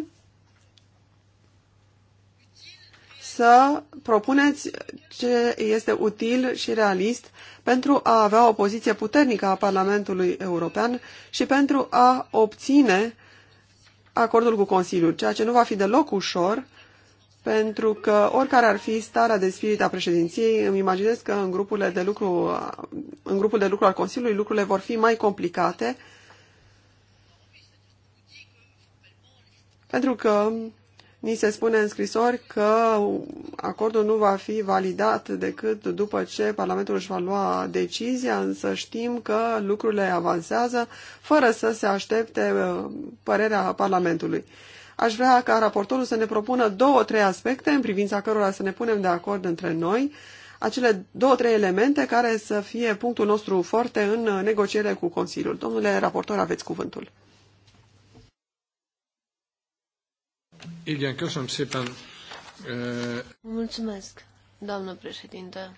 să propuneți ce este util și realist pentru a avea o poziție puternică a Parlamentului European și pentru a obține acordul cu Consiliul, ceea ce nu va fi deloc ușor, pentru că oricare ar fi starea de spirit a președinției, îmi imaginez că în, grupurile de lucru, în grupul de lucru al Consiliului lucrurile vor fi mai complicate, pentru că Ni se spune în scrisori că acordul nu va fi validat decât după ce Parlamentul își va lua decizia, însă știm că lucrurile avansează fără să se aștepte uh, părerea Parlamentului. Aș vrea ca raportorul să ne propună două, trei aspecte în privința cărora să ne punem de acord între noi, acele două, trei elemente care să fie punctul nostru foarte în negociere cu Consiliul. Domnule raportor, aveți cuvântul. Igen, köszönöm szépen. Mulțumesc, doamnă președinte.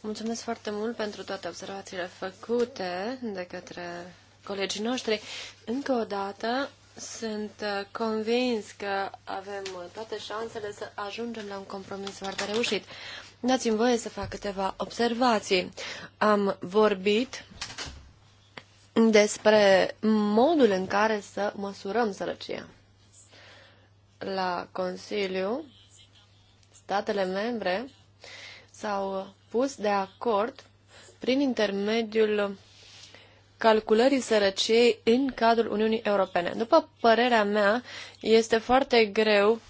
Mulțumesc foarte mult pentru toate observațiile făcute de către colegii noștri. Încă o dată, sunt eh, convins că avem eh, toate șansele să ajungem la un compromis foarte reușit. Dați-mi voie să fac câteva observații. Am vorbit despre modul în care să măsurăm sărăcia la Consiliu, statele membre s-au pus de acord prin intermediul calculării sărăciei în cadrul Uniunii Europene. După părerea mea, este foarte greu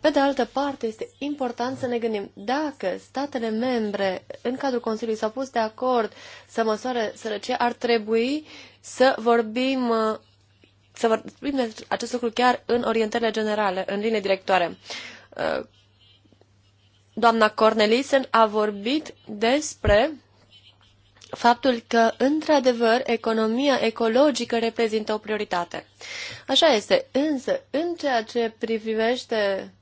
pe de altă parte, este important să ne gândim dacă statele membre în cadrul Consiliului s-au pus de acord să măsoare sărăcie, ar trebui să vorbim uh, să vorbim de acest lucru chiar în orientările generale, în linie directoare. Uh, doamna Cornelisen a vorbit despre faptul că, într-adevăr, economia ecologică reprezintă o prioritate. Așa este, însă, în ceea ce privește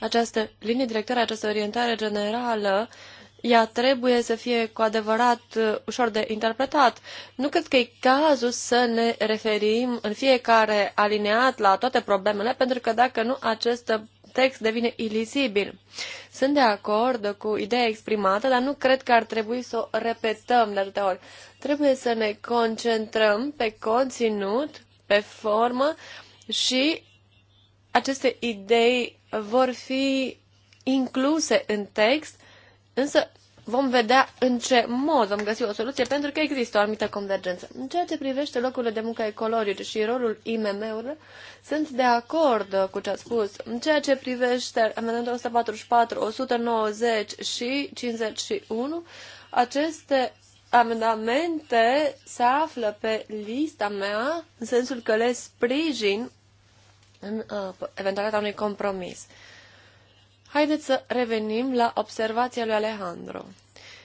această linie directoare, această orientare generală, uh, ea trebuie să fie cu adevărat uh, ușor de interpretat. Nu cred că e cazul să ne referim în fiecare alineat la toate problemele, pentru că dacă nu, acest text devine ilizibil. Sunt de acord cu ideea exprimată, dar nu cred că ar trebui să o repetăm de atâtea ori. Trebuie să ne concentrăm pe conținut, pe formă și aceste idei vor fi incluse în text Însă vom vedea în ce mod vom găsi o soluție, pentru că există o anumită convergență. În ceea ce privește locurile de muncă ecologice și rolul IMM-urilor, sunt de acord cu ce a spus. În ceea ce privește amendamentul 144, 190 și 51, aceste amendamente se află pe lista mea, în sensul că le sprijin în uh, eventualitatea unui compromis. Haideți să revenim la observația lui Alejandro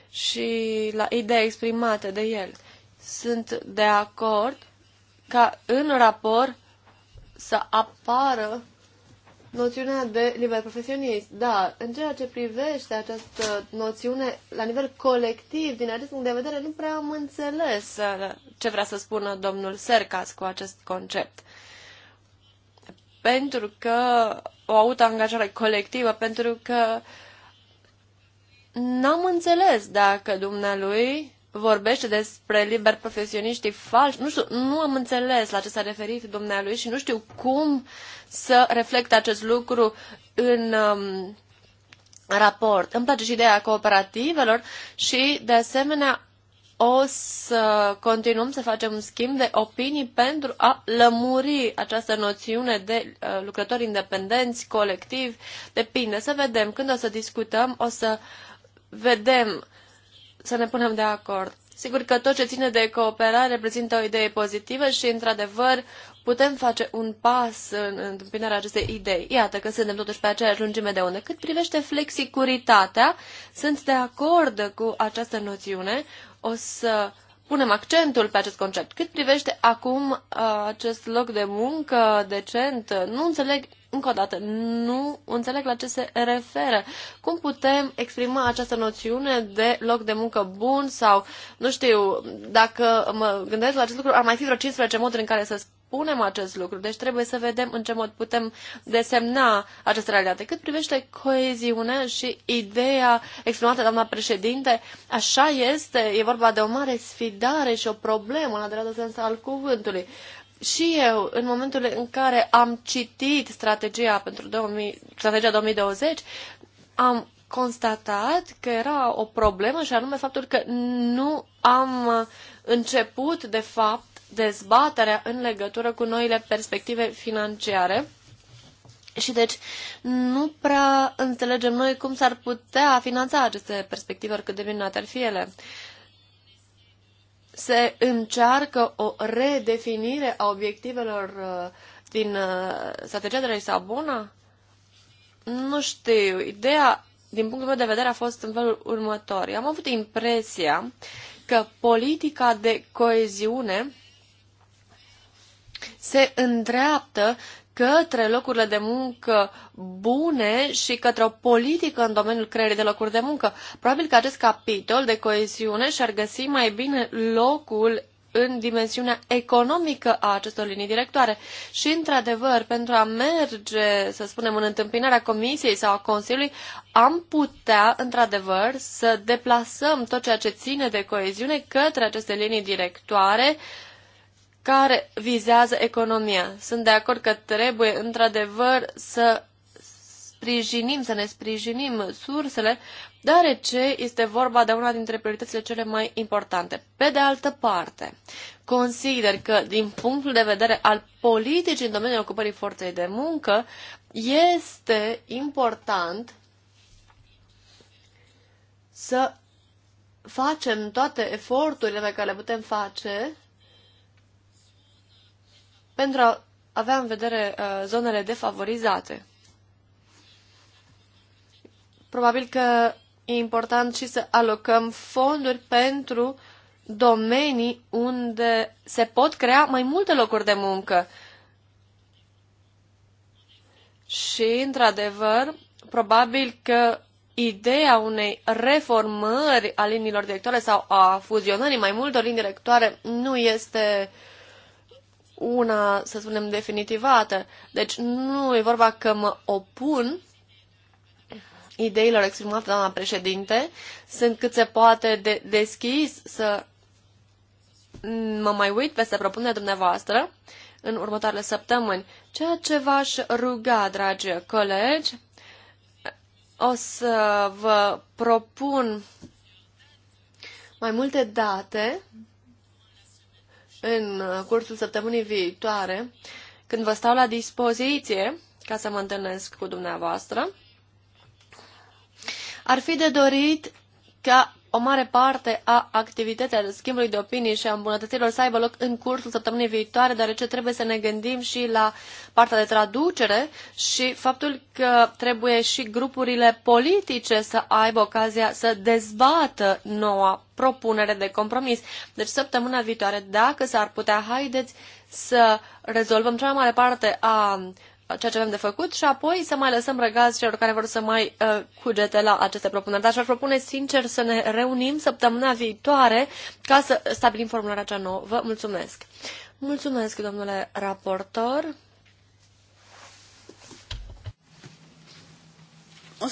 și la ideea exprimată de el. Sunt de acord ca în raport să apară noțiunea de liber profesionist. Da, în ceea ce privește această noțiune la nivel colectiv, din acest punct de vedere, nu prea am înțeles ce vrea să spună domnul Sercas cu acest concept. Pentru că o autoangajare colectivă, pentru că n-am înțeles dacă dumnealui vorbește despre liber profesioniștii falși. Nu știu, nu am înțeles la ce s-a referit dumnealui și nu știu cum să reflecte acest lucru în um, raport. Îmi place și ideea cooperativelor și, de asemenea, o să continuăm să facem un schimb de opinii pentru a lămuri această noțiune de uh, lucrători independenți, colectiv. Depinde, să vedem. Când o să discutăm, o să vedem, să ne punem de acord. Sigur că tot ce ține de cooperare reprezintă o idee pozitivă și, într-adevăr, putem face un pas în întâmpinarea acestei idei. Iată că suntem totuși pe aceeași lungime de unde. Cât privește flexicuritatea, sunt de acord cu această noțiune o să punem accentul pe acest concept. Cât privește acum uh, acest loc de muncă decent, nu înțeleg, încă o dată, nu înțeleg la ce se referă. Cum putem exprima această noțiune de loc de muncă bun sau, nu știu, dacă mă gândesc la acest lucru, ar mai fi vreo 15 moduri în care să spunem acest lucru, deci trebuie să vedem în ce mod putem desemna această realitate. Cât privește coeziune și ideea exprimată, doamna președinte, așa este, e vorba de o mare sfidare și o problemă, în adevăratul sens al cuvântului. Și eu, în momentul în care am citit strategia pentru 2000, strategia 2020, am constatat că era o problemă și anume faptul că nu am început, de fapt, dezbaterea în legătură cu noile perspective financiare. Și deci nu prea înțelegem noi cum s-ar putea finanța aceste perspective, oricât de minunate ar fi ele. Se încearcă o redefinire a obiectivelor uh, din uh, strategia de la Lisabona? Nu știu. Ideea, din punctul meu de vedere, a fost în felul următor. Eu am avut impresia că politica de coeziune se îndreaptă către locurile de muncă bune și către o politică în domeniul creării de locuri de muncă. Probabil că acest capitol de coeziune și-ar găsi mai bine locul în dimensiunea economică a acestor linii directoare. Și, într-adevăr, pentru a merge, să spunem, în întâmpinarea Comisiei sau a Consiliului, am putea, într-adevăr, să deplasăm tot ceea ce ține de coeziune către aceste linii directoare uh, care vizează economia. Sunt de acord că trebuie, într-adevăr, să sprijinim, să ne sprijinim sursele, deoarece este vorba de una dintre prioritățile cele mai importante. Pe de altă parte, consider că, din punctul de vedere al politicii în domeniul ocupării forței de muncă, este important să facem toate eforturile pe care le putem face pentru a avea în vedere uh, zonele defavorizate. Probabil că e important și să alocăm fonduri pentru domenii unde se pot crea mai multe locuri de muncă. Și, într-adevăr, probabil că ideea unei reformări a liniilor directoare sau a fuzionării mai multor linii directoare nu este uh, una, să spunem, definitivată. Deci nu e vorba că mă opun ideilor exprimate, doamna președinte, sunt cât se poate de deschis să mă mai uit peste propunerea dumneavoastră în următoarele săptămâni. Ceea ce v-aș ruga, dragi colegi, o să vă propun mai multe date în cursul săptămânii viitoare, când vă stau la dispoziție ca să mă întâlnesc cu dumneavoastră, ar fi de dorit ca o mare parte a activității schimbului de opinii și a îmbunătățirilor să aibă loc în cursul săptămânii viitoare, deoarece trebuie să ne gândim și la partea de traducere și faptul că trebuie și grupurile politice să aibă ocazia să dezbată noua propunere de compromis. Deci săptămâna viitoare, dacă s-ar putea, haideți să rezolvăm cea mai mare parte a ceea ce avem de făcut și apoi să mai lăsăm răgaz celor care vor să mai uh, cugete la aceste propuneri. Dar aș propune sincer să ne reunim săptămâna viitoare ca să stabilim formularea cea nouă. Vă mulțumesc! Mulțumesc, domnule raportor!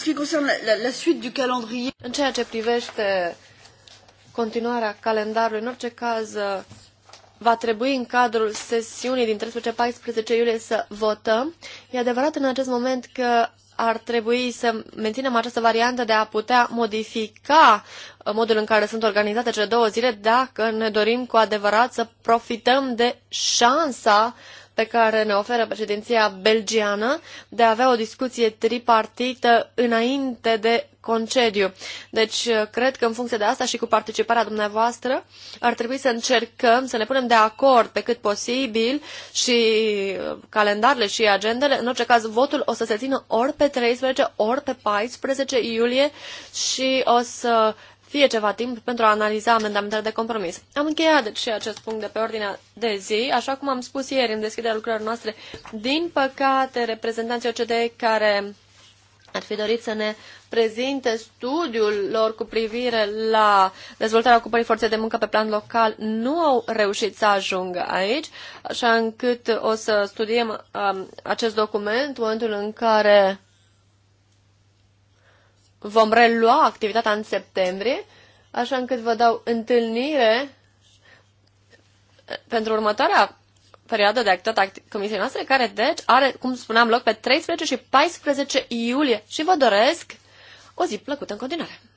ce concerne la, la suite du calendrier... În ceea ce privește continuarea calendarului, în orice caz, va trebui în cadrul sesiunii din 13-14 iulie să votăm. E adevărat în acest moment că ar trebui să menținem această variantă de a putea modifica modul în care sunt organizate cele două zile dacă ne dorim cu adevărat să profităm de șansa uh, pe care ne oferă președinția belgiană de a avea o discuție tripartită înainte de concediu. Deci, cred că în funcție de asta și cu participarea dumneavoastră, ar trebui să încercăm să ne punem de acord pe cât posibil și uh, calendarele și agendele. În orice caz, votul o să se țină ori pe 13, ori pe 14 iulie și o să fie ceva timp pentru a analiza amendamentele de compromis. Am încheiat deci și acest punct de pe ordinea de zi. Așa cum am spus ieri în deschiderea lucrurilor noastre, din păcate, reprezentanții OCD care ar fi dorit să ne prezinte studiul lor cu privire la dezvoltarea ocupării forței de muncă pe plan local, nu au reușit să ajungă aici, așa încât o să studiem um, acest document, momentul în care vom relua activitatea în septembrie, așa încât vă dau întâlnire pentru următoarea perioadă de activitate a comisiei noastre, care, deci, are, cum spuneam, loc pe 13 și 14 iulie. Și vă doresc o zi plăcută în continuare!